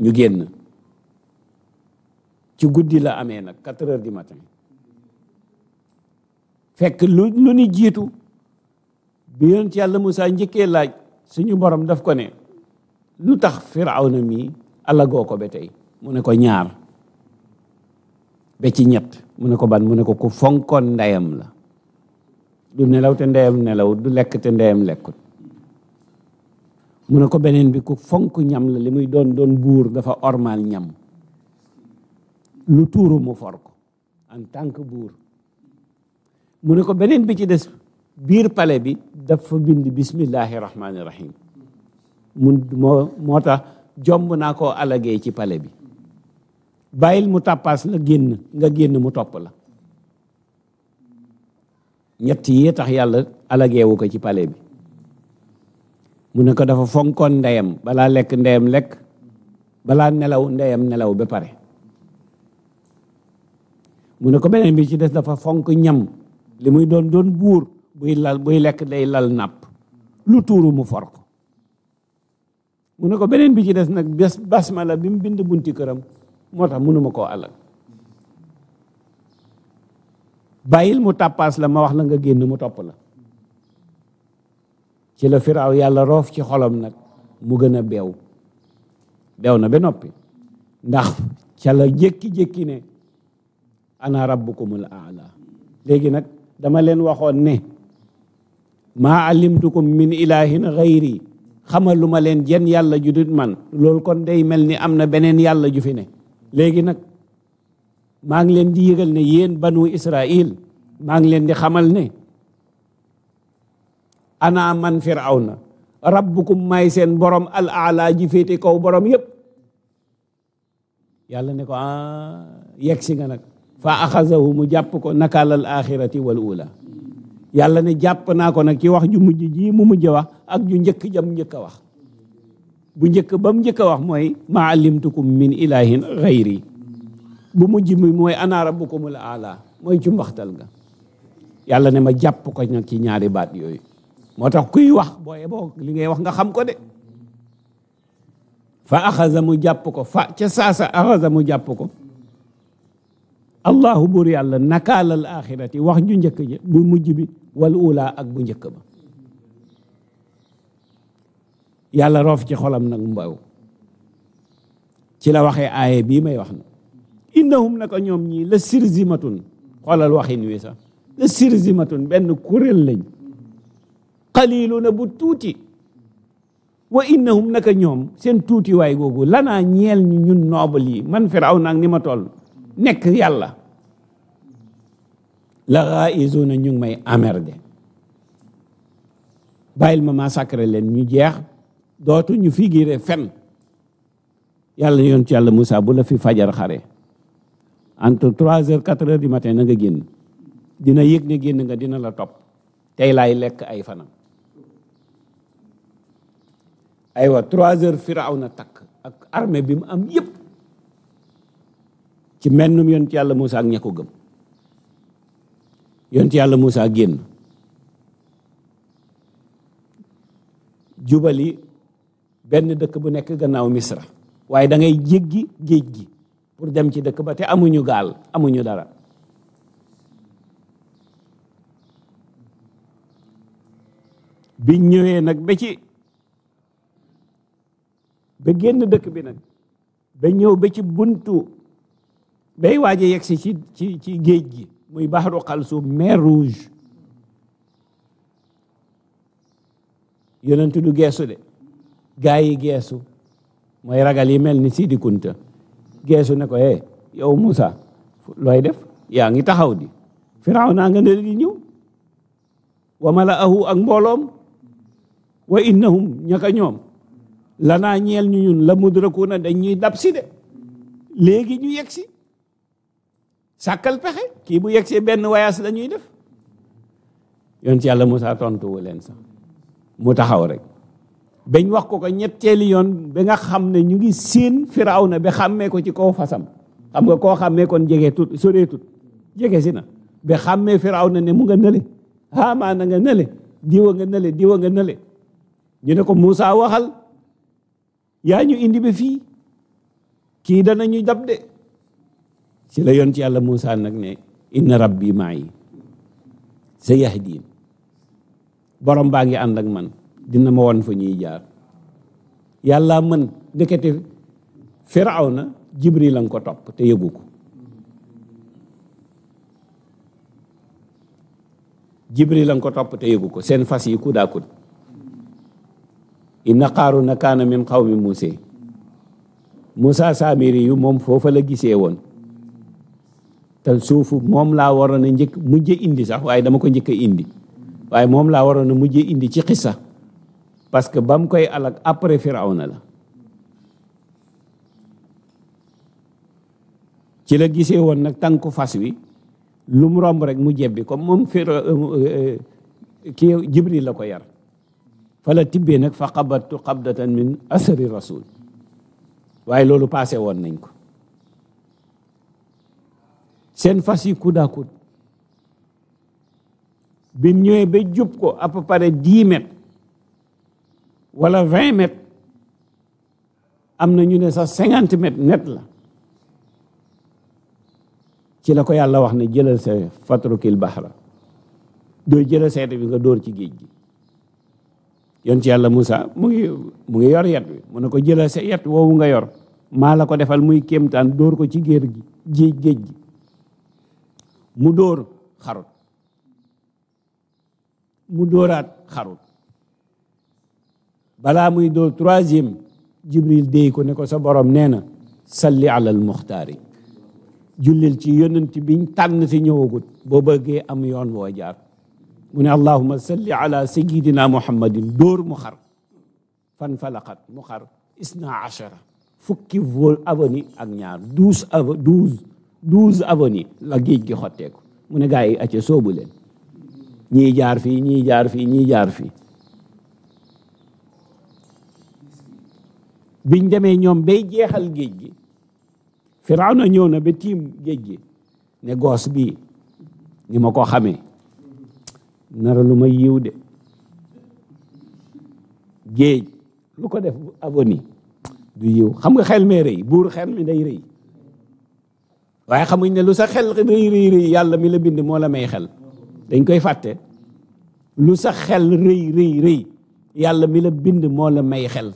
ñu génn ci guddi la amee nag quatre heures matin fekk lu lu ni jiitu bi yoon ci yàlla Moussa njëkkee laaj suñu borom daf ko ne lu tax firaw na mii alagoo ko ba tey mu ne ko ñaar ba ci ñett mu ne ko ban mu ne ko ku fonkoon ndeyam la du nelaw te ndeyam nelaw du lekk te ndeyam lekkut mu ne ko beneen bi ku fonk ñam la li muy doon doon buur dafa ormal ñam lu tuuru mu for ko en tant que buur mu ne ko beneen bi ci des biir pale bi dafa bind bismillahi rahmaani rahim mun moo moo tax jomb naa koo alagee ci pale bi bàyyil mu tàppaas la génn nga génn mu topp la ñett yi tax yàlla alageewu ko ci pale bi mu ne ko dafa fonkoon ndeyam balaa lekk ndeyam lekk balaa nelaw ndeyam nelaw ba pare mu ne ko beneen bi ci des dafa fonk ñam li muy doon doon buur buy lal buy lekk day lal nàpp lu tuuru mu for mu ne ko beneen bi ci des nag bés basmala bi mu bind bunti këram moo tax mënuma koo alal bàyyil mu tàppaas la ma wax la nga génn mu topp la ci la firaaw yàlla roof ci xolam nag mu gën a bew beew na ba noppi ndax ca la jékki-jékki ne ana rabbukumul aala léegi nag dama leen waxoon ne maa alimtukum min ilahin xayri xamaluma leen jenn yàlla ju dut man loolu kon dey mel ni am na beneen yàlla ju fi ne léegi nag maa ngi leen di yëgal ne yéen banu Israil maa ngi leen di xamal ne ana man firawna rabbukum may seen borom al ala ji féete kaw borom yépp yàlla ne ko a ah, yegg si nga nag fa axazahu mu jàpp ko nakaalal axirati wal ula yàlla ne jàpp naa ko nag ki wax ju mujj ji mu mujj wax ak ju njëkk jam njëkk a wax bu njëkk ba mu njëkk a wax mooy ma alimtukum min ilahin xayri bu mujj mi mooy ana rabbukumul aala mooy ci mbaxtal nga yàlla ne ma jàpp ko nag ci ñaari baat yooyu moo tax kuy wax boo yeboo li ngay wax nga xam ko de fa axaza mu jàpp ko fa ca saasa axaza mu jàpp ko allahu buur yàlla nakaalal axirati wax ju njëkk ja bu mujj bi wal ula ak bu njëkk ba yàlla roof ci xolam nag mbaw ci la waxe aaye bii may wax na innahum naka ñoom ñii la sirzimatun xolal waxin wi sax la sirzimatun benn kuréel lañ qaliluna bu tuuti wa innahum naka ñoom seen tuuti waay googu lanaa ñeel ñu ñun noobal yi man firaw naag ni ma toll nekk yàlla la xaaisuna ñu ngi may amer de bàyyil ma massacre leen ñu jeex dootu ñu figuré fen yàlla yoon ci yàlla Moussa bu la fi fajar xare entre trois heures quatre heures du matin na génn dina yëg ne génn nga dina la topp tey lay lekk ay fanam aywa trois heures firaw na takk ak armée bi mu am yëpp ci mennum yoon ci yàlla Moussa ak ña ko gëm yoon ci yàlla Moussa génn jubali benn dëkk bu nekk gannaaw misra waaye da ngay jéggi géej gi pour dem ci dëkk ba te amuñu gaal amuñu dara bi ñëwee nag ba ci ba génn dëkk bi nag ba ñëw ba ci buntu bay waaje yegsi ci ci ci géej gi muy baxaru xalsum mer rouge yonentu du geesu de gaa yi geesu mooy ragal yi mel ni Sidi Kunta geesu ne ko eh yow Moussa looy def yaa ngi taxaw di firaw naa nga ne di ñëw wa malaahu ak mbooloom wa innahum ñaka ñoom lanaa ñeel ñu ñun la mudrakuna dañ ñuy dab si de léegi ñu yegg si sàkkal pexe kii bu yegg si benn wayaas la def yoon ci yàlla Moussa tontu leen sax mu taxaw rek beñ wax ko ko ñetteelu yoon ba nga xam ne ñu ngi séen firaw na ba xàmmee ko ci kaw fasam xam nga koo xàmmee kon jege tut soree tut jege si na ba xàmmee firaw na ne mu nga nële haamaana nga nële diwa nga nële diwa nga nële ñu ne ko muusa waxal yaa ñu indi ba fii kii dana ñu dab de ci la yoon ci yàlla muusa nag ne inna rabbi maay sa yahdin borom baa ngi ànd ak man dina ma won fa ñuy jaar yàlla mën ndekete firawna jibril lañ ko topp te yëgu ko jibril lañ ko topp te yëgu ko seen fas yi ku daakut inna qaaruna kaana min qawmi muuse musa saamiri yu moom foofa la gisee woon te suufu moom laa waroon a njëkk mujje indi sax waaye dama ko njëkk a indi waaye moom laa waroon a mujje indi ci xissa parce que ba mu koy alak après Firawna la ci la gisee woon nag tànku fas wi lu mu romb rek mu jebbi comme moom Fira euh, euh, euh, Jibril la ko yar fala tibbee nag fa xabattu xabdatan min asari rasul waaye loolu passé woon nañ ko seen fas yi coude à bi ñëwee ba jub ko à peu près wala vingt mètres am na ñu ne sax cinquante mètres net la ci la ko yàlla wax na jëlal sa baax baxra dooy jëlal seeta bi nga dóor ci géej gi yoon ci yàlla Moussa mu ngi mu ngi yor yet wi mu ne ko jëlal sa yet woowu nga yor maa la ko defal muy kéemtaan dóor ko ci géer gi géej géej gi mu dóor xarut mu dóoraat xarut balaa muy doo troisième jibril déy ko ne ko sa borom nee na salli alal muxtaari jullil ci yonent biñ tànn te ñëwagut boo bëggee am yoon woo jaar mu ne allahuma salli ala sayidina muhammadin dóor mu xar fan falaqat mu xar isna fukki vol avoni ak ñaar douze av avoni la géej gi xotteeku mu ne gaa yi ñii jaar fi ñii jaar fii ñii jaar fii biñ demee ñoom bay jeexal géej gi na ñëw na ba tiim géej gi ne goos bii ni ma ko xamee nara lu ma yiw de géej lu ko def aboni du yiw xam nga xel mee rëy buur xel mi day rëy waaye xamuñ ne lu sa xel rëy rëy yàlla mi la bind moo la may xel dañ koy fàtte lu sa xel rëy rëy rëy yàlla mi la bind moo la may xel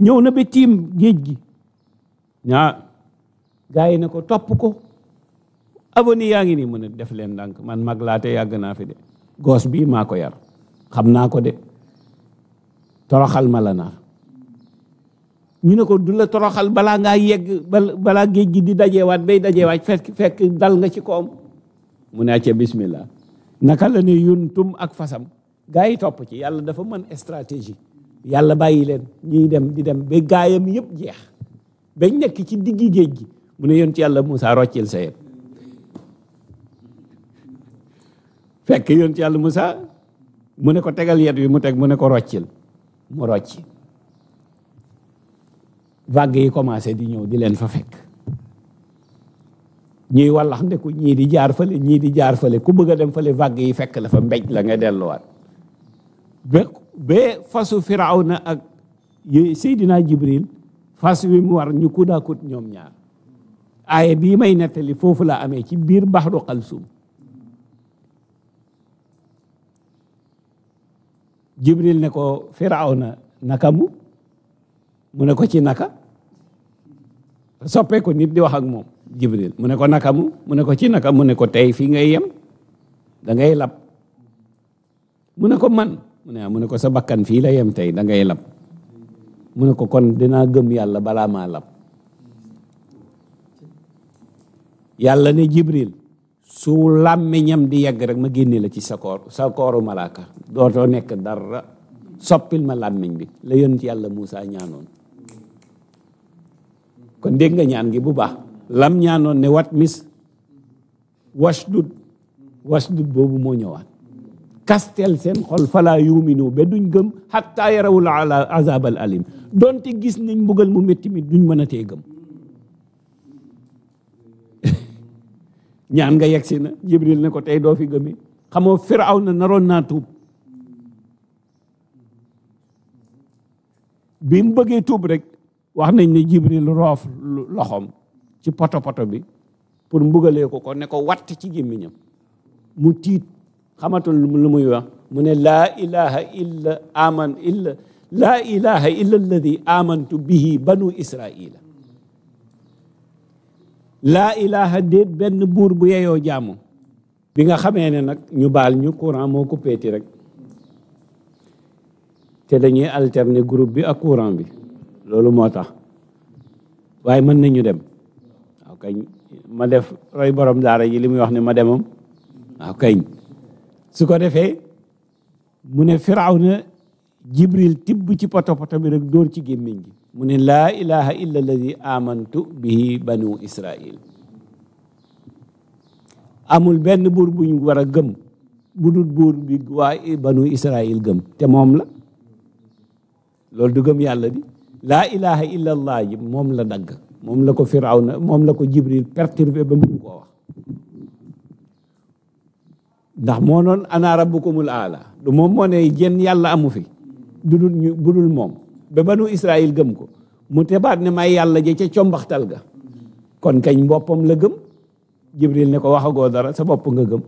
ñëw na ba tiim géej gi ñaa gars yi ne ko topp ko avenir yaa ngi nii mu ne def leen ndànk man mag laa te yàgg naa fi de goos bii maa ko yar xam naa ko de toroxal ma la naa ñu ne ko du la toroxal balaa ngaa yegg balaa géej gi di dajewaat bay dajewaat fekk fekk dal nga ci koom mu ne acca bismillah naka la ne yuntum ak fasam gars yi topp ci yàlla dafa mën stratégie yàlla bàyyi leen ñuy dem di dem ba gaayam yëpp jeex bañ nekk ci diggi géej gi mu ne yonent yàlla Moussa roccil sa yet fekk yonent yàlla Moussa mu ne ko tegal yet wi mu teg mu ne ko roccil mu rocci vague yi commencé di ñëw di leen fa fekk ñuy wallax ndeku ñii di jaar fële ñii di jaar fële ku bëgg a dem fële vague yi fekk la fa mbéj la nga delluwaat ba ba fasu firawna ak Seydina Jibril fas wi mu war ñu kudaakut ñoom ñaar aaye bii may nettali foofu la amee ci biir baxru xalsum Jibril ne ko firawna na mu mu ne ko ci naka soppee ko nit di wax moom Jibril mu ne ko naka mu ne ko ci naka mu ne ko tey fii ngay yem dangay lab mu ne ko man mu ne ah, mu ne ko sa bakkan fii la yem tey da ngay lab mu ne ko kon dinaa gëm yàlla balaa maa lab yàlla ne jibril su làmmiñam di yegg rek ma génne la ci sa koor kooru malaaka dootoo nekk dara soppil ma làmmiñ bi la yonent yàlla Muusa ñaanoon kon dégg nga ñaan gi bu baax lam ñaanoon ne wat mis wasdud wasdud boobu moo ñëwaat kastel seen xol fala yuminu ba duñ gëm xatta yarawul azab alim donte gis nañ mbugal mu métti mi duñ mën a tee gëm (laughs) ñaan nga yegsi na jibril ne ko tey doo fi gëmi xamoo firaw na naroon naa tuub bi mu bëggee tuub rek wax nañ ne jibril roof loxoom ci poto poto bi pour mbugalee ko ko ne ko watt ci gémmiñam mu tiit xamatul lu muy wax mu ne laa ilaha illa aman illa laa ilaha illa alladi amantu bihi banu israila laa ilaha déet benn buur bu yeyoo jaamu bi nga xamee ne nag ñu baal ñu courant moo ko rek te dañuy alterner group bi ak courant bi loolu moo tax waaye mën nañu dem waaw kañ ma def roy borom daara ji li muy wax ne ma demam waaw kañ su ko defee mu ne firawna jibril tibb ci potopoto bi rek dóor ci gémmiñ gi mu ne laa ilaha illa alladi amantu bihi amul benn buur bu ñu gëm bu dul buur bi waa banu israil gëm te moom la loolu du gëm yàlla di laa ilaha illa allah ji moom la dagg moom la ko firawna moom la ko jibril perturbé ba mu ko ndax moo noon ana rabbukumul aala du moom moo ne jenn yàlla amu fi du dul budul moom ba banu Israël gëm ko mu tebaat ne may yàlla ja ca combaxtal ga kon kañ boppam la gëm jibril ne ko waxagoo dara sa bopp nga gëm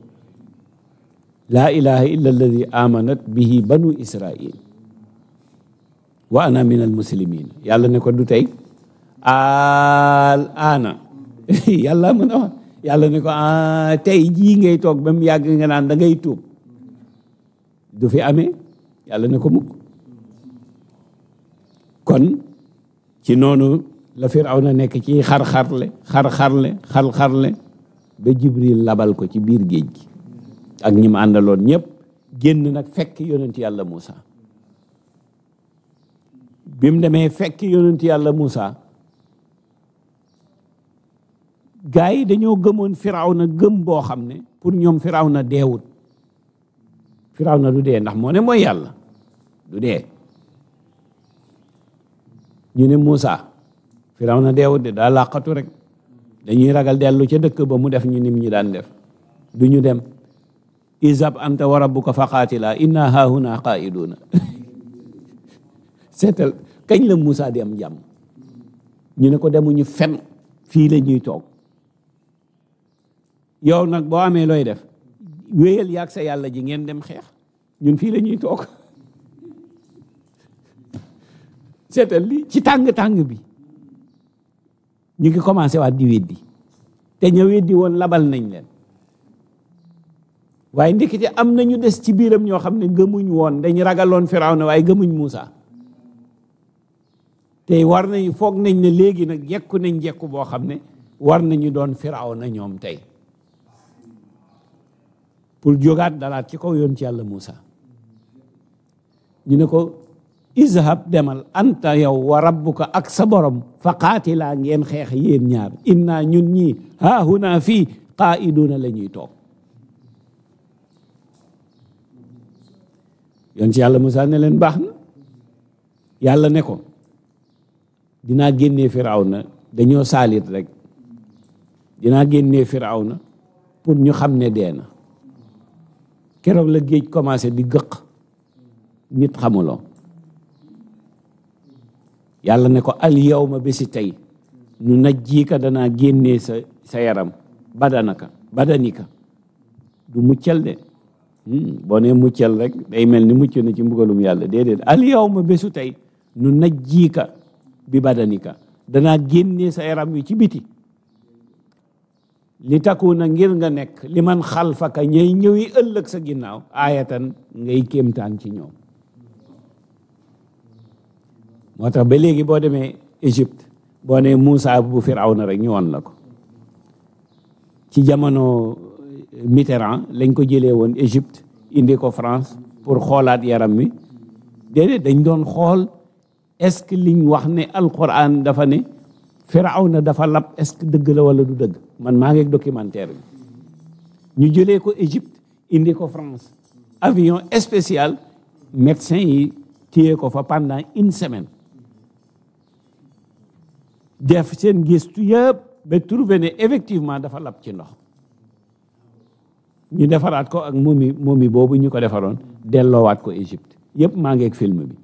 laa ilaha illa alladi amanat bihi banu Israël wa ana min al yàlla ne ko du tey al ana (laughs) yàlla mën a yàlla ni ko ah tey jii ngay toog ba mu yàgg nga naan da ngay tuub du fi amee yàlla ni ko mukk kon ci noonu la na nekk ci xarxarle xarxarle xarxarle ba Jibril labal ko ci biir géej gi ak ñi mu àndaloon ñépp génn nag fekk yonent yàlla Moussa bi mu demee fekk yonent yàlla Moussa gars yi dañoo gëmoon Firawna gëm boo xam ne pour ñoom Firawna deewut Firawna du dee ndax moo ne mooy yàlla du dee ñu ne muusa Firawna deewut de daa làqatu rek dañuy ragal dellu ca dëkk ba mu def ñu nim ñu daan def du ñu dem izhab anta wa rabbuka faqaatila inna haahuna qaa'iduuna (laughs) seetal kañ la Moussa di am jàmm ñu ne ko demuñu fen fii la ñuy toog yow nag boo amee looy def wéyal yàgg sa yàlla ji ngeen dem xeex ñun fii la ñuy toog seetal li ci tàng-tàng bi ñu ngi commencé waat di weddi te ña weddi woon labal nañ leen waaye ndekete am nañu des ci biiram ñoo xam ne gëmuñ woon dañ ragaloon Firawna waaye gëmuñ Muusa tey war nañu foog nañ ne léegi nag jekku nañ jekku boo xam ne war nañu doon na ñoom tey pour jógaat dalaat ci kaw yoon ci yàlla Moussa ñu ne ko izhab demal anta yow wa rabbuka ak sa borom fa qaatilaa ngeen xeex yéen ñaar inna ñun ñii haahuna fii qaa'iduuna la ñuy toog yoon ci yàlla Moussa ne leen baax na yàlla ne ko dinaa génnee firawna dañoo saalit rek dinaa génnee firawna pour ñu xam ne deena keroog la géej commencé di gëq nit xamuloo yàlla ne ko al ma bési tey nu najjiika danaa génnee sa sa yaram badanaka badanika du muccal de hmm, boo nee muccal rek day mel ni mucc na ci mbugalum yàlla déedéet al ma bésu tey nu najjiika bi badanika danaa génnee sa yaram wi ci biti li na ngir nga nekk li man xalfaka ñay ñëwi ëllëg sa ginnaaw aayatan ngay kéemtaan ci ñoom moo tax ba léegi boo demee Égypte boo nee Moussa bu na rek ñu woon la ko ci jamono euh, Mitterrand lañ ko jëlee woon Égypte indi ko France pour xoolaat yaram wi déedéet dañ doon xool est-ce que liñ wax ne alquran dafa ne na dafa lab est-ce que dëgg la wala du dëgg man maa ngi documentaire bi ñu jëlee ko Égypte indi ko France avion spécial médecin yi téye ko fa pendant une semaine def seen gëstu yëpp ba trouvé ne effectivement dafa lab ci ndox ñu defaraat ko ak momi momi boobu ñu ko defaroon delloowaat ko Égypte yëpp maa ngi film bi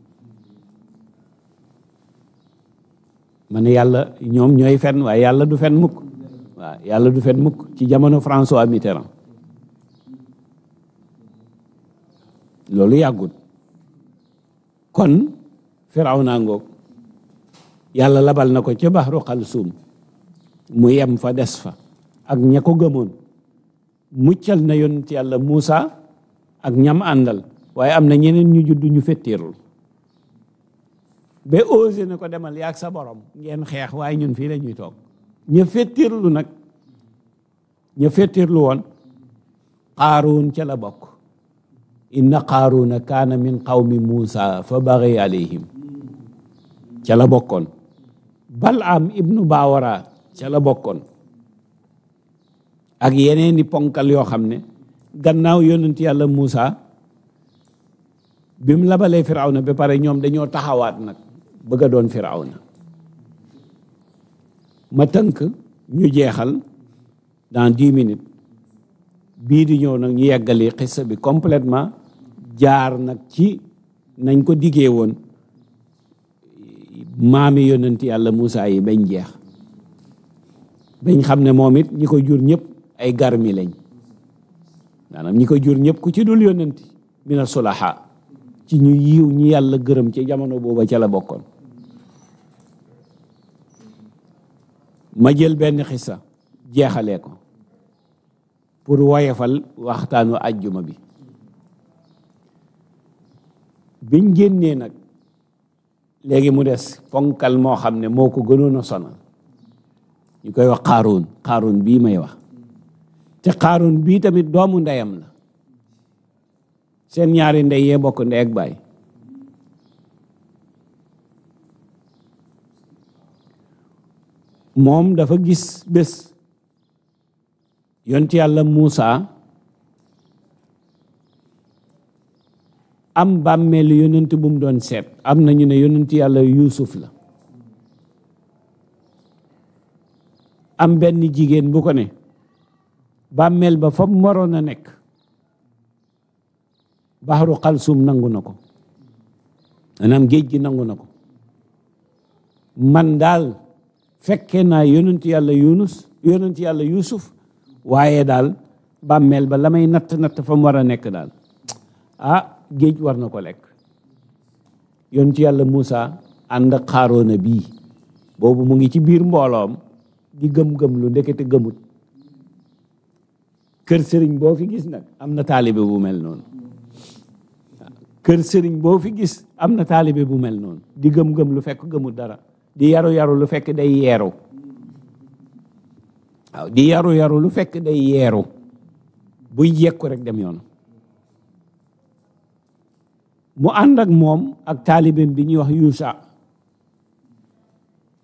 ma ne yàlla ñoom ñooy fen waaye yàlla du fen mukk waaw yàlla du fen mukk ci jamono François Mitterrand loolu yàggut kon naa ngoog yàlla labal na ko ca baxru xalsuum mu yem fa des fa ak ña ko gëmoon muccal na yonent yàlla Muusa ak ñam àndal waaye am na ñeneen ñu judd ñu fettiirul ba osé na ko demal ak sa borom ngeen xeex waaye ñun fii lañuy toog ña fettirlu nag ña fettirlu woon qaaruun ca la bokk inna qaaruuna kaana min qawmi muusa fa baxi alayhim ca la bokkoon balaam ibnu baawara ca la bokkoon ak yeneeni ponkal yoo xam ne gannaaw yonent yàlla muusa bi mu labalee na ba pare ñoom dañoo taxawaat nag bëgg a doon firawna ma tënk ñu jeexal dans dix minutes bii di ñëw nag ñu yeggali xissa bi complètement jaar nag ci nañ ko diggee woon maami yonent yàlla Moussa yi bañ jeex bañ xam ne moom it ñu ko jur ñépp ay garmi lañ maanaam ñi ko jur ñëpp ku ci dul yonent mina sulaha ci ñu yiw ñu yàlla gërëm ci jamono booba ca la bokkoon ma jël benn xissa jeexale ko pour woyefal waxtaanu ajjuma bi biñ génnee nag léegi mu des fonkal moo xam ne moo ko gënoona a sonal ñu koy wax xaaruun xaaruun bii may wax te xaaruun bii tamit doomu ndeyam la seen ñaari ndey yee bokk ndey baay moom dafa gis bés yonti yàlla Muusa am bàmmeelu yonent bu mu doon seet am nañu ne yonent yàlla Yuusuf la am benn jigéen bu ko ne bàmmeel ba fa mu waroon a nekk baxaru xalsum nangu na ko maanaam géej gi nangu na ko man daal fekkee naa yonent yàlla yunus yonent yàlla yusuf waaye daal bàmmeel ba la may natt natt fa mu war a nekk daal ah géej war na ko lekk yonent yàlla Moussa ànd ak xaaroona bii boobu mu ngi ci biir mbooloom di gëm-gëm lu ndekete gëmut kër sëriñ boo fi gis nag am na taalibe bu mel noonu kër sëriñ boo fi gis am na taalibe bu mel noonu di gëm-gëm lu fekk gëmut dara di yaru yaru lu fekk day yeeru di yaru yaru lu fekk day yeeru buy yekku rek dem yoon mu ànd moom ak taalibim bi ñuy wax Yuusa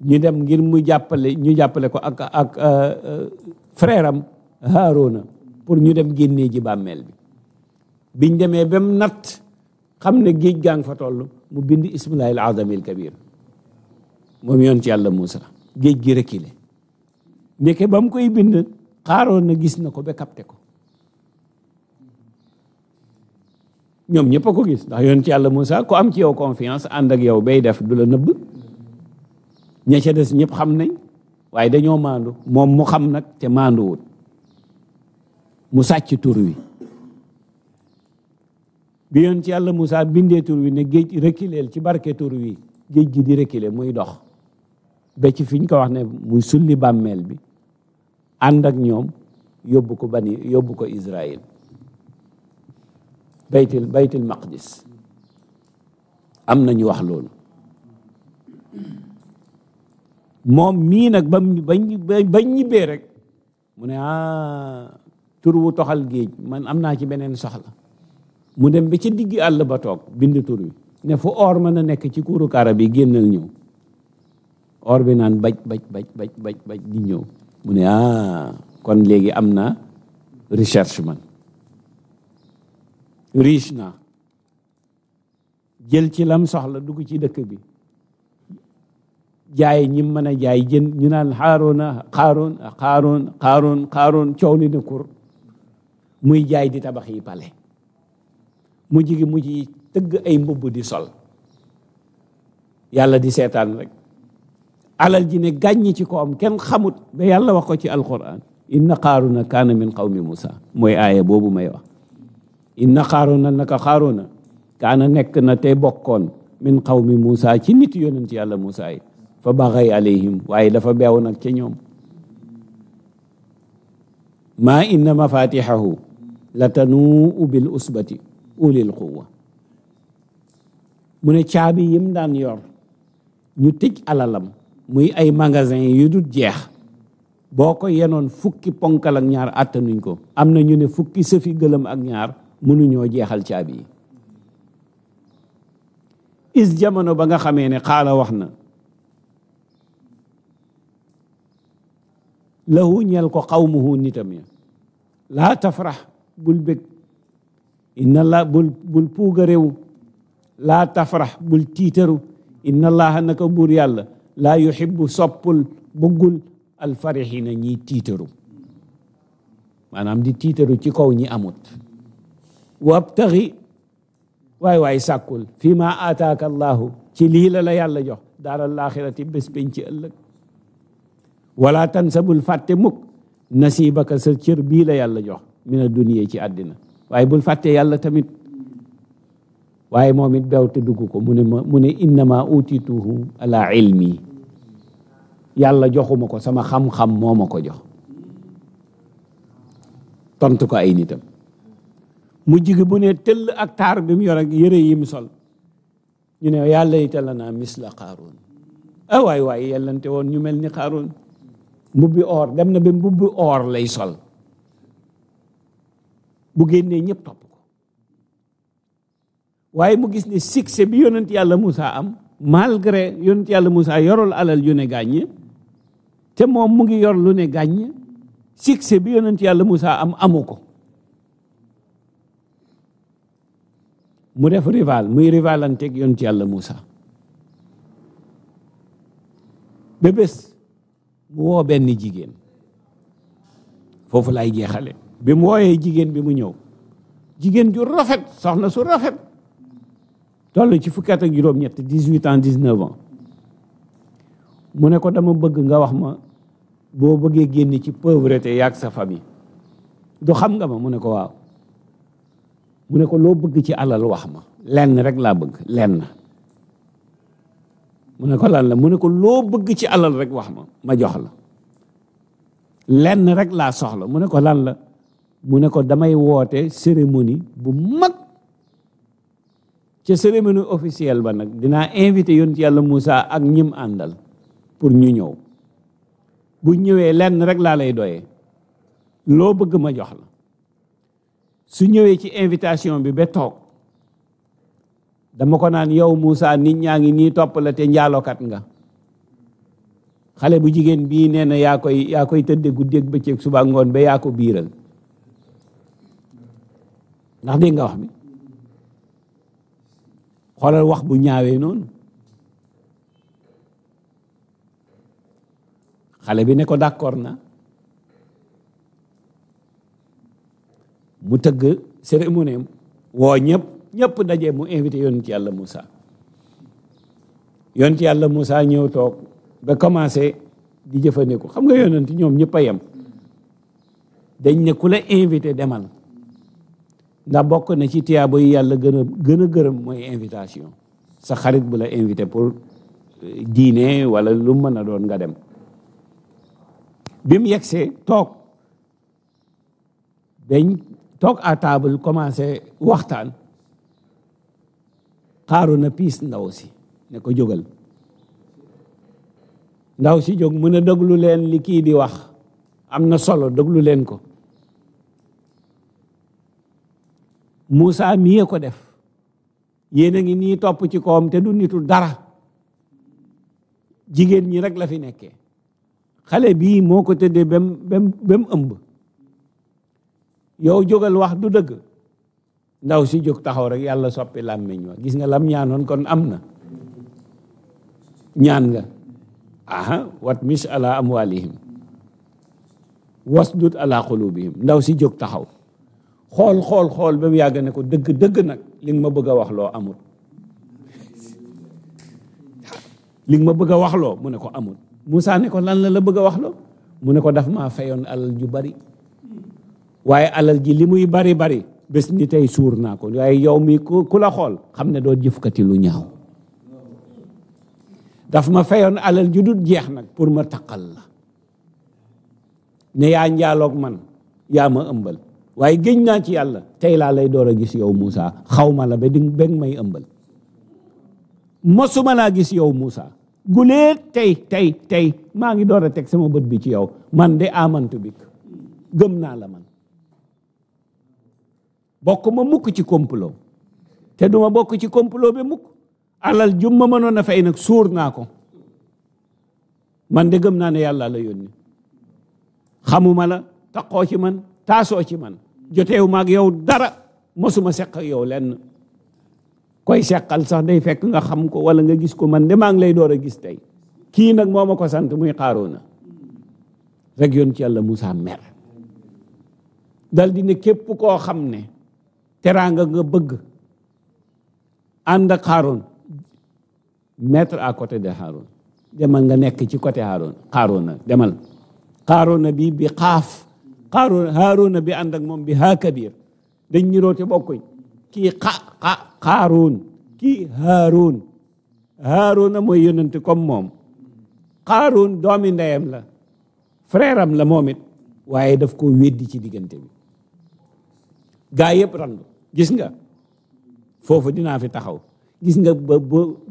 ñu dem ngir mu jàppale ñu jàppale ko ak ak uh, uh, frère am Haaruna pour ñu dem génnee ji bàmmeel bi biñ demee ba nat xam ne géej gaa ngi fa toll mu bind ismillaahil azamil kabir moom yoon ci yàlla Moussa géej gi rekkile ndeke ba mu koy bind xaaroon na gis na ko ba capté ko ñoom ñëpp a ko gis ndax yoon ci yàlla Moussa ku am ci yow confiance ànd ak yow bay def du la nëbb ña ca des ñëpp xam nañ waaye dañoo maandu moom mu xam nag te maanduwut mu sàcc tur wi bi yoon ci yàlla Moussa bindee tur wi ne géej rekkileel ci barke tur wi géej gi di rekkile muy dox ba fiñ ko wax ne muy sulli bàmmeel bi ànd ñoom yóbbu ko bani yóbbu ko Israël baytil baytil maqdis am na ñu wax loolu moom mii nag ba ba ñibbee rek mu ne ah tur wu toxal géej man am naa ci beneen soxla mu dem ba ca diggi àll ba toog bind tur wi ne fu or mën na nekk ci kuuru kaara bi génnal ñëw or bi naan baj baj baj baj baj baj di ñëw mu ne ah kon léegi am na recherche man na naa jël ci lam soxla dugg ci dëkk bi jaay ñi mën a jaay jën ñu naan xaaroona xaaroon xaaroon xaaroon xaaroon coow li kur muy jaay di tabax yi pale mujj gi mujj yi tëgg ay mbubb di sol yàlla di seetaan rek alal ji ne gàññi ci ko am kenn xamut ba yàlla wax ko ci alquran inna qaaruna kaana min qawmi musa mooy aaya boobu may wax inna qaaruna naka qaaruna kaana nekk na te bokkoon min qawmi musa ci nit yonent yàlla musa yi fa baxay alayhim waaye dafa beew nag ci ñoom maa inna mafatixahu la tanuu bil usbati ulil quwa mu ne caabi yim daan yor ñu tëj alalam muy ay magasin yu dul jeex boo ko yenoon fukki ponkal ak ñaar àttanuñ ko am na ñu ne fukki sëfi gëlëm ak ñaar mënuñoo jeexal caabi yi is jamono ba nga xamee ne xaala wax na lahu ñel ko xawmuhu nitam ya la tafrax bul bég inna allah bul bul puugaréwu laa tafrax bul tiitaru inna allaha naka buur yàlla laa yuhibbu soppul bëggul na ñiy tiitaru maanaam di tiitaru ci kaw ñi amut wabtaxi waay waay sàkkul fii ma aataaka allahu ci lii la la yàlla jox daaral laaxirati bés bañ ci ëllëg wala tansa bul fàtte mukk nasibaka sa cër bii la yàlla jox mina duniya ci àddina waaye bul fàtte yàlla tamit waaye moom it bew te dugg ko mu ne ma mu ne innama utituhu ala ilmi yàlla joxuma ko sama xam-xam moo ma ko jox tontu ko ay nitam mu jigi bu ne tell aktar taar bi mu yor ak yi mu sol ñu ne yàlla itala naa misla xaaroon a ah, waay waay yellante woon ñu mel ni xaaroon mbubbi or dem na ba mbubbi or lay sol bu génnee ñëpp topp waaye mu gis ne succès bi yonent yàlla Moussa am malgré yonent yàlla Moussa yorul alal yu ne gàññe te moom mu ngi yor lu ne gàññe succès bi yonent yàlla Moussa am amu ko mu def rival muy rivalanteeg yonent yàlla Moussa ba mu woo benn jigéen foofu lay jeexale bi wooyee jigéen bi mu ñëw jigéen ju rafet soxna su rafet toll ci fukki at ak juróom-ñett dix huit ans dix neuf ans mu ne ko dama bëgg nga wax ma boo bëggee génn ci pauvreté yaag sa famille du xam nga ma mu ne ko waaw mu ne ko loo bëgg ci alal wax ma lenn rek laa bëgg lenn mu ne ko lan la mu ne ko loo bëgg ci alal rek wax ma ma jox la lenn rek laa soxla mu ne ko lan la mu ne ko damay woote cérémonie bu mag ca cérémonie officielle ba nag dinaa invité yonent yàlla Moussa ak ñim àndal pour ñu ñëw bu ñëwee lenn rek laa lay doye loo bëgg ma jox la su ñëwee ci invitation bi ba toog dama ko naan yow Moussa nit ñaa ngi nii topp la te njaalokat nga xale bu jigéen bii nee na yaa koy yaa koy tëdde guddi ak bëccëg suba ngoon ba yaa ko biiral ndax dégg nga wax bi xoolal wax bu ñaawee noonu xale bi ne ko d'accord na mu tëgg mu cérémonie woo ñëpp ñëpp daje mu invité yonent yàlla Moussa yonent yàlla Moussa ñëw toog ba commencé di jëfandiku xam nga yonent ñoom ñëpp a yem dañ ne ku la invité demal ndax bokk na ci tiyaaba yi yàlla gën a gën a gërëm mooy invitation sa xarit bu la invité pour euh, diine wala lu mën a doon nga dem bi mu yegsee toog beñ toog à table commencé waxtaan xaaru na piis ndaw si ne ko jógal ndaw si jóg mën a déglu leen li kii di wax am na solo déglu leen ko Moussa mii ko def yéen a ngi nii topp ci kawam te du nitu dara jigéen ñi rek la fi nekkee xale bii moo ko tëddee bam bam ëmb yow jógal wax du dëgg ndaw si jóg taxaw rek yàlla soppi làmmiñ wa gis nga lam ñaanoon kon am na ñaan nga aha wat mis ala amwalihim wasdud ala qulubihim ndaw si jóg taxaw xool xool xool ba mu yàgg ne ko dëgg dëgg nag li nga ma bëgg a wax loo amul li ma bëgg a wax mu ne ko amul Moussa ne ko lan la la bëgg a wax loo mu ne ko daf maa fayoon alal ju bari waaye alal ji li muy bari bari bés ni tey suur naa ko waaye yow mi ku la xool xam ne doo jëfkati lu ñaaw daf ma fayoon alal ju dul jeex nag pour ma taqal la ne yaa njaaloog man yaa ma ëmbal waaye géñ naa ci yàlla tey laa lay door a gis yow Moussa xawma la ba di bég may ëmbal mosuma laa gis yow Moussa guleet tey tey tey maa ngi door a teg sama bët bi ci yow man de amantu bi gëm naa la man bokk ma mukk ci complot te duma bokk ci complot bi mukk alal jum ma mënoon a fay nag suur naa ko man de gëm naa ne yàlla la yónni xamuma la taqoo ci man taasoo ci man joteewu maag yow dara masuma seq ak yow lenn koy seqal sax day fekk nga xam ko wala nga gis ko man de maa ngi lay door a gis tey kii nag moo ma ko sant muy xaaroona rek yoon ci yàlla Moussa mer dal di ne képp koo xam ne teraanga nga bëgg ànd ak xaaroon metre à côté de xaaroon demal nga nekk ci côté xaaroon xaaroona demal xaaroona bi bi xaaf xaaru haaruna bi ànd ak moom bi haa kabir dañ ñiroote bokkuñ kii xa xa xaaruun kii haaruun haaruna mooy yonent comme moom xaaruun doomi ndeyam la frère la moom waaye daf ko weddi ci diggante bi gaa yëpp randu gis nga foofu dinaa fi taxaw gis nga ba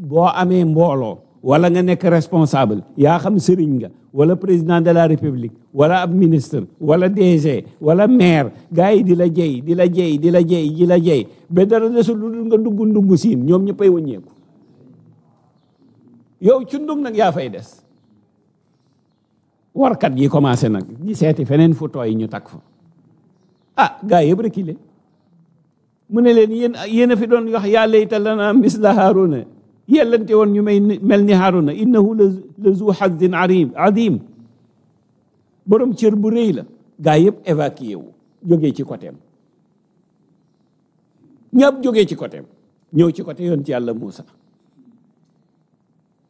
boo amee mbooloo wala nga nekk responsable yaa xam sëriñ nga wala président de la république wala ab ministre wala DG wala maire gars yi di la jey di la jey di la jey di la jey ba dara desul lu dul nga dugg ndung siin ñoom ñëppay wëññeeku yow ci ndung nag yaa fay des warkat yi commencé nag ñi seeti feneen fu tooy ñu takk fa ah gars yëpp rekile mu ne leen yéen yéen a fi doon wax yaa layta lana la haaruna yellante woon ñu may mel ni Haaruna innahu la zu xazin arim adim borom cër bu rëy la gaa yëpp évacué wu jógee ci côté am ñëpp jógee ci côté ñëw ci côté ci yàlla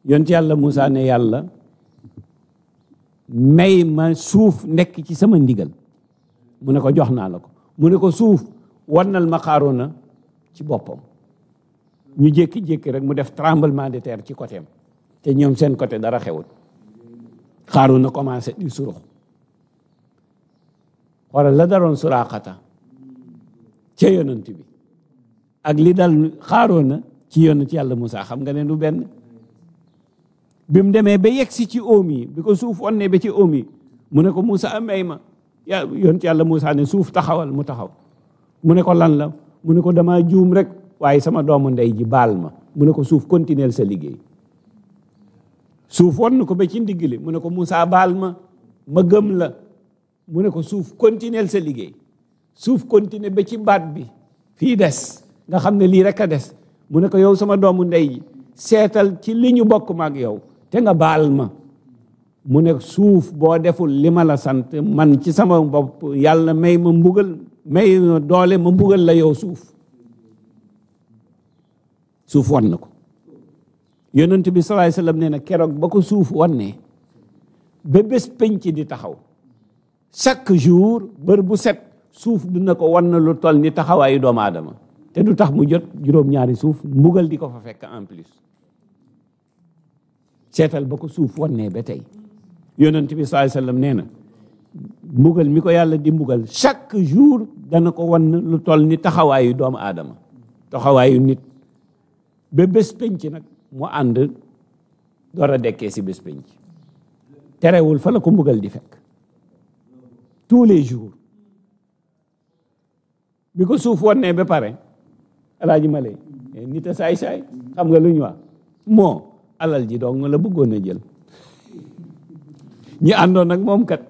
yoon ci yàlla Moussa ne yàlla may ma suuf nekk ci sama ndigal mu ne ko jox naa la ko mu ne ko suuf wannal ma Haaruna ci boppam ñu jékki-jékki rek mu def tremblement de terre ci côté te ñoom seen côté dara xewul xaaru na commencé di surux xoolal la daroon suraaxata ca yonant bi ak li dal xaaroo na ci yonant yàlla Moussa xam nga ne du benn bi mu demee ba yegsi ci oom yi bi ko suuf onnee ba ci oom yi mu ne ko Moussa may ma ya yonant yàlla Moussa ne suuf taxawal mu taxaw mu ne ko lan la mu ne ko dama juum rek waaye sama doomu ndey ji baal ma mu ne ko suuf continuer sa liggéey suuf won na ko ba ci ndigg mu ne ko Moussa baal ma ma gëm la mu ne ko suuf continuer sa liggéey suuf continuer ba ci baat bi fii des nga xam ne lii rek a des mu ne ko yow sama doomu ndey ji seetal ci li ñu bokk yow te nga baal ma mu ne suuf boo deful li ma la sant man ci sama bopp yàlla may ma mbugal may doole ma mbugal la yow suuf suuf wan na ko yonent bi sallallahu alayhi wasallam nee na keroog ba ko suuf wannee ba bés penc di taxaw chaque jour bër bu set suuf dina ko wan na lu toll ni taxawaayu doomu aadama te du tax mu jot juróom suuf mbugal di ko fa fekk en plus seetal ba ko suuf wannee ba tey yonent bi sallallahu alayhi nee na mbugal mi ko yàlla di mbugal chaque jour dana ko won lu toll ni taxawaayu doomu aadama taxawaayu nit ba bés penc nag mu ànd door a dekkee si bés penc terewul fa la ko mbugal di fekk tous les jours bi ko suuf wonnee ba pare alaaji ma lay nit a saay-saay xam nga lu ñu wax moo alal ji dong nga la bëggoon a jël ñi àndoon nag moom kat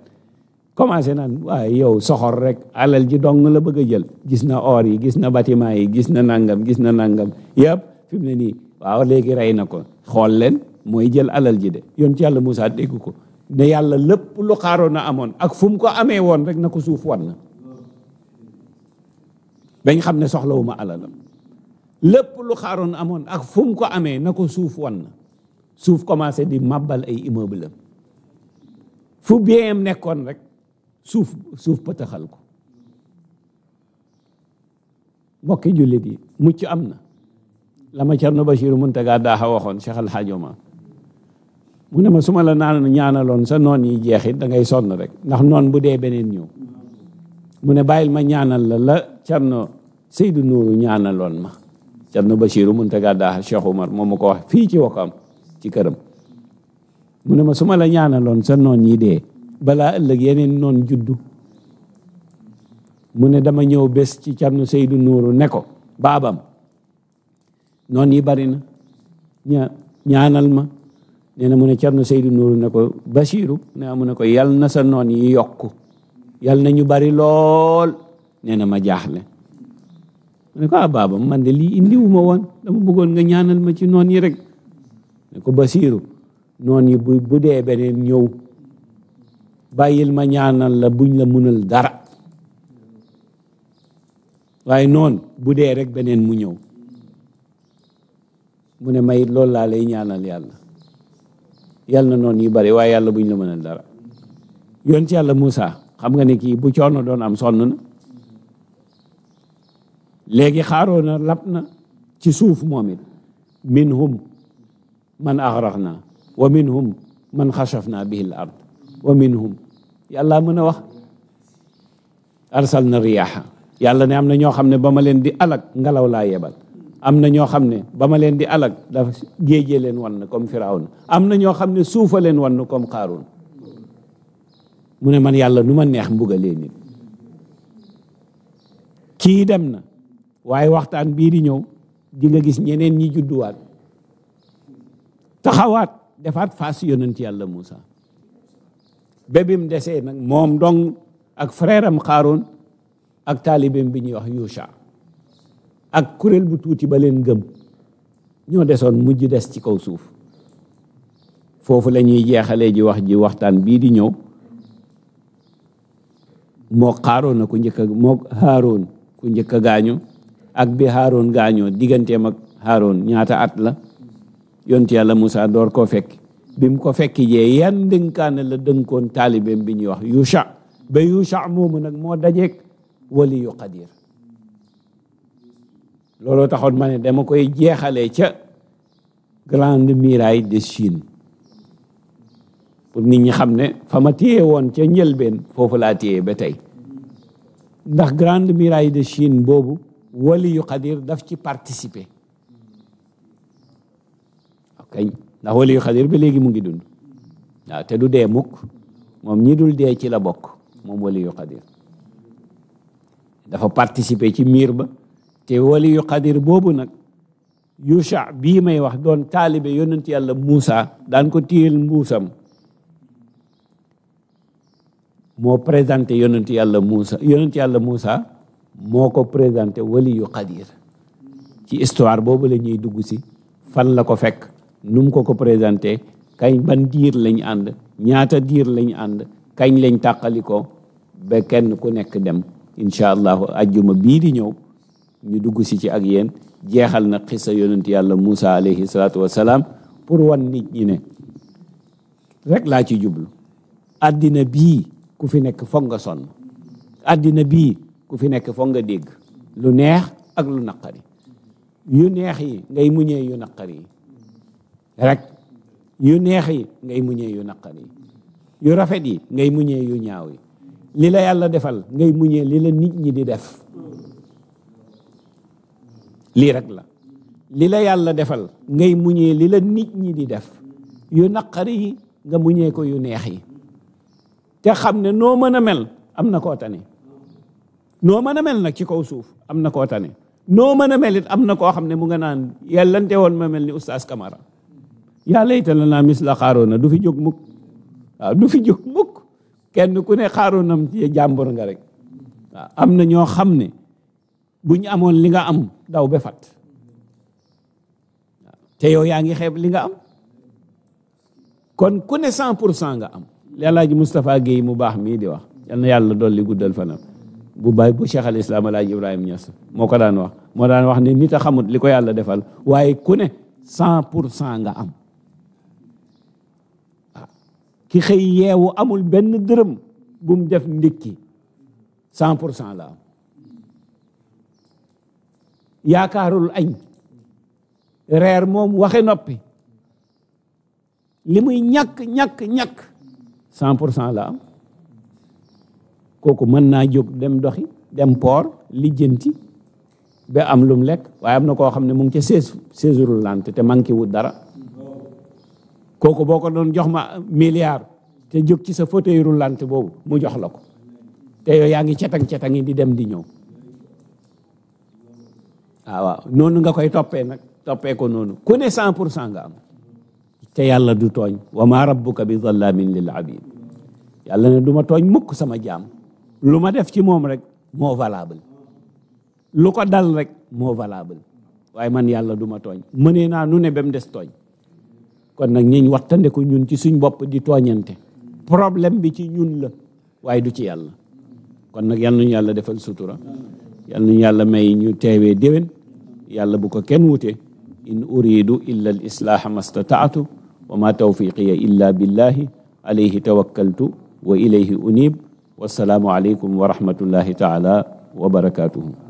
commencé naan waaye yow soxor rek alal ji dong la bëgg a jël gis na oor yi gis na batiment yi gis na nangam gis na nangam yëpp fi ne nii waaw léegi rey na ko xool leen mooy jël alal ji de yoon ci yàlla Moussa dégg ko ne yàlla lépp lu xaaroon na amoon ak fu ko amee woon rek na ko suuf wan na xam ne soxlawuma alalam lépp lu xaaroon amoon ak fu ko amee na ko suuf wan na suuf commencé di màbbal ay immeuble am fu bieyam nekkoon rek suuf suuf pëtaxal ko mbokki jullit yi mucc am na la ma Cerno Bachiru mun daaxa waxoon Cheikh Al Hadj Omar mu ne ma su la naan ñaanaloon sa noon yi jeexit da ngay sonn rek ndax noon bu dee beneen ñëw mu ne bàyyil ma ñaanal la la Cerno Seydou Nourou ñaanaloon ma Cerno Bachiru Muntaga daaxa Cheikh Omar moom ma ko wax fii ci Wakam ci këram mu ne ma su la ñaanaloon sa noon yi dee balaa ëllëg yeneen noon juddu mu ne dama ñëw bés ci Cerno Seydou Nourou ne ko baabam noonu yi bari na ña ñaanal ma nee na mu ne Cerno Seydu Nuuru ne ko Basiiru na mu ne ko yal na sa noon yi yokku yal na ñu bari lool nee na ma jaaxle mu ne ko ah baaba man de lii indiwuma won dama bëggoon nga ñaanal ma ci noon yi rek ne ko Basiiru noon yi bu bu dee beneen ñëw bàyyil ma ñaanal la buñ la mënal dara waaye noon bu dee rek beneen mu ñëw mu ne may loolu laa lay ñaanal yàlla yàlla na noon yi bari waaye yàlla buñ la mënal dara yoon ci yàlla Moussa xam nga ne kii bu coono doon am sonn na léegi xaaroo na lap na ci suuf moom it minhum man aghraqna wa minhum man xashafna bihi al ard wa minhum yàlla mën a wax arsal na riyaaxa yàlla ne am na ñoo xam ne ba ma leen di alak ngelaw laa yebal am na ñoo xam ne ba ma leen di alag dafa géejee leen wann comme firawna am na ñoo xam ne suuf a leen wann comme xaaroon mu ne man yàlla nu ma neex mbugalee nit kii dem na waaye waxtaan bii di ñëw di nga gis ñeneen ñi judduwaat taxawaat defaat faas yonent yàlla Moussa bébim desee nag moom dong ak frère am ak taalibeem bi ñuy wax Yuusa ak kuréel bu tuuti ba leen gëm ñoo desoon mujj des ci kaw suuf foofu lañuy jeexale ji wax ji waxtaan bii di ñëw moo xaaroon na ku njëkk a ku njëkk a gaañu ak bi xaaroon gaañoo digganteem ak xaaroon ñaata at la yonti yàlla Musaa door koo fekk bi ko fekki jee yan dënkaana la dënkoon taalibeem bi ñuy wax Yusha ba Yusha moomu nag moo dajeek waliyu Qadir looloo taxoon ma ne dama koy jeexalee ca grande muraille de Chine pour nit ñi xam ne fa ma téye woon ca njëlbeen foofu laa téye ba tey ndax grande muraille de Chine boobu wali yu xadir daf ci participer ok ndax wali yu xadir ba léegi mu ngi dund waaw te du dee mukk moom ñi dul dee ci la bokk moom wali yu xadir dafa participer ci miir ba te waliyu xadir boobu nag yusha bii may wax doon taalibe yonent yàlla Muusa daan ko téyel mbuusam moo présenté yonent yàlla Muusa yonent yàlla Muusa moo ko présenté waliyu xadir ci histoire boobu la ñuy dugg si fan la ko fekk nu mu ko ko présenté kañ ban diir lañ ànd ñaata diir lañ ànd kañ lañ tàqali ko ba kenn ku nekk dem incha allahu ajjuma bii di ñëw ñu dugg si ci ak yéen jeexal na xisa yonent yàlla Moussa alayhi salaatu wasalaam pour wan nit ñi ne rek laa ci jublu àddina bii ku fi nekk foog nga sonn àddina bii ku fi nekk foog nga dégg lu neex ak lu naqari yu neex yi ngay muñee yu naqari yi rek yu neex yi ngay muñee yu naqari yi yu rafet yi ngay muñee yu ñaaw yi li la yàlla defal ngay muñee li la nit ñi di def lii rek la lii la yàlla defal ngay muñee li la nit ñi di def yu naqari yi nga muñee ko yu neex yi te xam ne noo mën a mel am na koo tane noo mën a mel nag ci kaw suuf am na koo tane noo mën a mel it am na koo xam ne mu nga naan yàllante woon ma mel ni oustaz Camara yaa laytana naa mis la xaaroona du fi jóg mukk waaw du fi jóg mukk kenn ku ne xaaroonam ci jàmbur nga rek waaw am na ñoo xam ne bu ñu amoon li nga am daw ba fat te yow yaa ngi xeeb li nga am kon ku ne cent pour cent nga am li alaaji Moustapha Guèye mu baax mii di wax yal na yàlla dolli guddal fanam bu bay bu cheikh al islam alaaji Ibrahima Niass moo ko daan wax moo daan wax ne nit a xamut li ko yàlla defal waaye ku ne cent pour cent nga am ah, ki xëy yeewu amul benn dërëm bu mu def ndikki cent pour cent la am yaakaarul añ reer moom waxe noppi li muy ñàkk ñakk ñàkk cent pour cent la am kooku mën naa jóg dem doxi dem poor lijjanti ba am lum lekk waaye am na koo xam ne mu ngi ca seize seize lant te manqué wu dara kooku boo ko doon jox ma milliard te jóg ci sa fauteuil roulant boobu mu jox la ko te yow yaa ngi cetang cetangi di dem di ñëw ah noonu nga koy toppee nag toppee ko noonu ku ne cent pour cent nga am te yàlla du tooñ wa ma rabbuka bi zallamin lil abid yàlla ne du ma tooñ mukk sama jaam lu ma def ci moom rek moo valable lu ko dal rek moo valable waaye man yàlla du ma tooñ mënee naa nu ne ba des tooñ kon nag ñiñ wattande ku ñun ci suñ bopp di tooñante problème bi ci ñun la waaye du ci yàlla kon nag yal nañu yàlla defal sutura yal nañu yàlla may ñu teewee déwén yàlla bu ko kenn wute in uridu illa al islaaha mastataatu wa ma tawfiqiya illa billahi alayhi tawakkaltu wa ilayhi unib wassalaamu aleykum wa rahmatullahi taala wa barakatuhu